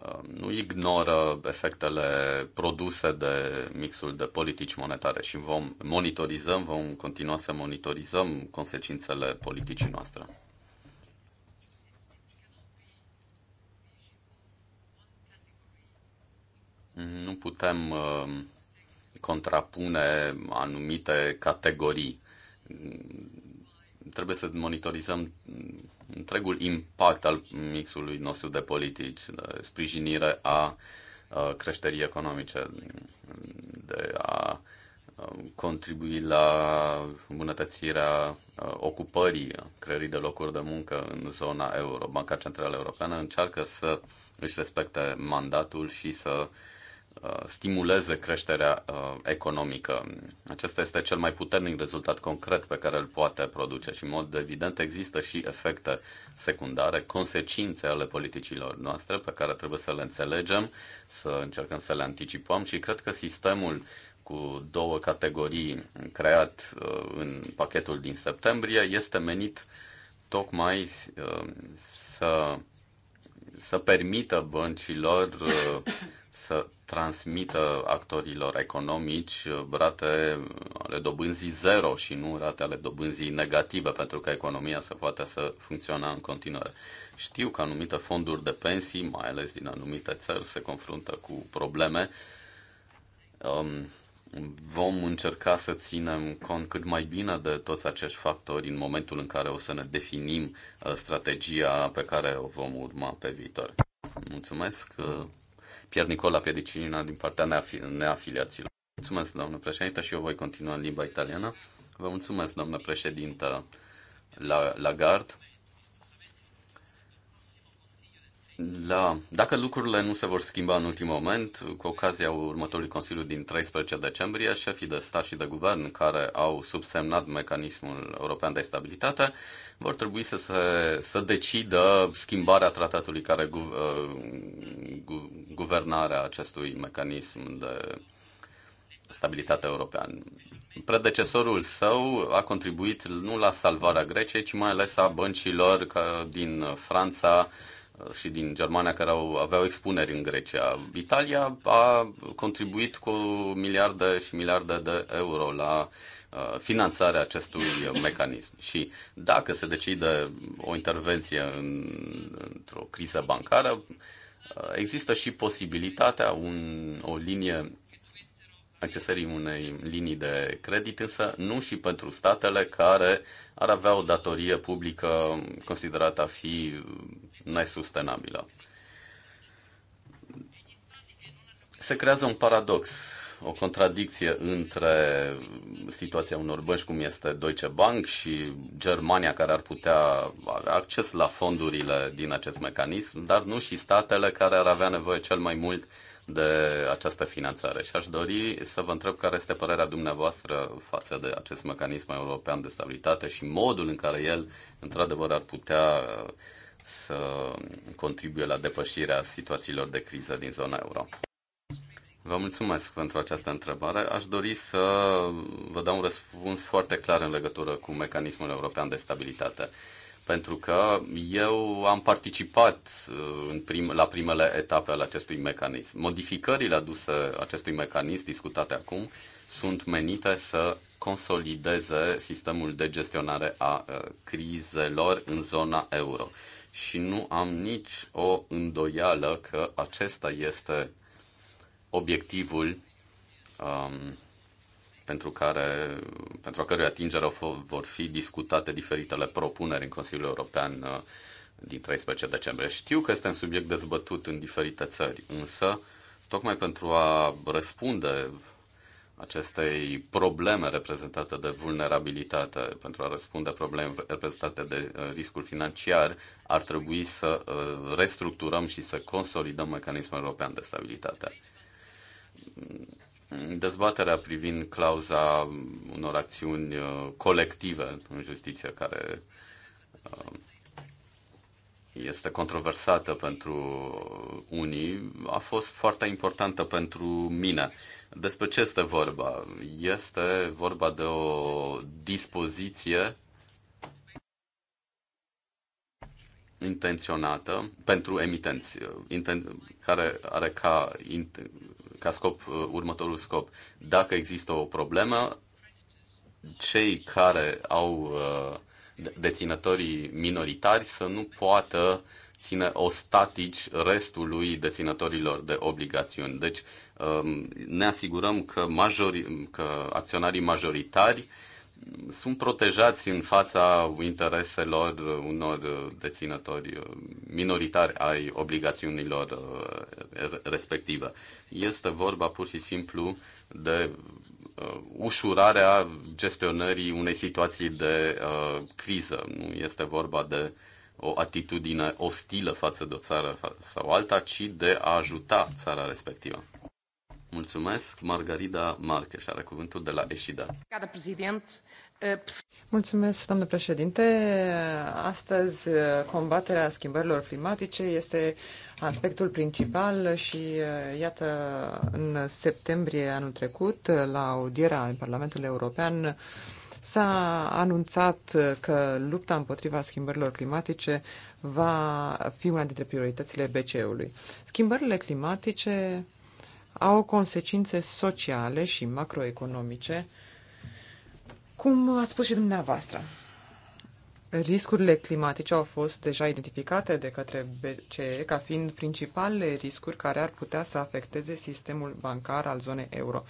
uh, nu ignoră efectele produse de mixul de politici monetare și vom monitorizăm, vom continua să monitorizăm consecințele politicii noastre. Nu putem uh, contrapune anumite categorii. Trebuie să monitorizăm întregul impact al mixului nostru de politici, de sprijinire a uh, creșterii economice, de a uh, contribui la îmbunătățirea ocupării, creării de locuri de muncă în zona euro. Banca Centrală Europeană încearcă să își respecte mandatul și să Uh, stimuleze creșterea uh, economică. Acesta este cel mai puternic rezultat concret pe care îl poate produce și, în mod evident, există și efecte secundare, consecințe ale politicilor noastre pe care trebuie să le înțelegem, să încercăm să le anticipăm și cred că sistemul cu două categorii creat uh, în pachetul din septembrie este menit tocmai să să permită băncilor uh, să transmită actorilor economici uh, rate ale dobânzii zero și nu rate ale dobânzii negative, pentru că economia să poate să funcționa în continuare. Știu că anumite fonduri de pensii, mai ales din anumite țări, se confruntă cu probleme. Um, vom încerca să ținem cont cât mai bine de toți acești factori în momentul în care o să ne definim uh, strategia pe care o vom urma pe viitor. Mulțumesc, uh, Pier Nicola Piedicinina, din partea neafi- neafiliaților. Mulțumesc, doamnă președinte, și eu voi continua în limba italiană. Vă mulțumesc, doamnă la Lagarde, la, da, dacă lucrurile nu se vor schimba în ultimul moment, cu ocazia următorului Consiliu din 13 decembrie, șefii de stat și de guvern care au subsemnat mecanismul european de stabilitate vor trebui să, se, să decidă schimbarea tratatului care gu, uh, gu, guvernarea acestui mecanism de stabilitate european. Predecesorul său a contribuit nu la salvarea Greciei, ci mai ales a băncilor din Franța, și din Germania care au, aveau expuneri în Grecia. Italia a contribuit cu miliarde și miliarde de euro la uh, finanțarea acestui mecanism. Și dacă se decide o intervenție în, într-o criză bancară, uh, există și posibilitatea un, o linie accesării unei linii de credit, însă nu și pentru statele care ar avea o datorie publică considerată a fi nesustenabilă. Se creează un paradox, o contradicție între situația unor bănci cum este Deutsche Bank și Germania care ar putea avea acces la fondurile din acest mecanism, dar nu și statele care ar avea nevoie cel mai mult de această finanțare. Și aș dori să vă întreb care este părerea dumneavoastră față de acest mecanism european de stabilitate și modul în care el, într-adevăr, ar putea să contribuie la depășirea situațiilor de criză din zona euro. Vă mulțumesc pentru această întrebare. Aș dori să vă dau un răspuns foarte clar în legătură cu mecanismul european de stabilitate. Pentru că eu am participat uh, în prim, la primele etape ale acestui mecanism. Modificările aduse acestui mecanism discutate acum sunt menite să consolideze sistemul de gestionare a uh, crizelor în zona euro și nu am nici o îndoială că acesta este obiectivul um, pentru, care, pentru a cărui atingere vor fi discutate diferitele propuneri în Consiliul European uh, din 13 decembrie. Știu că este un subiect dezbătut în diferite țări, însă, tocmai pentru a răspunde acestei probleme reprezentate de vulnerabilitate, pentru a răspunde probleme reprezentate de uh, riscul financiar, ar trebui să uh, restructurăm și să consolidăm mecanismul european de stabilitate. Dezbaterea privind clauza unor acțiuni uh, colective în justiție care este controversată pentru unii, a fost foarte importantă pentru mine despre ce este vorba? Este vorba de o dispoziție intenționată pentru emitenți, care are ca, ca scop uh, următorul scop. Dacă există o problemă, cei care au uh, deținătorii minoritari să nu poată ține ostatici restului deținătorilor de obligațiuni. Deci um, ne asigurăm că, majori, că acționarii majoritari sunt protejați în fața intereselor unor deținători minoritari ai obligațiunilor uh, respective. Este vorba pur și simplu de uh, ușurarea gestionării unei situații de uh, criză. Nu este vorba de o atitudine ostilă față de o țară sau alta, ci de a ajuta țara respectivă. Mulțumesc, Margarida Marcheș are cuvântul de la Eșida. Mulțumesc, doamnă președinte. Astăzi, combaterea schimbărilor climatice este aspectul principal și, iată, în septembrie anul trecut, la audierea în Parlamentul European, S-a anunțat că lupta împotriva schimbărilor climatice va fi una dintre prioritățile BCE-ului. Schimbările climatice au consecințe sociale și macroeconomice, cum ați spus și dumneavoastră. Riscurile climatice au fost deja identificate de către BCE ca fiind principalele riscuri care ar putea să afecteze sistemul bancar al zonei euro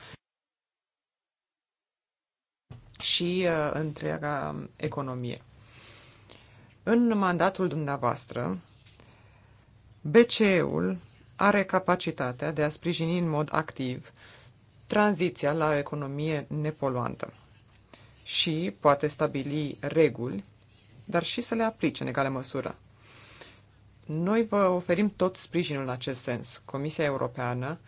și uh, întreaga economie. În mandatul dumneavoastră, BCE-ul are capacitatea de a sprijini în mod activ tranziția la o economie nepoluantă și poate stabili reguli, dar și să le aplice în egală măsură. Noi vă oferim tot sprijinul în acest sens. Comisia Europeană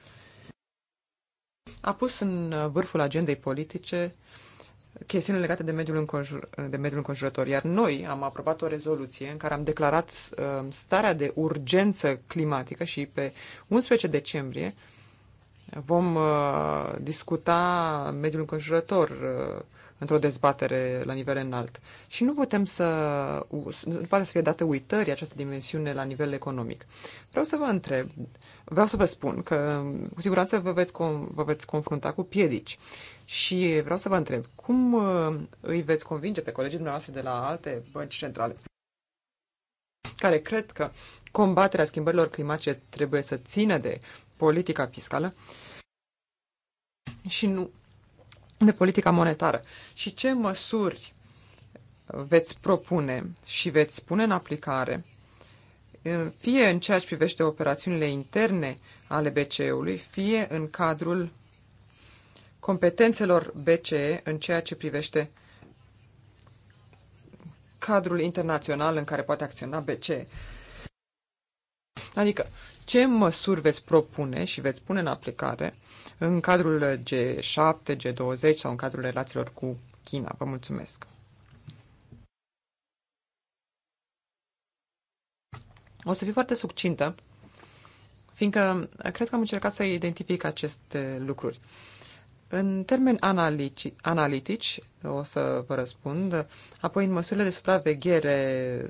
a pus în vârful agendei politice uh, chestiunile legate de mediul, înconjur, de mediul înconjurător. Iar noi am aprobat o rezoluție în care am declarat um, starea de urgență climatică și pe 11 decembrie vom uh, discuta mediul înconjurător, uh, într-o dezbatere la nivel înalt. Și nu putem să, nu poate să fie dată uitării această dimensiune la nivel economic. Vreau să vă întreb, vreau să vă spun că cu siguranță vă veți, vă veți confrunta cu piedici. Și vreau să vă întreb, cum uh, îi veți convinge pe colegii dumneavoastră de la alte bănci centrale care cred că combaterea schimbărilor climatice trebuie să țină de politica fiscală și nu de politica monetară și ce măsuri veți propune și veți pune în aplicare, fie în ceea ce privește operațiunile interne ale BCE-ului, fie în cadrul competențelor BCE în ceea ce privește cadrul internațional în care poate acționa BCE. Adică, ce măsuri veți propune și veți pune în aplicare în cadrul G7, G20 sau în cadrul relațiilor cu China? Vă mulțumesc! O să fiu foarte succintă, fiindcă cred că am încercat să identific aceste lucruri. În termeni analici, analitici, o să vă răspund, apoi în măsurile de supraveghere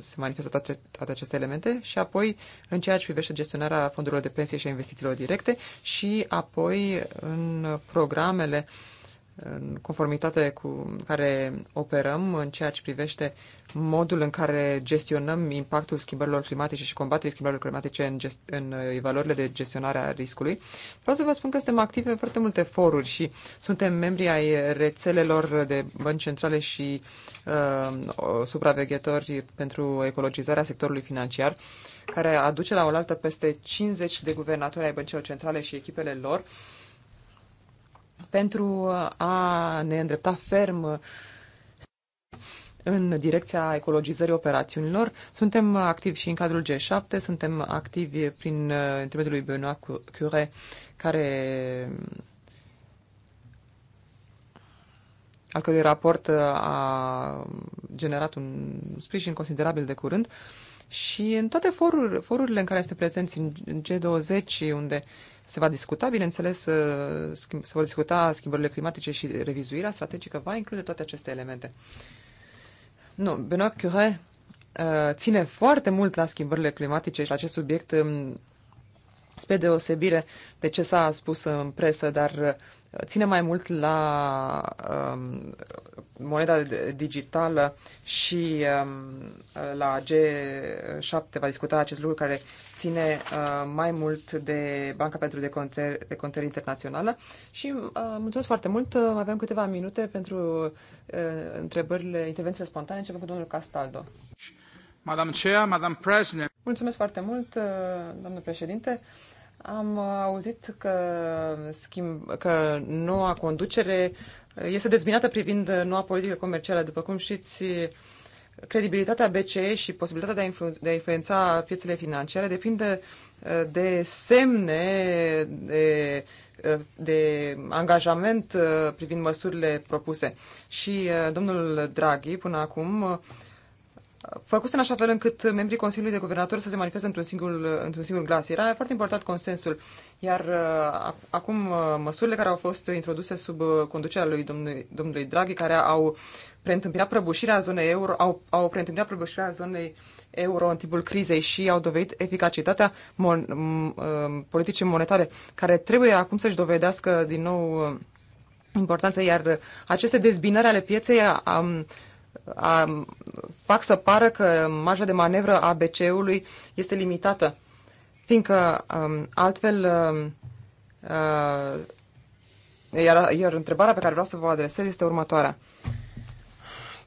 se manifestă toate, toate aceste elemente și apoi în ceea ce privește gestionarea fondurilor de pensie și a investițiilor directe și apoi în programele uh, în conformitate cu care operăm în ceea ce privește modul în care gestionăm impactul schimbărilor climatice și combaterea schimbărilor climatice în, gest- în valorile de gestionare a riscului. Vreau să vă spun că suntem active în foarte multe foruri și suntem membri ai rețelelor de bănci centrale și uh, supraveghetori pentru ecologizarea sectorului financiar, care aduce la oaltă peste 50 de guvernatori ai băncilor centrale și echipele lor uh, pentru a ne îndrepta ferm în direcția ecologizării operațiunilor. Suntem activi și în cadrul G7, suntem activi prin uh, intermediul lui Benoit Cure, care al cărui raport uh, a generat un sprijin considerabil de curând. Și în toate forurile în care este prezenți în G20, unde uh, se va discuta, bineînțeles, uh, schimb, se vor discuta schimbările climatice și revizuirea strategică va include toate aceste elemente. Nu, Benoît Curie uh, ține foarte mult la schimbările climatice și la acest subiect um, spre deosebire de ce s-a spus în presă, dar uh, ține mai mult la um, moneda digitală și um, la G7 va discuta acest lucru care ține uh, mai mult de Banca pentru de Decontări Internațională. Și uh, mulțumesc foarte mult. mai avem câteva minute pentru uh, întrebările, intervențiile spontane. Începem cu domnul Castaldo. Madam Chair, Madam President. Mulțumesc foarte mult, uh, domnule președinte. Uh, am uh, auzit că, schimb, că noua conducere uh, este dezbinată privind uh, noua politică comercială. După cum știți, credibilitatea BCE și posibilitatea de a, influ- de a influența piețele financiare depinde de semne, de, de angajament privind măsurile propuse. Și domnul Draghi, până acum, făcut în așa fel încât membrii Consiliului de Guvernatori să se manifeste într-un singur, într-un singur glas. Era foarte important consensul, iar uh, acum uh, măsurile care au fost introduse sub uh, conducerea lui domnului, domnului Draghi, care au preîntâmpinat prăbușirea zonei euro, au, au preîntâmpinat prăbușirea zonei euro în timpul crizei și au dovedit eficacitatea mon, politicii monetare, care trebuie acum să-și dovedească din nou importanță, iar aceste dezbinări ale pieței um, a, fac să pară că marja de manevră a BCE-ului este limitată, fiindcă um, altfel um, uh, iar, iar întrebarea pe care vreau să vă adresez este următoarea.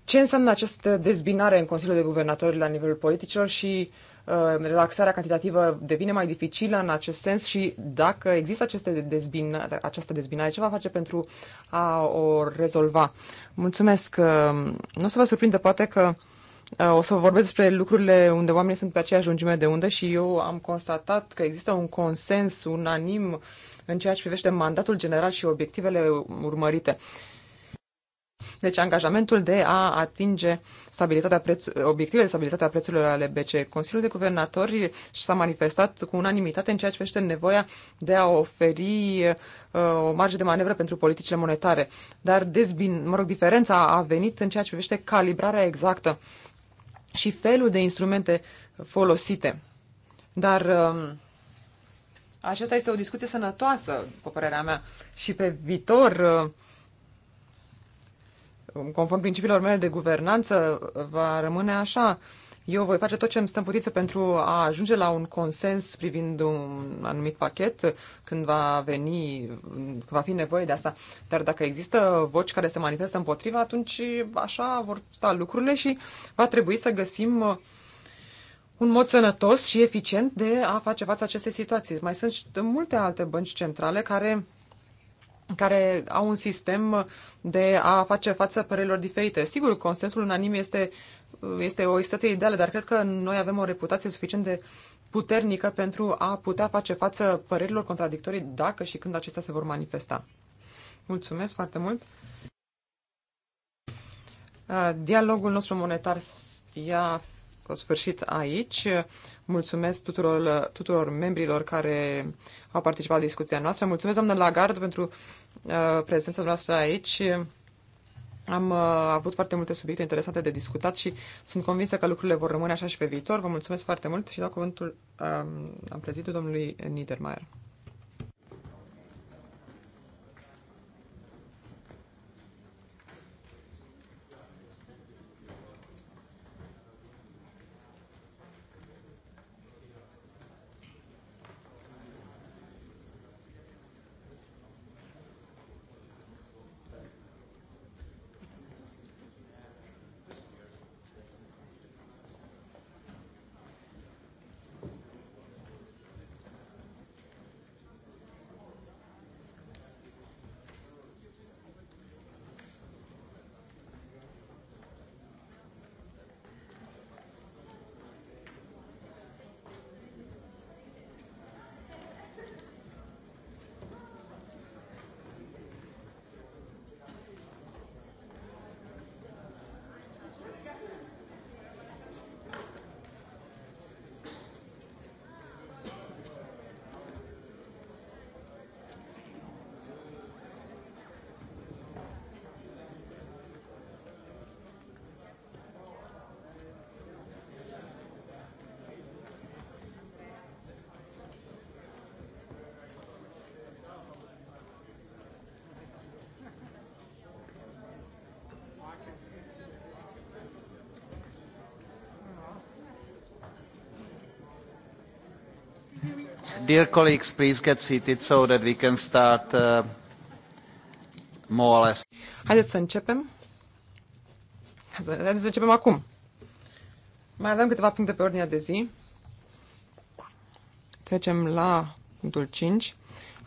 Ce înseamnă această dezbinare în Consiliul de Guvernatori la nivelul politicilor și uh, Uh, relaxarea cantitativă devine mai dificilă în acest sens și dacă există aceste dezbinare, această dezbinare, ce va face pentru a o rezolva? Mulțumesc! Uh, nu o să vă surprindă poate că uh, o să vorbesc despre lucrurile unde oamenii sunt pe aceeași lungime de undă și eu am constatat că există un consens unanim în ceea ce privește mandatul general și obiectivele urmărite. Uh, deci angajamentul de a atinge stabilitatea preț- obiectivele de stabilitate a prețurilor ale BCE. Consiliul de Guvernatori s-a manifestat cu unanimitate în ceea ce privește nevoia de a oferi uh, o marge de manevră pentru politicile monetare. Dar dezbin, mă rog, diferența a venit în ceea ce privește calibrarea exactă și felul de instrumente folosite. Dar uh, aceasta este o discuție sănătoasă, pe părerea mea, și pe viitor uh, conform principiilor mele de guvernanță, va rămâne așa. Eu voi face tot ce îmi stă în putință pentru a ajunge la un consens privind un anumit pachet când va veni, când va fi nevoie de asta. Dar dacă există voci care se manifestă împotriva, atunci așa vor sta lucrurile și va trebui să găsim uh, un mod sănătos și eficient de a face față acestei situații. Mai sunt multe alte bănci centrale care care au un sistem de a face față părerilor diferite. Sigur, consensul unanim este, este o situație ideală, dar cred că noi avem o reputație suficient de puternică pentru a putea face față părerilor contradictorii dacă și când acestea se vor manifesta. Mulțumesc foarte mult! Uh, dialogul nostru monetar ia sfârșit aici. Mulțumesc tuturor, tuturor membrilor care au participat la discuția noastră. Mulțumesc, doamnă Lagard, pentru uh, prezența noastră aici. Am uh, avut foarte multe subiecte interesante de discutat și sunt convinsă că lucrurile vor rămâne așa și pe viitor. Vă mulțumesc foarte mult și dau cuvântul uh, am prezidiu domnului Niedermayer. Dear colleagues, please get seated so that we can start uh, more or less. Haideți să începem. Haideți să începem acum. Mai avem câteva puncte pe ordinea de zi. Trecem la punctul 5.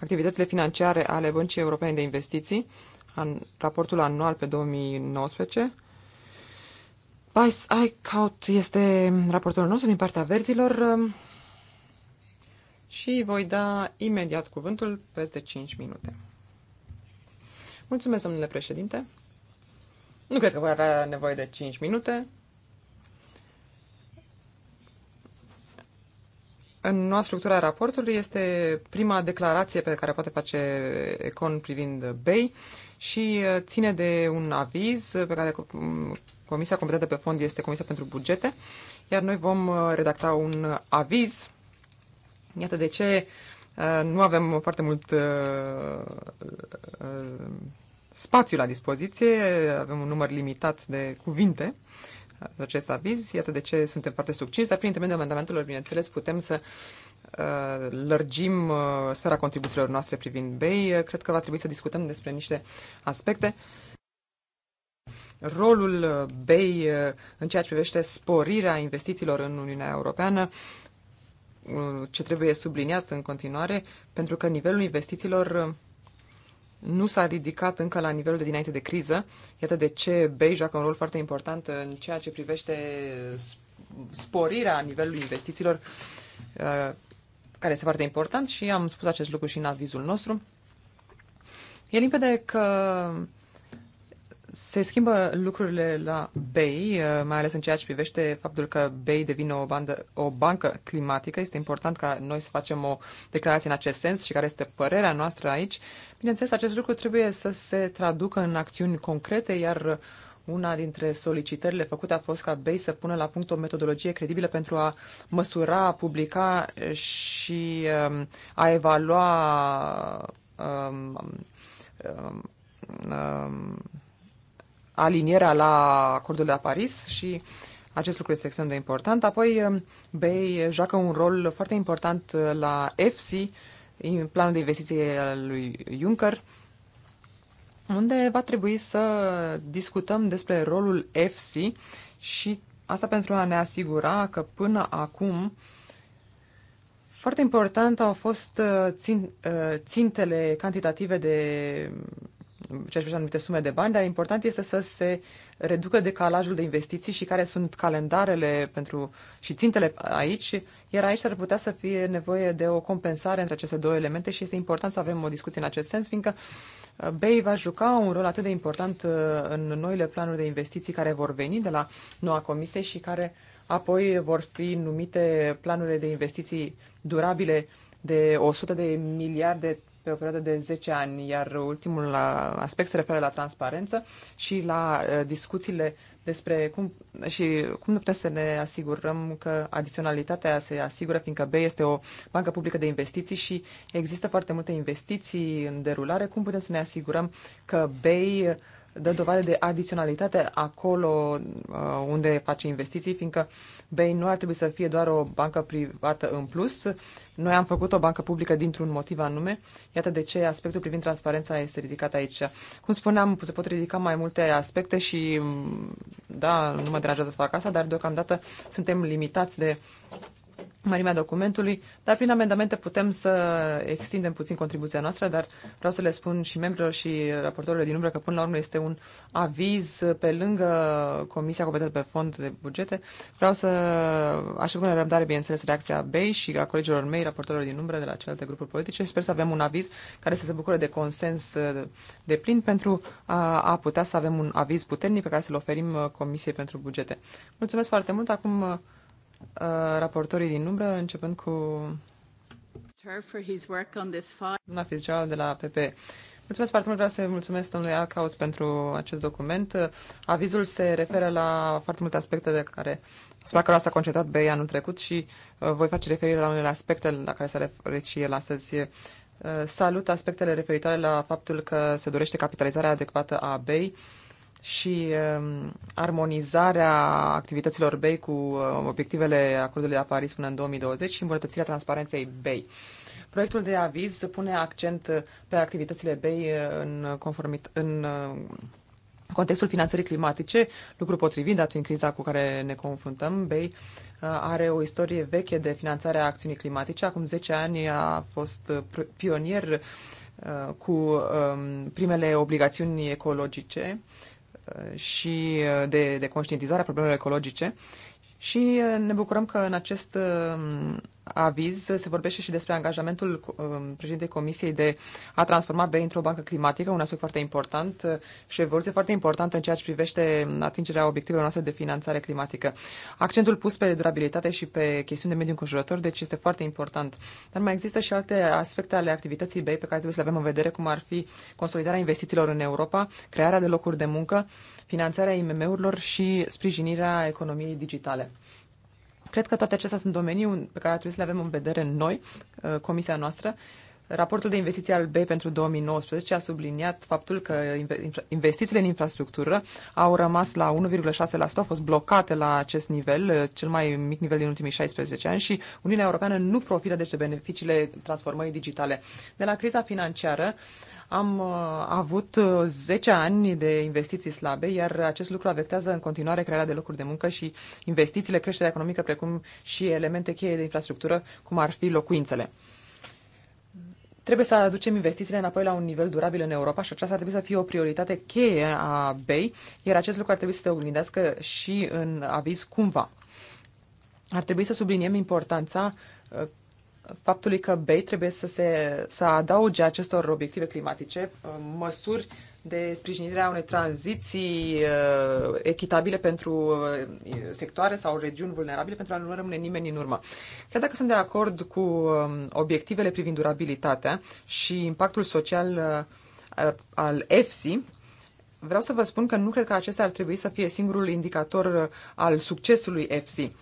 Activitățile financiare ale Băncii Europene de Investiții, an, raportul anual pe 2019. Vice Aicaut este raportul. nostru din partea verzilor. Uh, și voi da imediat cuvântul peste 5 minute. Mulțumesc, domnule președinte. Nu cred că voi avea nevoie de 5 minute. În noua structură a raportului este prima declarație pe care poate face Econ privind BEI și ține de un aviz pe care Comisia competentă pe fond este Comisia pentru bugete, iar noi vom redacta un aviz Iată de ce uh, nu avem foarte mult uh, uh, spațiu la dispoziție, avem un număr limitat de cuvinte acest aviz, iată de ce suntem foarte succinți, dar prin intermediul amendamentelor, bineînțeles, putem să lărgim sfera contribuțiilor noastre privind BEI. Cred că va trebui să discutăm despre niște aspecte. Rolul BEI în ceea ce privește sporirea investițiilor în Uniunea Europeană, ce trebuie subliniat în continuare, pentru că nivelul investițiilor uh, nu s-a ridicat încă la nivelul de dinainte de criză. Iată de ce BEI joacă un rol foarte important în ceea ce privește sporirea nivelului investițiilor, uh, care este foarte important și am spus acest lucru și în avizul nostru. E limpede că se schimbă lucrurile la BEI, uh, mai ales în ceea ce privește faptul că BEI devine o, bandă, o bancă climatică. Este important ca noi să facem o declarație în acest sens și care este părerea noastră aici. Bineînțeles, acest lucru trebuie să se traducă în acțiuni concrete, iar una dintre solicitările făcute a fost ca BEI să pună la punct o metodologie credibilă pentru a măsura, a publica și um, a evalua um, um, um, alinierea la acordul de la Paris și acest lucru este extrem de important. Apoi, um, BEI joacă un rol foarte important uh, la EFSI, în planul de investiție al lui Juncker, unde va trebui să discutăm despre rolul EFSI și asta pentru a ne asigura că până acum foarte important au fost uh, țin, uh, țintele cantitative de ceea ce anumite sume de bani, dar important este să se reducă decalajul de investiții și care sunt calendarele pentru și țintele aici, iar aici ar putea să fie nevoie de o compensare între aceste două elemente și este important să avem o discuție în acest sens, fiindcă uh, BEI va juca un rol atât de important uh, în noile planuri de investiții care vor veni de la noua comisie și care apoi vor fi numite planurile de investiții durabile de 100 de miliarde pe o perioadă de 10 ani, iar ultimul aspect se referă la transparență și la uh, discuțiile despre cum și cum ne putem să ne asigurăm că adiționalitatea se asigură, fiindcă B este o bancă publică de investiții și există foarte multe investiții în derulare, cum putem să ne asigurăm că BEI dă dovadă de adiționalitate acolo uh, unde face investiții, fiindcă BEI nu ar trebui să fie doar o bancă privată în plus. Noi am făcut o bancă publică dintr-un motiv anume. Iată de ce aspectul privind transparența este ridicat aici. Cum spuneam, se pot ridica mai multe aspecte și, mm, da, nu mă deranjează să fac asta, dar deocamdată suntem limitați de mărimea documentului, dar prin amendamente putem să extindem puțin contribuția noastră, dar vreau să le spun și membrilor și raportorilor din umbră că până la urmă este un aviz pe lângă Comisia competentă pe fond de bugete. Vreau să aștept cu nerăbdare, bineînțeles, reacția BEI și a colegilor mei, raportorilor din umbră de la celelalte grupuri politice. Sper să avem un aviz care să se bucure de consens uh, de plin pentru a putea să avem un aviz puternic pe care să-l oferim uh, Comisiei pentru bugete. Mulțumesc foarte mult! Acum uh, Uh, raportorii din umbră, începând cu doamna Fitzgerald de la PP. Mulțumesc foarte mult, vreau să mulțumesc domnului Acaut pentru acest document. Avizul se referă la foarte multe aspecte de care spunea că s-a concentrat BEI anul trecut și uh, voi face referire la unele aspecte la care s-a referit și el astăzi. Uh, salut aspectele referitoare la faptul că se dorește capitalizarea adecvată a BEI și um, armonizarea activităților BEI cu uh, obiectivele acordului de la Paris până în 2020 și îmbunătățirea transparenței BEI. Proiectul de aviz pune accent pe activitățile BEI uh, în, conformit, în uh, contextul finanțării climatice, lucru potrivit, dat fiind criza cu care ne confruntăm. BEI are o istorie veche de finanțare a acțiunii climatice. Acum 10 ani a fost pionier cu um, primele obligațiuni ecologice Uh, și uh, de, de conștientizare a problemelor ecologice și uh, ne bucurăm că în acest aviz se vorbește și despre angajamentul um, președintei Comisiei de a transforma BEI într-o bancă climatică, un aspect foarte important uh, și o evoluție foarte importantă în ceea ce privește um, atingerea obiectivelor noastre de finanțare climatică. Accentul pus pe durabilitate și pe chestiuni de mediu înconjurător, deci este foarte important. Dar mai există și alte aspecte ale activității BEI pe care trebuie să le avem în vedere, cum ar fi consolidarea investițiilor în Europa, crearea de locuri de muncă, finanțarea IMM-urilor și sprijinirea economiei digitale. Cred că toate acestea sunt domenii pe care ar trebui să le avem în vedere noi, uh, comisia noastră. Raportul de investiții al BE pentru 2019 a subliniat faptul că investițiile în infrastructură au rămas la 1,6%, au fost blocate la acest nivel, uh, cel mai mic nivel din ultimii 16 ani și Uniunea Europeană nu profită de beneficiile transformării digitale. De la criza financiară, am uh, avut 10 uh, ani de investiții slabe, iar acest lucru afectează în continuare crearea de locuri de muncă și investițiile, creșterea economică, precum și elemente cheie de infrastructură, cum ar fi locuințele. Trebuie să aducem investițiile înapoi la un nivel durabil în Europa și aceasta ar trebui să fie o prioritate cheie a BEI, iar acest lucru ar trebui să se oglindească și în aviz cumva. Ar trebui să subliniem importanța uh, faptului că BEI trebuie să se să adauge acestor obiective climatice uh, măsuri de sprijinire a unei tranziții uh, echitabile pentru uh, sectoare sau regiuni vulnerabile pentru a nu rămâne nimeni în urmă. Chiar dacă sunt de acord cu um, obiectivele privind durabilitatea și impactul social al EFSI, vreau să vă spun că nu cred că acesta ar trebui să fie singurul indicator al succesului EFSI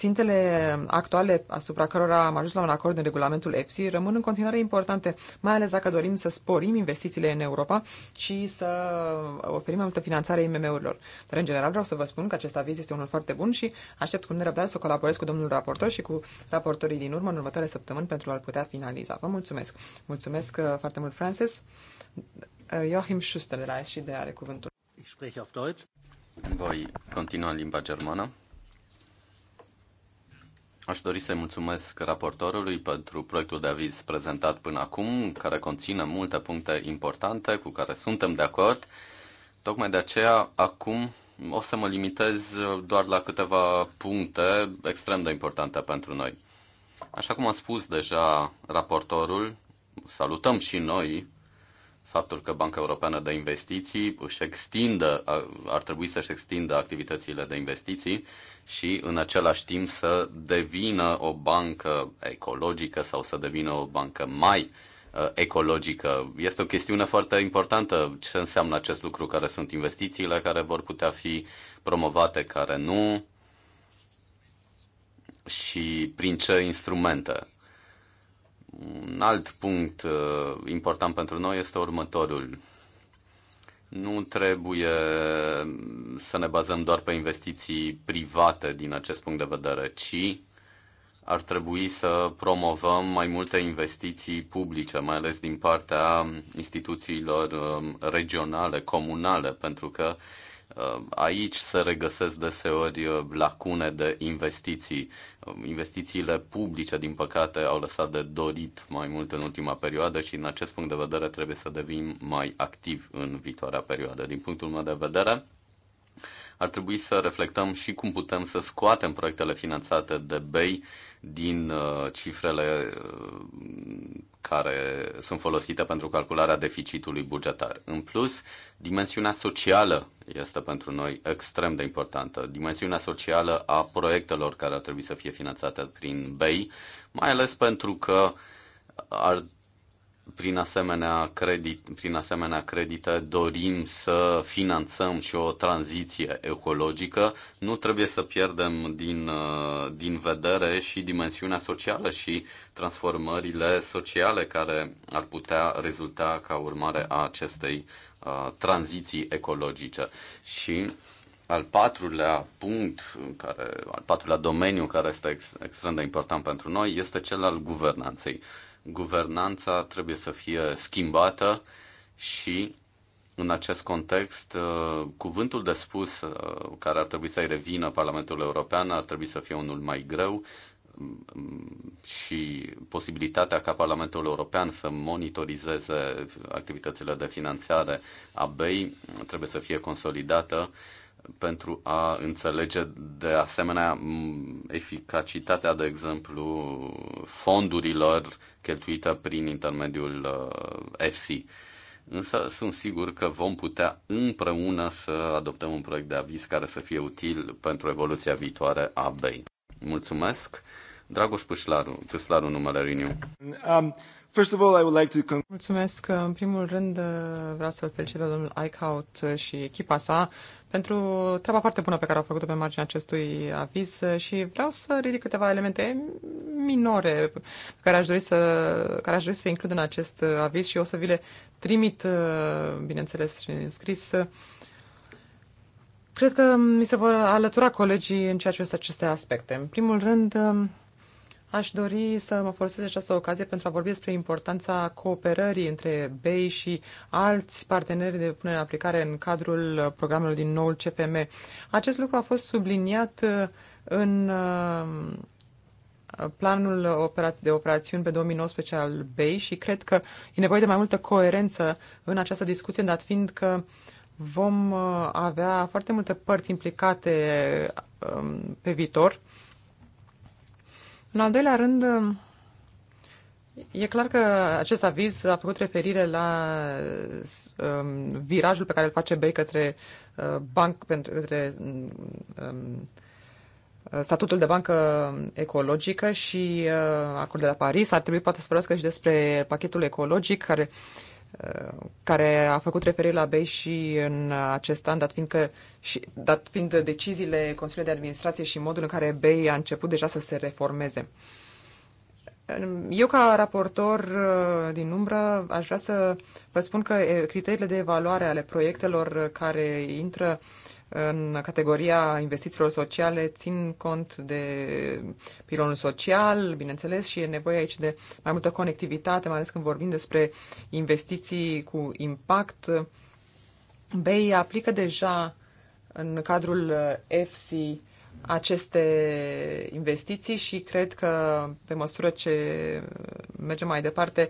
Țintele actuale asupra cărora am ajuns la un acord în regulamentul EFSI rămân în continuare importante, mai ales dacă dorim să sporim investițiile în Europa și să oferim mai multă finanțare IMM-urilor. Dar, în general, vreau să vă spun că acest aviz este unul foarte bun și aștept cu nerăbdare să colaborez cu domnul raportor și cu raportorii din urmă în următoarele săptămâni pentru a-l putea finaliza. Vă mulțumesc! Mulțumesc uh, foarte mult, Francis! Uh, Joachim Schuster de la SD are cuvântul. Voi continua în limba germană. Aș dori să-i mulțumesc raportorului pentru proiectul de aviz prezentat până acum, care conține multe puncte importante cu care suntem de acord. Tocmai de aceea, acum o să mă limitez doar la câteva puncte extrem de importante pentru noi. Așa cum a spus deja raportorul, salutăm și noi faptul că Banca Europeană de Investiții își extindă, ar trebui să-și extindă activitățile de investiții și în același timp să devină o bancă ecologică sau să devină o bancă mai uh, ecologică. Este o chestiune foarte importantă ce înseamnă acest lucru, care sunt investițiile care vor putea fi promovate, care nu și prin ce instrumente. Un alt punct uh, important pentru noi este următorul. Nu trebuie să ne bazăm doar pe investiții private din acest punct de vedere, ci ar trebui să promovăm mai multe investiții publice, mai ales din partea instituțiilor um, regionale, comunale, pentru că uh, Uh, aici se regăsesc deseori uh, lacune de investiții. Uh, investițiile publice, din păcate, au lăsat de dorit mai mult în ultima perioadă și, în acest punct de vedere, trebuie să devenim mai activi în viitoarea perioadă. Din punctul meu de vedere, ar trebui să reflectăm și cum putem să scoatem proiectele finanțate de BEI din uh, cifrele uh, care sunt folosite pentru calcularea deficitului bugetar. În plus, dimensiunea socială este pentru noi extrem de importantă. Dimensiunea socială a proiectelor care ar trebui să fie finanțate prin BEI, mai ales pentru că ar prin asemenea, credit, prin asemenea credite dorim să finanțăm și o tranziție ecologică, nu trebuie să pierdem din, uh, din vedere și dimensiunea socială și transformările sociale care ar putea rezulta ca urmare a acestei uh, tranziții ecologice. Și al patrulea punct, care, al patrulea domeniu care este ex, extrem de important pentru noi, este cel al guvernanței. Uh, guvernanța trebuie să fie schimbată și în acest context, uh, cuvântul de spus uh, care ar trebui să-i revină Parlamentul European ar trebui să fie unul mai greu mm, și posibilitatea ca Parlamentul European să monitorizeze activitățile de finanțare a BEI trebuie să fie consolidată pentru a înțelege de asemenea eficacitatea, de exemplu, fondurilor cheltuite prin intermediul uh, FC. Însă sunt sigur că vom putea împreună să adoptăm un proiect de aviz care să fie util pentru evoluția viitoare a BEI. Mulțumesc! Dragoș Pâșlaru, Pâșlaru numele Riniu. Um, First of all, I would like to... Mulțumesc. În primul rând uh, vreau să-l felicit pe domnul Eichhout uh, și echipa sa pentru treaba foarte bună pe care au făcut-o pe marginea acestui aviz uh, și vreau să ridic câteva elemente minore pe care aș dori să, care aș dori să includ în acest aviz și o să vi le trimit, bineînțeles, și în scris. Cred că mi se vor alătura colegii în ceea ce sunt aceste aspecte. În primul rând, um, Aș dori să mă folosesc această ocazie pentru a vorbi despre importanța cooperării între BEI și alți parteneri de punere în aplicare în cadrul programelor din noul CFM. Acest lucru a fost subliniat uh, în uh, planul de operațiuni pe 2019 al BEI și cred că e nevoie de mai multă coerență în această discuție, dat fiind că vom uh, avea foarte multe părți implicate pe viitor în al doilea rând, e clar că acest aviz a făcut referire la um, virajul pe care îl face BEI către uh, banc, pentru, către um, uh, statutul de bancă ecologică și uh, acordul de la Paris. Ar trebui poate să vorbească și despre pachetul ecologic care care a făcut referire la BEI și în acest an, dat fiindcă și, dat fiind deciziile Consiliului de Administrație și modul în care BEI a început deja să se reformeze. Eu, ca raportor uh, din umbră, aș vrea să vă spun că criteriile de evaluare ale proiectelor uh, care intră în categoria investițiilor sociale țin cont de pilonul social, bineînțeles, și e nevoie aici de mai multă conectivitate, mai ales când vorbim despre investiții cu impact. BEI aplică deja în cadrul EFSI uh, aceste investiții și cred că pe măsură ce mergem mai departe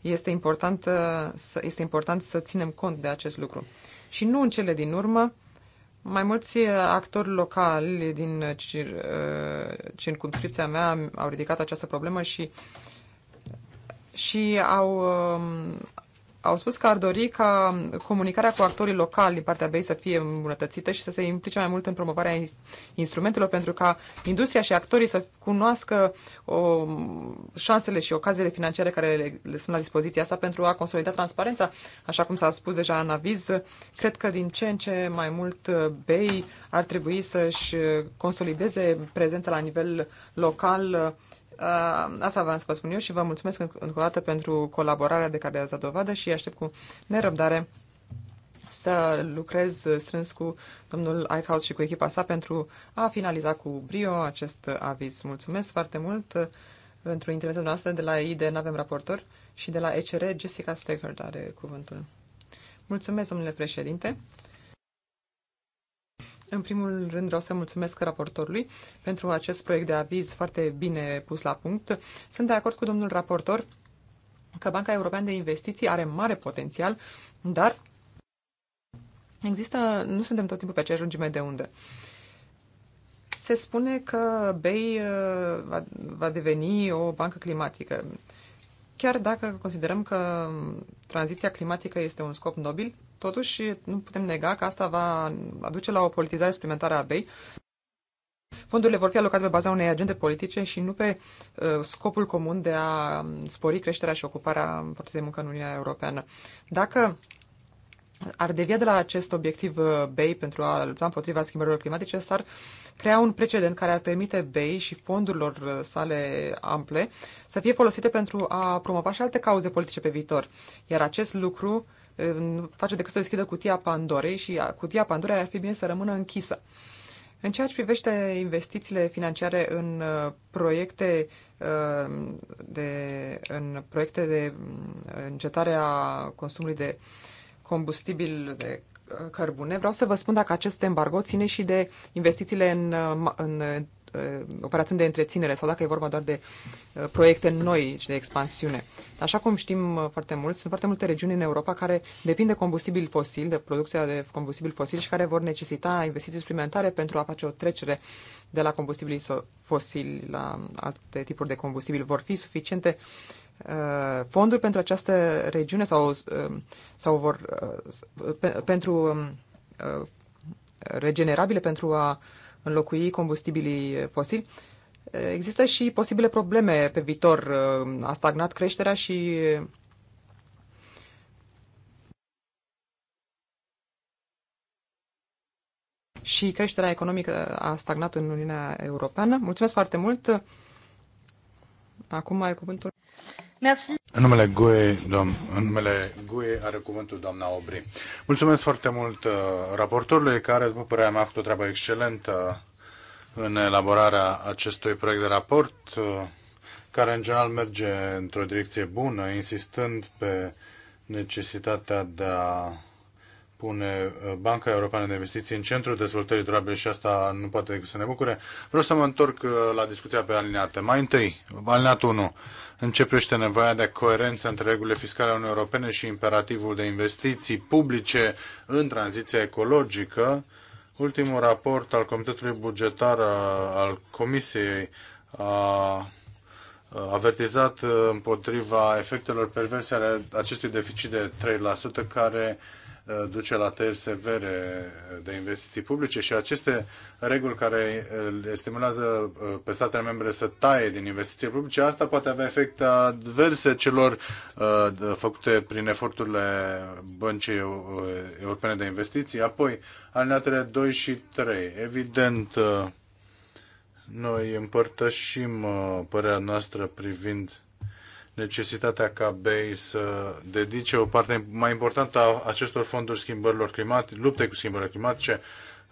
este important, uh, să, este important să ținem cont de acest lucru. Și nu în cele din urmă, mai mulți uh, actori locali din uh, cir, uh, circumscripția mea au ridicat această problemă și, și au um, au spus că ar dori ca comunicarea cu actorii locali din partea BEI să fie îmbunătățită și să se implice mai mult în promovarea instrumentelor pentru ca industria și actorii să cunoască o, șansele și ocaziile financiare care le, le sunt la dispoziție asta pentru a consolida transparența. Așa cum s-a spus deja în aviz, cred că din ce în ce mai mult uh, BEI ar trebui să-și uh, consolideze prezența la nivel local uh, Uh, asta v-am spus, spun eu și vă mulțumesc încă o dată pentru colaborarea de care ați dat dovadă și aștept cu nerăbdare să lucrez strâns cu domnul Eichhout și cu echipa sa pentru a finaliza cu brio acest aviz. Mulțumesc foarte mult uh, pentru interesul noastră. De la ID nu avem raportor și de la ECR Jessica Steghard are cuvântul. Mulțumesc, domnule președinte. În primul rând vreau să mulțumesc raportorului pentru acest proiect de aviz foarte bine pus la punct. Sunt de acord cu domnul raportor că Banca Europeană de Investiții are mare potențial, dar există, nu suntem tot timpul pe aceeași lungime de unde. Se spune că BEI uh, va, va deveni o bancă climatică. Chiar dacă considerăm că tranziția climatică este un scop nobil, Totuși, nu putem nega că asta va aduce la o politizare suplimentară a BEI. Fondurile vor fi alocate pe baza unei agende politice și nu pe uh, scopul comun de a um, spori creșterea și ocuparea forței de muncă în Uniunea Europeană. Dacă ar devia de la acest obiectiv uh, BEI pentru a lupta împotriva schimbărilor climatice, s-ar crea un precedent care ar permite BEI și fondurilor uh, sale ample să fie folosite pentru a promova și alte cauze politice pe viitor. Iar acest lucru uh, face decât să deschidă cutia Pandorei și cutia Pandorei ar fi bine să rămână închisă. În ceea ce privește investițiile financiare în uh, proiecte uh, de, în proiecte de mm, încetare a consumului de combustibil de uh, cărbune, vreau să vă spun dacă acest embargo ține și de investițiile în, în Eh, operațiuni de întreținere sau dacă e vorba doar de eh, proiecte noi și de expansiune. Așa cum știm eh, foarte mult, sunt foarte multe regiuni în Europa care depind de combustibil fosil, de producția de combustibil fosil și care vor necesita investiții suplimentare pentru a face o trecere de la combustibil fosil la alte tipuri de combustibil. Vor fi suficiente fonduri pentru această regiune sau, sau vor pe, pentru regenerabile pentru a înlocui combustibilii fosili. Există și posibile probleme pe viitor. A stagnat creșterea și și creșterea economică a stagnat în Uniunea Europeană. Mulțumesc foarte mult! Acum mai cuvântul în numele GUE, doam, în numele GUE are cuvântul doamna Obri. Mulțumesc foarte mult uh, raportorului care, după părerea mea, a făcut o treabă excelentă în elaborarea acestui proiect de raport, uh, care în general merge într-o direcție bună, insistând pe necesitatea de a pune uh, Banca Europeană de Investiții în centrul dezvoltării durabile și asta nu poate decât să ne bucure. Vreau să mă întorc uh, la discuția pe alineate. Mai întâi, alineatul 1 începește nevoia de coerență între regulile fiscale ale Europene și imperativul de investiții publice în tranziția ecologică. Ultimul raport al Comitetului Bugetar uh, al Comisiei a avertizat împotriva efectelor perverse ale acestui deficit de 3% care Uh, duce la tăieri severe de investiții publice și aceste reguli care uh, le stimulează uh, pe statele membre să taie din investiții publice, asta poate avea efecte adverse celor făcute prin eforturile Băncii Europene de Investiții. Apoi, alineatele 2 și 3. Evident, noi împărtășim părerea noastră privind necesitatea ca BEI să dedice o parte mai importantă a acestor fonduri schimbărilor climatice, luptei cu schimbările climatice.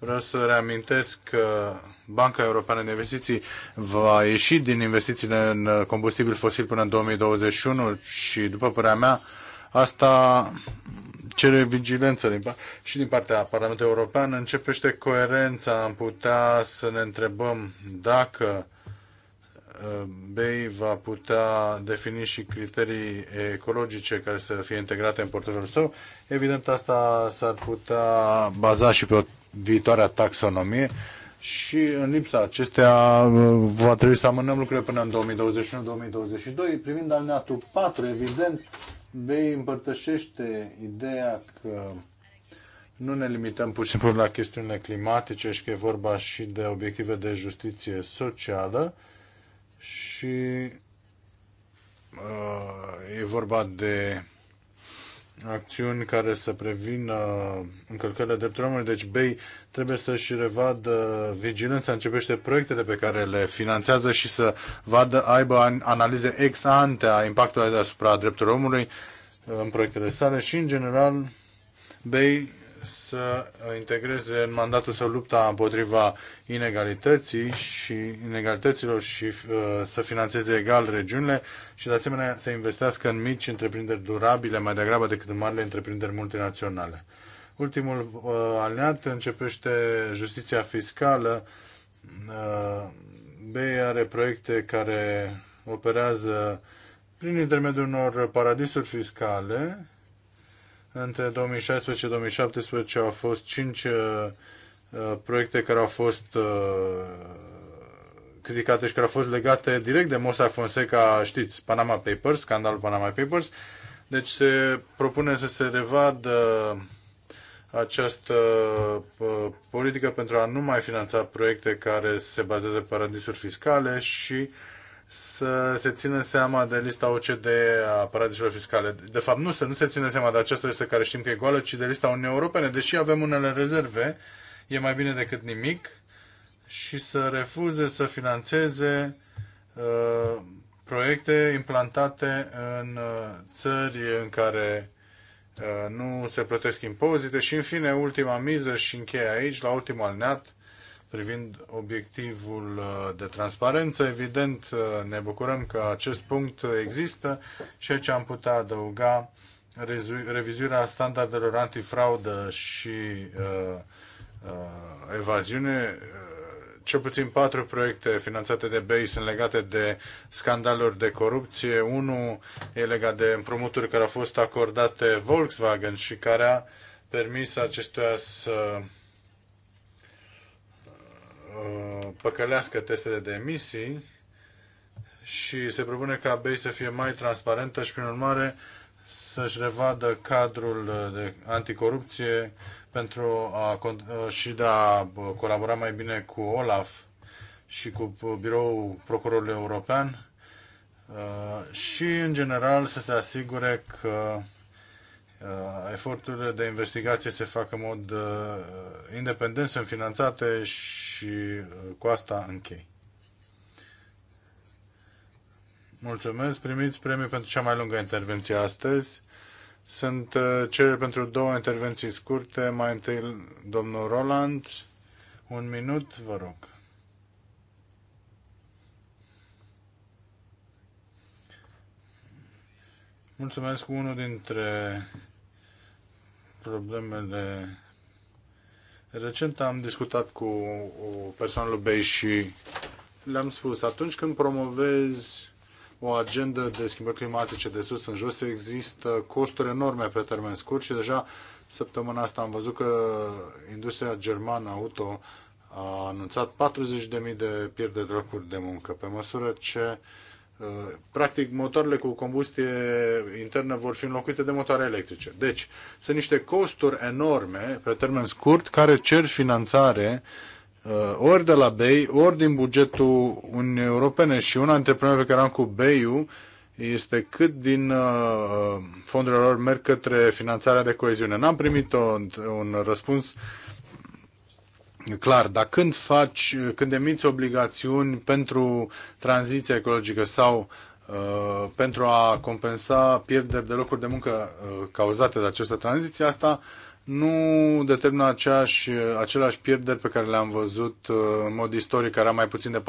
Vreau să reamintesc că Banca Europeană de Investiții va ieși din investițiile în combustibil fosil până în 2021 și, după părerea mea, asta cere vigilență din, și din partea Parlamentului European. Începește coerența, am putea să ne întrebăm dacă BEI va putea defini și criterii ecologice care să fie integrate în portofelul său. Evident, asta s-ar putea baza și pe o viitoarea taxonomie și în lipsa acestea va trebui să amânăm lucrurile până în 2021-2022. Privind alineatul 4, evident, BEI împărtășește ideea că nu ne limităm pur și simplu la chestiunile climatice și că e vorba și de obiective de justiție socială, și uh, e vorba de acțiuni care să prevină încălcările drepturilor omului. Deci BEI trebuie să-și revadă vigilența, începește proiectele pe care le finanțează și să vadă, aibă analize ex ante a impactului asupra drepturilor omului uh, în proiectele sale și, în general, BEI să integreze în mandatul său lupta împotriva inegalității și inegalităților și uh, să financeze egal regiunile și de asemenea să investească în mici întreprinderi durabile mai degrabă decât în marile întreprinderi multinaționale. Ultimul uh, începește justiția fiscală. Uh, BEI are proiecte care operează prin intermediul unor paradisuri fiscale între 2016 și 2017 au fost 5 uh, uh, proiecte care au fost uh, criticate și care au fost legate direct de Mossack Fonseca, știți, Panama Papers, scandalul Panama Papers. Deci se propune să se revadă această politică pentru a nu mai finanța proiecte care se bazează pe paradisuri fiscale și să se țină seama de lista OCDE a paradisurilor fiscale. De fapt, nu, să nu se țină seama de această listă care știm că e goală, ci de lista Uniunii Europene, deși avem unele rezerve, e mai bine decât nimic, și să refuze să financeze uh, proiecte implantate în uh, țări în care uh, nu se plătesc impozite și, în fine, ultima miză și încheie aici, la ultimul alineat, privind obiectivul uh, de transparență. Evident, uh, ne bucurăm că acest punct există și aici am putea adăuga revizuirea standardelor antifraudă și uh, uh, evaziune. Uh, cel puțin patru proiecte finanțate de BEI sunt legate de scandaluri de corupție. Unul e legat de împrumuturi care au fost acordate Volkswagen și care a permis acestuia să uh, Uh, păcălească testele de emisii și se propune ca BEI să fie mai transparentă și, prin urmare, să-și revadă cadrul uh, de anticorupție pentru a, uh, și de a colabora mai bine cu OLAF și cu Biroul Procurorului European și, în general, să se asigure că Uh, eforturile de investigație se fac în mod uh, independent, sunt finanțate și uh, cu asta închei. Mulțumesc, primiți premiul pentru cea mai lungă intervenție astăzi. Sunt cele pentru două intervenții scurte. Mai întâi, domnul Roland, un minut, vă rog. Mulțumesc. Unul dintre problemele. Recent am discutat cu o persoană lui și le-am spus, atunci când promovezi o agendă de schimbări climatice de sus în jos, există costuri enorme pe termen scurt și deja săptămâna asta am văzut că industria germană auto a anunțat 40.000 de pierderi de locuri de muncă. Pe măsură ce uh, Uh, practic motoarele cu combustie internă vor fi înlocuite de motoare electrice. Deci, sunt niște costuri enorme pe termen scurt care cer finanțare uh, ori de la BEI, ori din bugetul Uniunii Europene și una dintre problemele pe care am cu bei este cât din uh, fondurile lor merg către finanțarea de coeziune. N-am primit un răspuns clar, dar când faci, când emiți obligațiuni pentru tranziția ecologică sau uh, pentru a compensa pierderi de locuri de muncă uh, cauzate de această tranziție, asta nu determină aceeași, aceleași pierderi pe care le-am văzut uh, în mod istoric, care era mai puțin de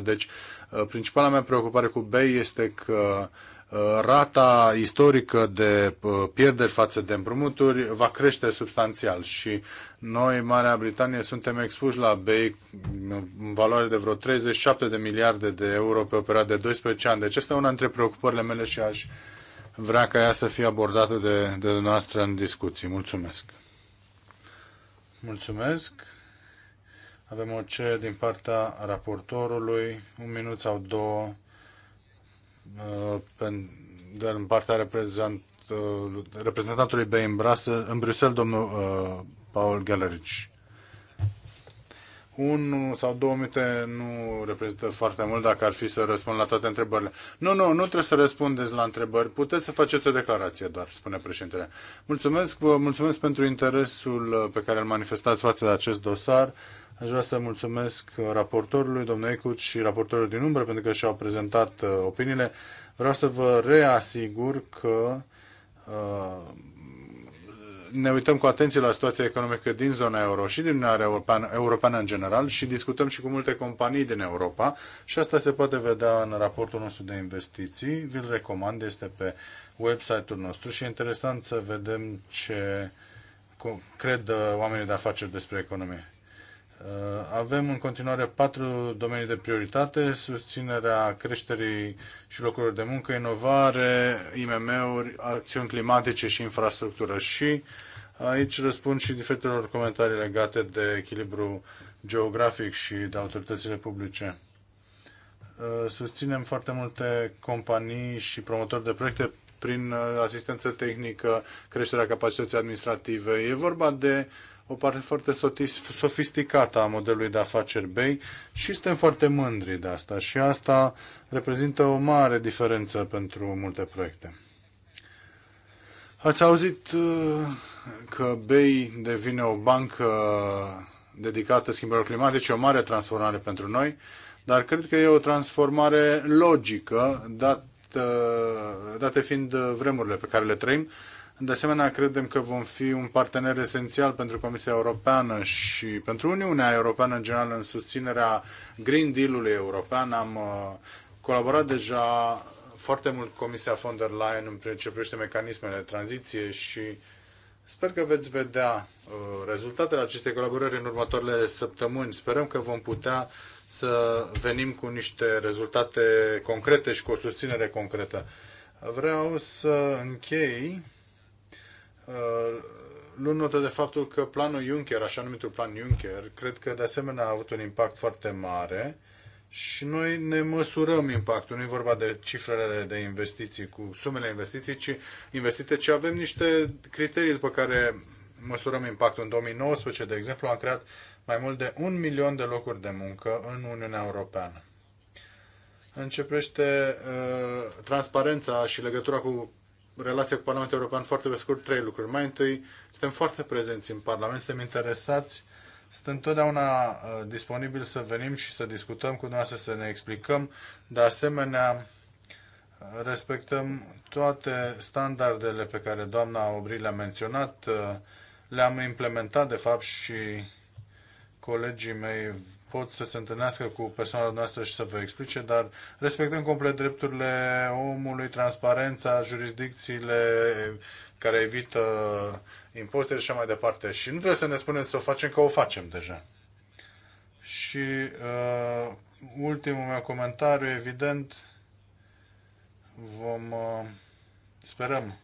4%. Deci, uh, principala mea preocupare cu BEI este că uh, rata istorică de uh, pierderi față de împrumuturi va crește substanțial și noi, Marea Britanie, suntem expuși la BEI în valoare de vreo 37 de miliarde de euro pe o perioadă de 12 ani. Deci este una dintre preocupările mele și aș vrea ca ea să fie abordată de, de noastră în discuții. Mulțumesc! Mulțumesc! Avem o ce din partea raportorului, un minut sau două uh, doar în partea reprezentant, uh, reprezentantului BEI în, în Bruxelles, domnul uh, Paul Gellerich. Un sau două minute nu reprezintă foarte mult dacă ar fi să răspund la toate întrebările. Nu, nu, nu trebuie să răspundeți la întrebări. Puteți să faceți o declarație doar, spune președintele. Mulțumesc, vă mulțumesc pentru interesul uh, pe care îl manifestați față de acest dosar. Aș vrea să mulțumesc uh, raportorului, domnul Ecut și raportorul din umbră pentru că și-au prezentat uh, opiniile. Vreau să vă reasigur că uh, ne uităm cu atenție la situația economică din zona euro și din Uniunea Europeană, Europeană în general și discutăm și cu multe companii din Europa și asta se poate vedea în raportul nostru de investiții. Vi-l recomand, este pe website-ul nostru și e interesant să vedem ce cred uh, oamenii de afaceri despre economie. Uh, avem în continuare patru domenii de prioritate, susținerea creșterii și locurilor de muncă, inovare, IMM-uri, acțiuni climatice și infrastructură. Și aici răspund și diferitelor comentarii legate de echilibru geografic și de autoritățile publice. Uh, susținem foarte multe companii și promotori de proiecte prin uh, asistență tehnică, creșterea capacității administrative. E vorba de uh, o parte foarte sofisticată a modelului de afaceri BEI și suntem foarte mândri de asta și asta reprezintă o mare diferență pentru multe proiecte. Ați auzit uh, că BEI devine o bancă dedicată schimbărilor climatice, deci o mare transformare pentru noi, dar cred că e o transformare logică, dat, uh, date fiind uh, vremurile pe care le trăim, de asemenea, credem că vom fi un partener esențial pentru Comisia Europeană și pentru Uniunea Europeană în general în susținerea Green Deal-ului european. Am uh, colaborat deja foarte mult Comisia von der Leyen în ce privește mecanismele de tranziție și sper că veți vedea uh, rezultatele acestei colaborări în următoarele săptămâni. Sperăm că vom putea să venim cu niște rezultate concrete și cu o susținere concretă. Vreau să închei Uh, luând notă de faptul că planul Juncker, așa numitul plan Juncker, cred că de asemenea a avut un impact foarte mare și noi ne măsurăm impactul. Nu e vorba de cifrele de investiții, cu sumele investiții, ci investite, ci avem niște criterii după care măsurăm impactul. În 2019, de exemplu, am creat mai mult de un milion de locuri de muncă în Uniunea Europeană. Începește uh, transparența și legătura cu relația cu Parlamentul European foarte pe scurt trei lucruri. Mai întâi, suntem foarte prezenți în Parlament, suntem interesați, suntem întotdeauna uh, disponibili să venim și să discutăm cu dumneavoastră, să ne explicăm. De asemenea, respectăm toate standardele pe care doamna Obri le-a menționat, uh, le-am implementat, de fapt, și colegii mei pot să se întâlnească cu persoana noastră și să vă explice, dar respectăm complet drepturile omului, transparența, jurisdicțiile care evită impozite și așa mai departe. Și nu trebuie să ne spuneți să o facem, că o facem deja. Și uh, ultimul meu comentariu, evident, vom uh, sperăm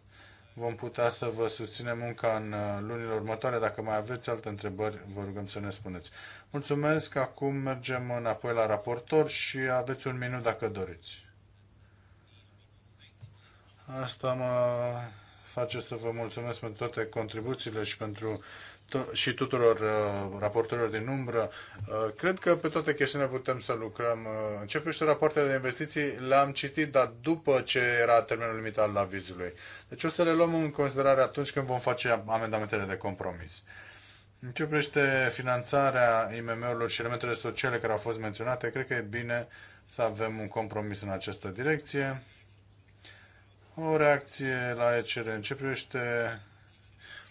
vom putea să vă susținem munca în uh, lunile următoare. Dacă mai aveți alte întrebări, vă rugăm să ne spuneți. Mulțumesc, acum mergem înapoi la raportor și aveți un minut dacă doriți. Asta mă face să vă mulțumesc pentru toate contribuțiile și pentru și tuturor uh, raportorilor din umbră. Uh, cred că pe toate chestiunile putem să lucrăm. Uh, și rapoartele de investiții, le-am citit, dar după ce era termenul limitat al avizului. Deci o să le luăm în considerare atunci când vom face amendamentele de compromis. Începește finanțarea IMM-urilor și elementele sociale care au fost menționate. Cred că e bine să avem un compromis în această direcție. O reacție la ECR începește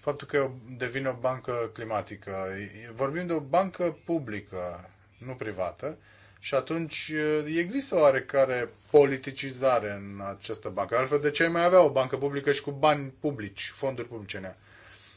faptul că devine o bancă climatică. Vorbim de o bancă publică, nu privată, și atunci există oarecare politicizare în această bancă. Altfel, de ce mai avea o bancă publică și cu bani publici, fonduri publice în ea?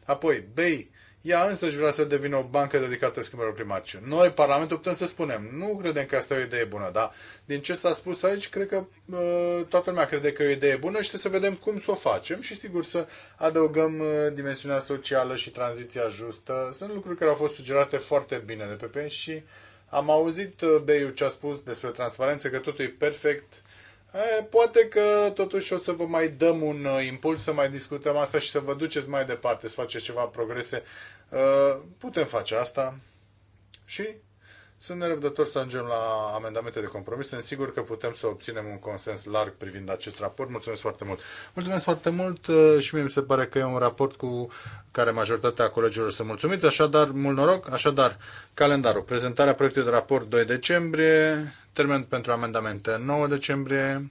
Apoi, BEI ea însă își vrea să devină o bancă dedicată schimbărilor climatice. Noi, Parlamentul, putem să spunem, nu credem că asta e o idee bună, dar din ce s-a spus aici, cred că uh, toată lumea crede că e o idee bună și să vedem cum să o facem și, sigur, să adăugăm uh, dimensiunea socială și tranziția justă. Sunt lucruri care au fost sugerate foarte bine de PP și am auzit uh, Beiu ce a spus despre transparență, că totul e perfect, E, poate că totuși o să vă mai dăm un uh, impuls să mai discutăm asta și să vă duceți mai departe, să faceți ceva progrese Uh, putem face asta și sunt nerăbdător să ajungem la amendamente de compromis. Sunt sigur că putem să obținem un consens larg privind acest raport. Mulțumesc foarte mult! Mulțumesc foarte mult uh, și mie mi se pare că e un raport cu care majoritatea colegilor sunt mulțumiți. Așadar, mult noroc! Așadar, calendarul. Prezentarea proiectului de raport 2 decembrie, termen pentru amendamente 9 decembrie,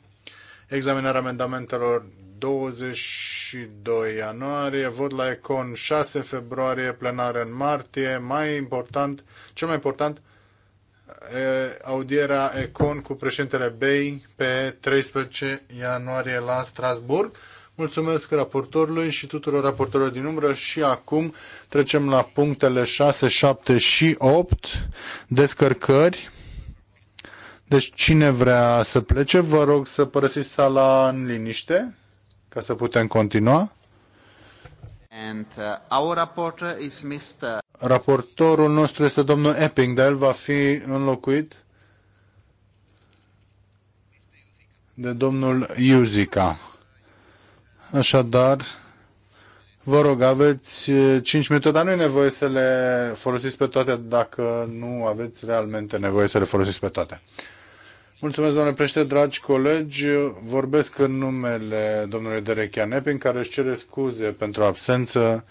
examinarea amendamentelor 22 ianuarie, vot la Econ 6 februarie, plenară în martie. Mai important, cel mai important, audierea Econ cu președintele Bay pe 13 ianuarie la Strasburg. Mulțumesc raportorului și tuturor raportorilor din umbră și acum trecem la punctele 6, 7 și 8, descărcări. Deci cine vrea să plece, vă rog să părăsiți sala în liniște ca să putem continua. And, uh, is Mr. Raportorul nostru este domnul Epping, dar el va fi înlocuit de domnul Iuzica. Așadar, vă rog, aveți 5 uh, minute, dar nu e nevoie să le folosiți pe toate dacă nu aveți realmente nevoie să le folosiți pe toate. Mulțumesc, domnule președinte, dragi colegi. Vorbesc în numele domnului Derechian Epin, care își cere scuze pentru absență.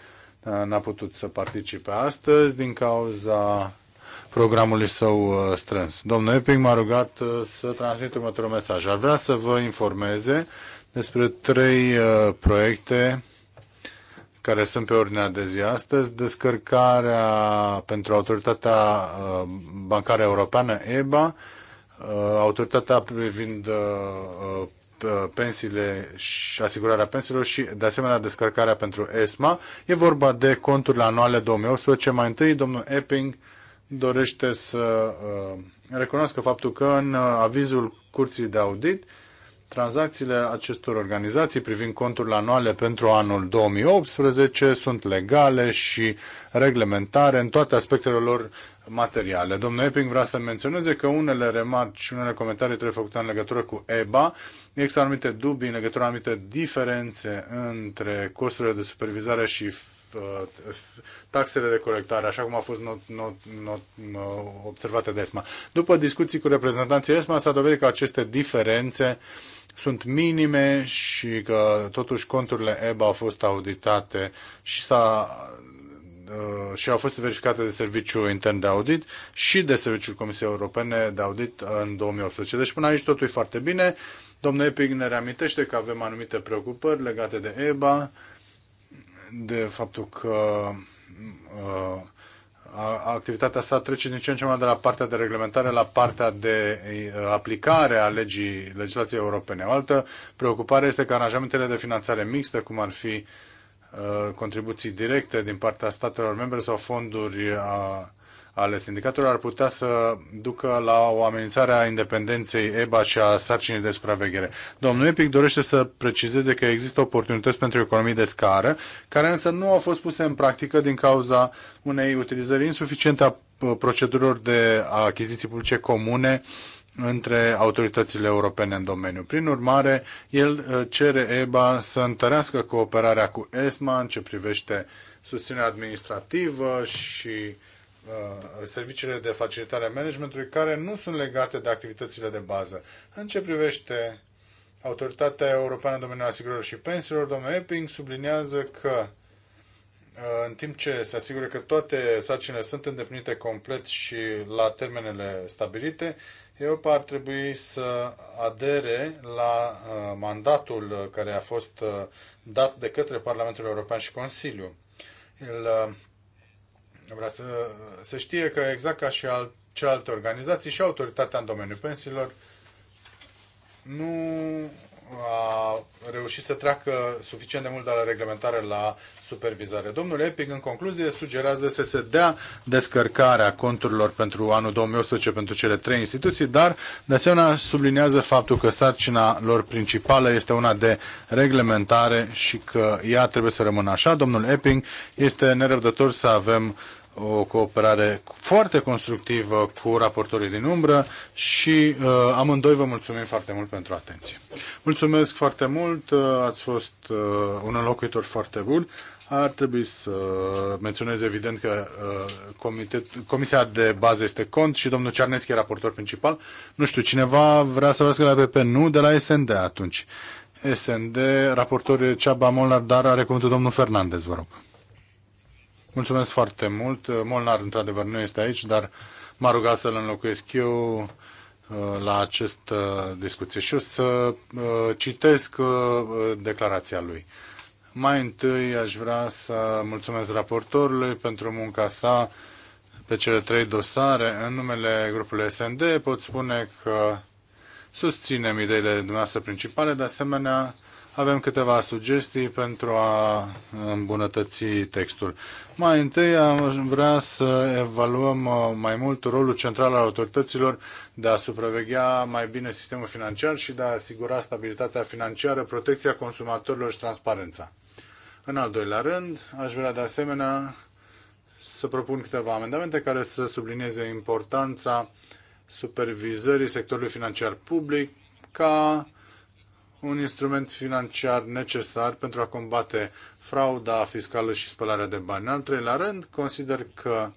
N-a putut să participe astăzi din cauza programului său uh, strâns. Domnul Epping m-a rugat uh, să transmit următorul mesaj. Ar vrea să vă informeze despre trei uh, proiecte care sunt pe ordinea de zi astăzi, descărcarea pentru Autoritatea Bancară Europeană, EBA, Uh, autoritatea privind uh, uh, pensiile și asigurarea pensiilor și, de asemenea, descărcarea pentru ESMA. E vorba de conturile anuale 2018. Mai întâi, domnul Epping dorește să recunoască faptul că în avizul Curții de Audit tranzacțiile acestor organizații privind conturile anuale pentru anul 2018 sunt legale și reglementare în toate aspectele lor materiale. Domnul Epping vrea să menționeze că unele remarci și unele comentarii trebuie făcute în legătură cu EBA. Există anumite dubii în legătură cu anumite diferențe între costurile de supervizare și uh, taxele de colectare, așa cum a fost not, not, not, uh, observate de ESMA. După discuții cu reprezentanții ESMA s-a dovedit că aceste diferențe sunt minime și că totuși conturile EBA au fost auditate și s-a Uh, și au fost verificate de Serviciul Intern de Audit și de Serviciul Comisiei Europene de Audit în 2018. Deci până aici totul e foarte bine. Domnul Epic ne reamintește că avem anumite preocupări legate de EBA, de faptul că uh, activitatea sa trece din ce în ce mai de la partea de reglementare la partea de uh, aplicare a legii, legislației europene. O altă preocupare este că aranjamentele de finanțare mixtă, cum ar fi Uh, contribuții directe din partea statelor membre sau fonduri a, ale sindicatelor ar putea să ducă la o amenințare a independenței EBA și a sarcinii de supraveghere. Domnul Epic dorește să precizeze că există oportunități pentru economii de scară, care însă nu au fost puse în practică din cauza unei utilizări insuficiente a uh, procedurilor de achiziții publice comune uh, între autoritățile europene în domeniu. Prin urmare, el uh, cere EBA să întărească cooperarea cu ESMA în ce privește susținerea administrativă și uh, serviciile de facilitare a managementului care nu sunt legate de activitățile de bază. În ce privește Autoritatea Europeană în domeniul asigurărilor și pensiilor, domnul Epping, subliniază că uh, în timp ce se asigură că toate sarcinile sunt îndeplinite complet și la termenele stabilite, EOPA ar trebui să adere la uh, mandatul uh, care a fost uh, dat de către Parlamentul European și Consiliu. El vrea să se știe că exact ca și al, organizații și autoritatea în domeniul pensiilor nu a reușit să treacă suficient de mult de la reglementare la supervizare. Domnul Epic, în concluzie, sugerează să se dea descărcarea conturilor pentru anul 2018 pentru cele trei instituții, dar de asemenea sublinează faptul că sarcina lor principală este una de reglementare și că ea trebuie să rămână așa. Domnul Epping este nerăbdător să avem o cooperare foarte constructivă cu raportorii din umbră și uh, amândoi vă mulțumim foarte mult pentru atenție. Mulțumesc foarte mult, uh, ați fost uh, un înlocuitor foarte bun. Ar trebui să menționez evident că uh, comitet, Comisia de Bază este cont și domnul Cernescu e raportor principal. Nu știu, cineva vrea să vrească la PP? Nu, de la SND atunci. SND, raportor Ceaba Molnar, dar are cuvântul domnul Fernandez, vă rog. Mulțumesc foarte mult. Molnar, într-adevăr, nu este aici, dar m-a rugat să-l înlocuiesc eu uh, la această uh, discuție și o să uh, citesc declarația lui. Mai întâi aș vrea să mulțumesc raportorului pentru munca sa pe cele trei dosare. În numele grupului SND pot spune că susținem ideile dumneavoastră principale, de asemenea avem câteva sugestii pentru a îmbunătăți textul. Mai întâi am vrea să evaluăm uh, mai mult rolul central al autorităților de a supraveghea mai bine sistemul financiar și de a asigura stabilitatea financiară, protecția consumatorilor și transparența. În al doilea rând, aș vrea de asemenea să propun câteva amendamente care să sublinieze importanța supervizării sectorului financiar public ca un instrument financiar necesar pentru a combate frauda fiscală și spălarea de bani. În al treilea rând, consider că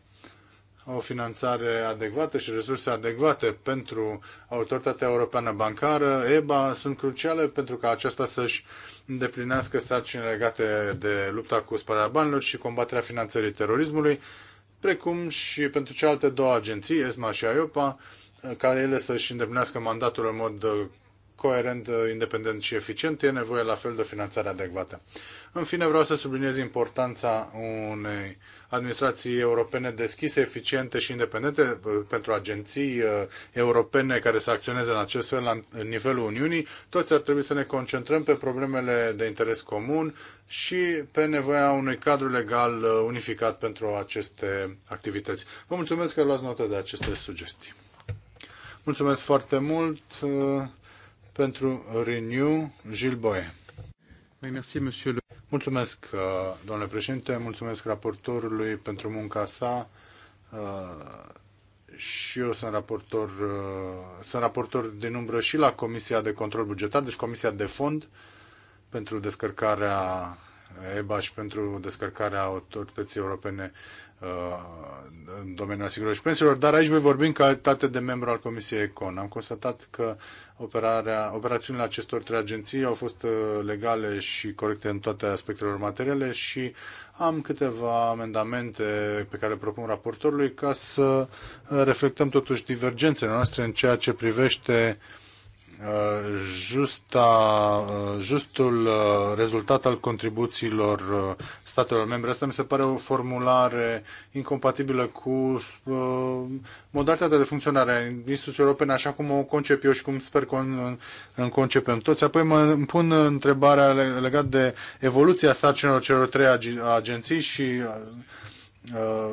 o finanțare adecvată și resurse adecvate pentru Autoritatea Europeană Bancară, EBA, sunt cruciale pentru ca aceasta să-și îndeplinească sarcini legate de lupta cu spălarea banilor și combaterea finanțării terorismului, precum și pentru cealaltă două agenții, ESMA și AIOPA, ca ele să-și îndeplinească mandatul în mod coerent, uh, independent și eficient, e nevoie la fel de o finanțare adecvată. În fine, vreau să subliniez importanța unei administrații europene deschise, eficiente și independente uh, pentru agenții uh, europene care să acționeze în acest fel la nivelul Uniunii. Toți ar trebui să ne concentrăm pe problemele de interes comun și pe nevoia unui cadru legal unificat pentru aceste activități. Vă mulțumesc că luați notă de aceste sugestii. Mulțumesc foarte mult. Pentru Renew, Gilles Mulțumesc, uh, domnule președinte, mulțumesc raportorului pentru munca sa. Uh, și eu sunt raportor, uh, sunt raportor din umbră și la Comisia de Control Bugetar, deci Comisia de Fond pentru descărcarea EBA și pentru descărcarea Autorității Europene Uh, în domeniul asigurării și pensiilor, dar aici voi vorbi în calitate de membru al Comisiei Econ. Am constatat că operarea, operațiunile acestor trei agenții au fost uh, legale și corecte în toate aspectele lor materiale și am câteva amendamente pe care le propun raportorului ca să uh, reflectăm totuși divergențele noastre în ceea ce privește uh, justa, justul uh, rezultat al contribuțiilor uh, statelor membre. Asta mi se pare o formulare incompatibilă cu uh, modalitatea de funcționare a instituției europene, așa cum o concep eu și cum sper că în concepem toți. Apoi mă îmi pun întrebarea legat de evoluția sarcinilor celor trei agenții și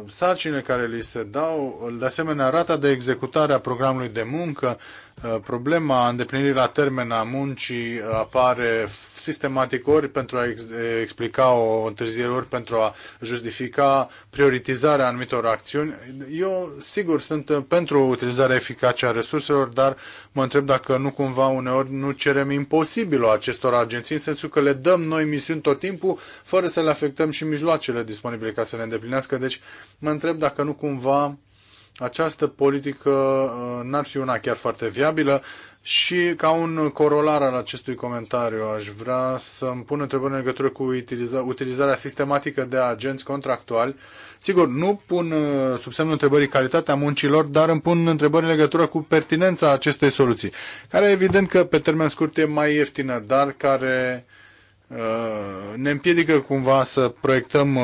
sarcinile care li se dau, de asemenea rata de executare a programului de muncă, Uh, problema îndeplinirii la termen a muncii apare sistematic ori pentru a explica o întârziere, ori pentru a justifica prioritizarea anumitor acțiuni. Eu, sigur, sunt pentru utilizarea eficace a resurselor, dar mă întreb dacă nu cumva uneori nu cerem imposibilul acestor agenții, în sensul că le dăm noi misiuni tot timpul, fără să le afectăm și mijloacele disponibile ca să le îndeplinească. Deci mă întreb dacă nu cumva această politică uh, n-ar fi una chiar foarte viabilă. Și ca un corolar al acestui comentariu, aș vrea să îmi pun întrebări în legătură cu utiliza- utilizarea sistematică de agenți contractuali. Sigur, nu pun uh, sub semnul întrebării calitatea muncilor, dar îmi pun întrebări în legătură cu pertinența acestei soluții, care evident că pe termen scurt e mai ieftină, dar care uh, ne împiedică cumva să proiectăm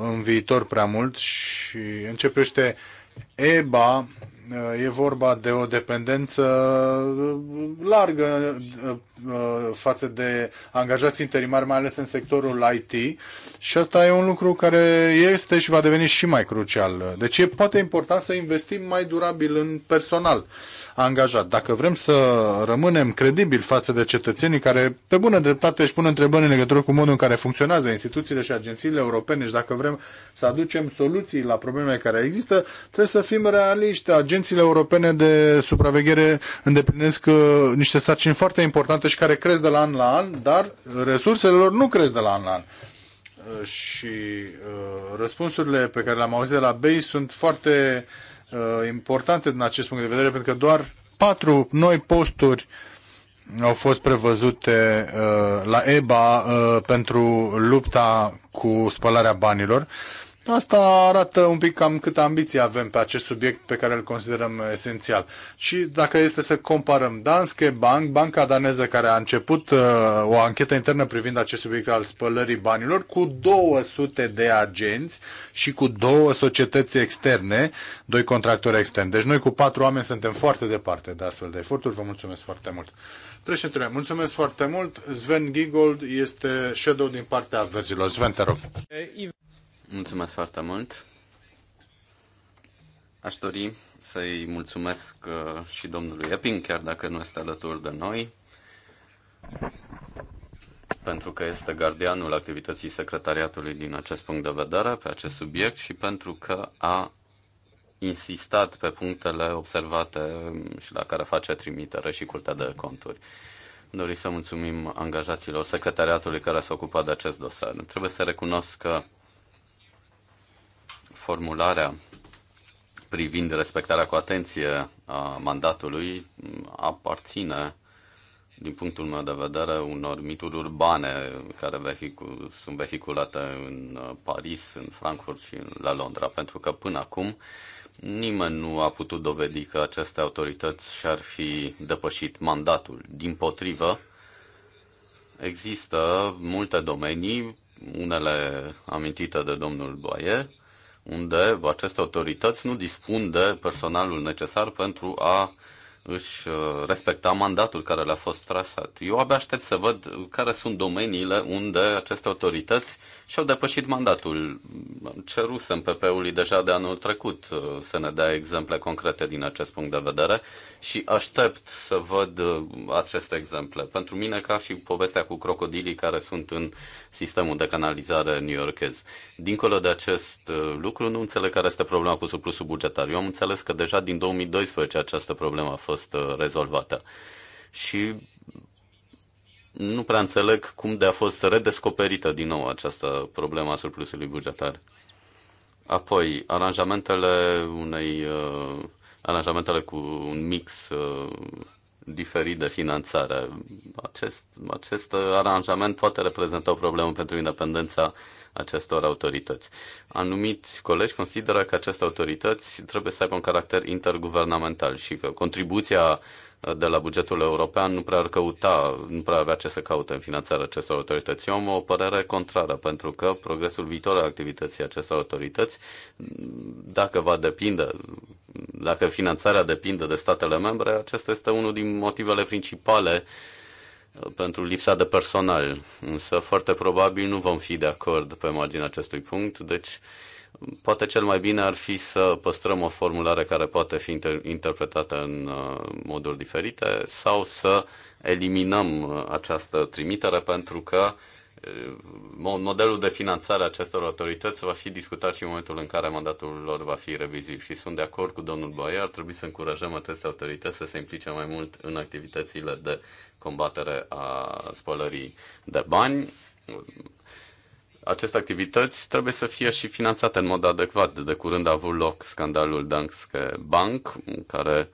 în viitor prea mult și începește EBA uh, e vorba de o dependență uh, largă uh, față de angajați interimari, mai ales în sectorul IT și asta e un lucru care este și va deveni și mai crucial. Deci e poate important să investim mai durabil în personal angajat. Dacă vrem să rămânem credibili față de cetățenii care, pe bună dreptate, își pun întrebări în legătură cu modul în care funcționează instituțiile și agențiile europene și dacă vrem să aducem soluții la problemele care există, trebuie să fim realiști. Agențiile europene de supraveghere îndeplinesc uh, niște sarcini foarte importante și care cresc de la an la an, dar resursele lor nu cresc de la an la an uh, și uh, răspunsurile pe care le-am auzit de la BEI sunt foarte Uh, importante din acest punct de vedere, pentru că doar patru noi posturi au fost prevăzute uh, la EBA uh, pentru lupta cu spălarea banilor Asta arată un pic cam câtă ambiție avem pe acest subiect pe care îl considerăm esențial. Și dacă este să comparăm Danske Bank, banca daneză care a început uh, o anchetă internă privind acest subiect al spălării banilor, cu 200 de agenți și cu două societăți externe, doi contractori externi. Deci noi cu patru oameni suntem foarte departe de astfel de eforturi. Vă mulțumesc foarte mult. Președintele, mulțumesc foarte mult. Sven Gigold este shadow din partea verzilor. Sven, te rog. Mulțumesc foarte mult. Aș dori să-i mulțumesc uh, și domnului Epping, chiar dacă nu este alături de noi, pentru că este gardianul activității secretariatului din acest punct de vedere, pe acest subiect și pentru că a insistat pe punctele observate și la care face trimitere și Curtea de Conturi. Dori să mulțumim angajaților secretariatului care s-a ocupat de acest dosar. Trebuie să recunosc că formularea privind respectarea cu atenție a mandatului aparține, din punctul meu de vedere, unor mituri urbane care vehicul, sunt vehiculate în Paris, în Frankfurt și la Londra, pentru că până acum nimeni nu a putut dovedi că aceste autorități și-ar fi depășit mandatul. Din potrivă, există multe domenii, unele amintite de domnul Boyer, unde aceste autorități nu dispun de personalul necesar pentru a își uh, respecta mandatul care le-a fost trasat. Eu abia aștept să văd care sunt domeniile unde aceste autorități și-au depășit mandatul. Cerusem PP-ului deja de anul trecut uh, să ne dea exemple concrete din acest punct de vedere și aștept să văd uh, aceste exemple. Pentru mine ca și povestea cu crocodilii care sunt în sistemul de canalizare new yorkez. Dincolo de acest lucru, nu înțeleg care este problema cu surplusul bugetar. Eu am înțeles că deja din 2012 această problemă a fost fost uh, rezolvată. Și nu prea înțeleg cum de a fost redescoperită din nou această problemă a surplusului bugetar. Apoi, aranjamentele unei uh, aranjamentele cu un mix uh, diferit de finanțare. Acest, acest uh, aranjament poate reprezenta o problemă pentru independența acestor autorități. Anumiți colegi consideră că aceste autorități trebuie să aibă un caracter interguvernamental și că contribuția uh, de la bugetul european nu prea ar căuta, nu prea avea ce să caute în finanțarea acestor autorități. Eu am o părere contrară, pentru că progresul viitor al activității acestor autorități, mm, dacă va depinde, dacă finanțarea depinde de statele membre, acesta este unul din motivele principale uh, pentru lipsa de personal, însă foarte probabil nu vom fi de acord pe marginea acestui punct, deci poate cel mai bine ar fi să păstrăm o formulare care poate fi inter- interpretată în uh, moduri diferite sau să eliminăm uh, această trimitere pentru că uh, modelul de finanțare a acestor autorități va fi discutat și în momentul în care mandatul lor va fi revizuit și sunt de acord cu domnul Boyer, ar trebui să încurajăm aceste autorități să se implice mai mult în activitățile de combatere a spălării de bani. Aceste activități trebuie să fie și finanțate în mod adecvat. De curând a avut loc scandalul Danske Bank, care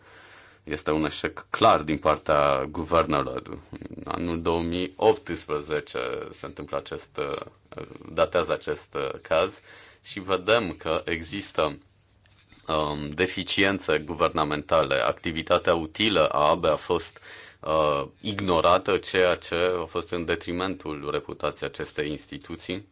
este un eșec clar din partea guvernelor. În anul 2018 se întâmplă acest, datează acest caz și vedem că există um, deficiențe guvernamentale. Activitatea utilă a ABE a fost uh, ignorată, ceea ce a fost în detrimentul reputației acestei instituții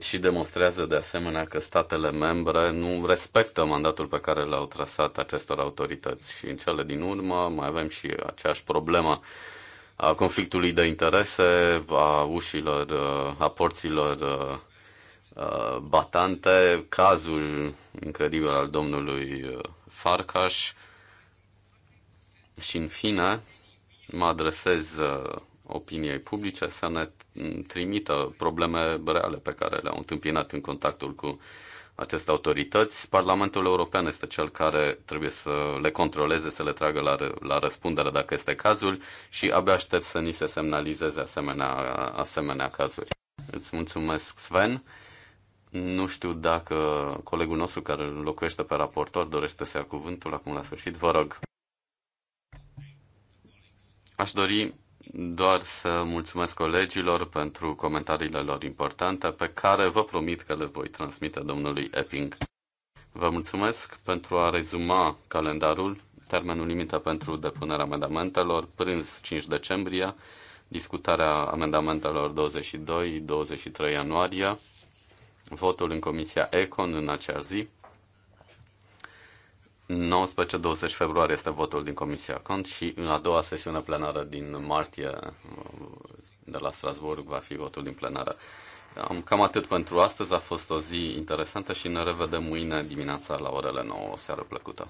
și demonstrează de asemenea că statele membre nu respectă mandatul pe care l-au trasat acestor autorități. Și în cele din urmă mai avem și aceeași problemă a conflictului de interese, a ușilor, uh, a porților uh, uh, batante, cazul incredibil al domnului Farcaș, și în fine, mă adresez uh, opiniei publice să ne trimită probleme reale pe care le-au întâmpinat în contactul cu aceste autorități. Parlamentul European este cel care trebuie să le controleze, să le tragă la, la răspundere dacă este cazul și abia aștept să ni se semnalizeze asemenea, asemenea cazuri. Îți mulțumesc, Sven. Nu știu dacă colegul nostru care locuiește pe raportor dorește să ia cuvântul acum la sfârșit. Vă rog. Aș dori doar să mulțumesc colegilor pentru comentariile lor importante, pe care vă promit că le voi transmite domnului Epping. Vă mulțumesc pentru a rezuma calendarul, termenul limită pentru depunerea amendamentelor, prânz 5 decembrie, discutarea amendamentelor 22-23 ianuarie, votul în Comisia Econ în acea zi, 19-20 februarie este votul din Comisia Cont și în a doua sesiune plenară din martie uh, de la Strasburg va fi votul din plenară. Am cam atât pentru astăzi, a fost o zi interesantă și ne revedem mâine dimineața la orele 9. O seară plăcută!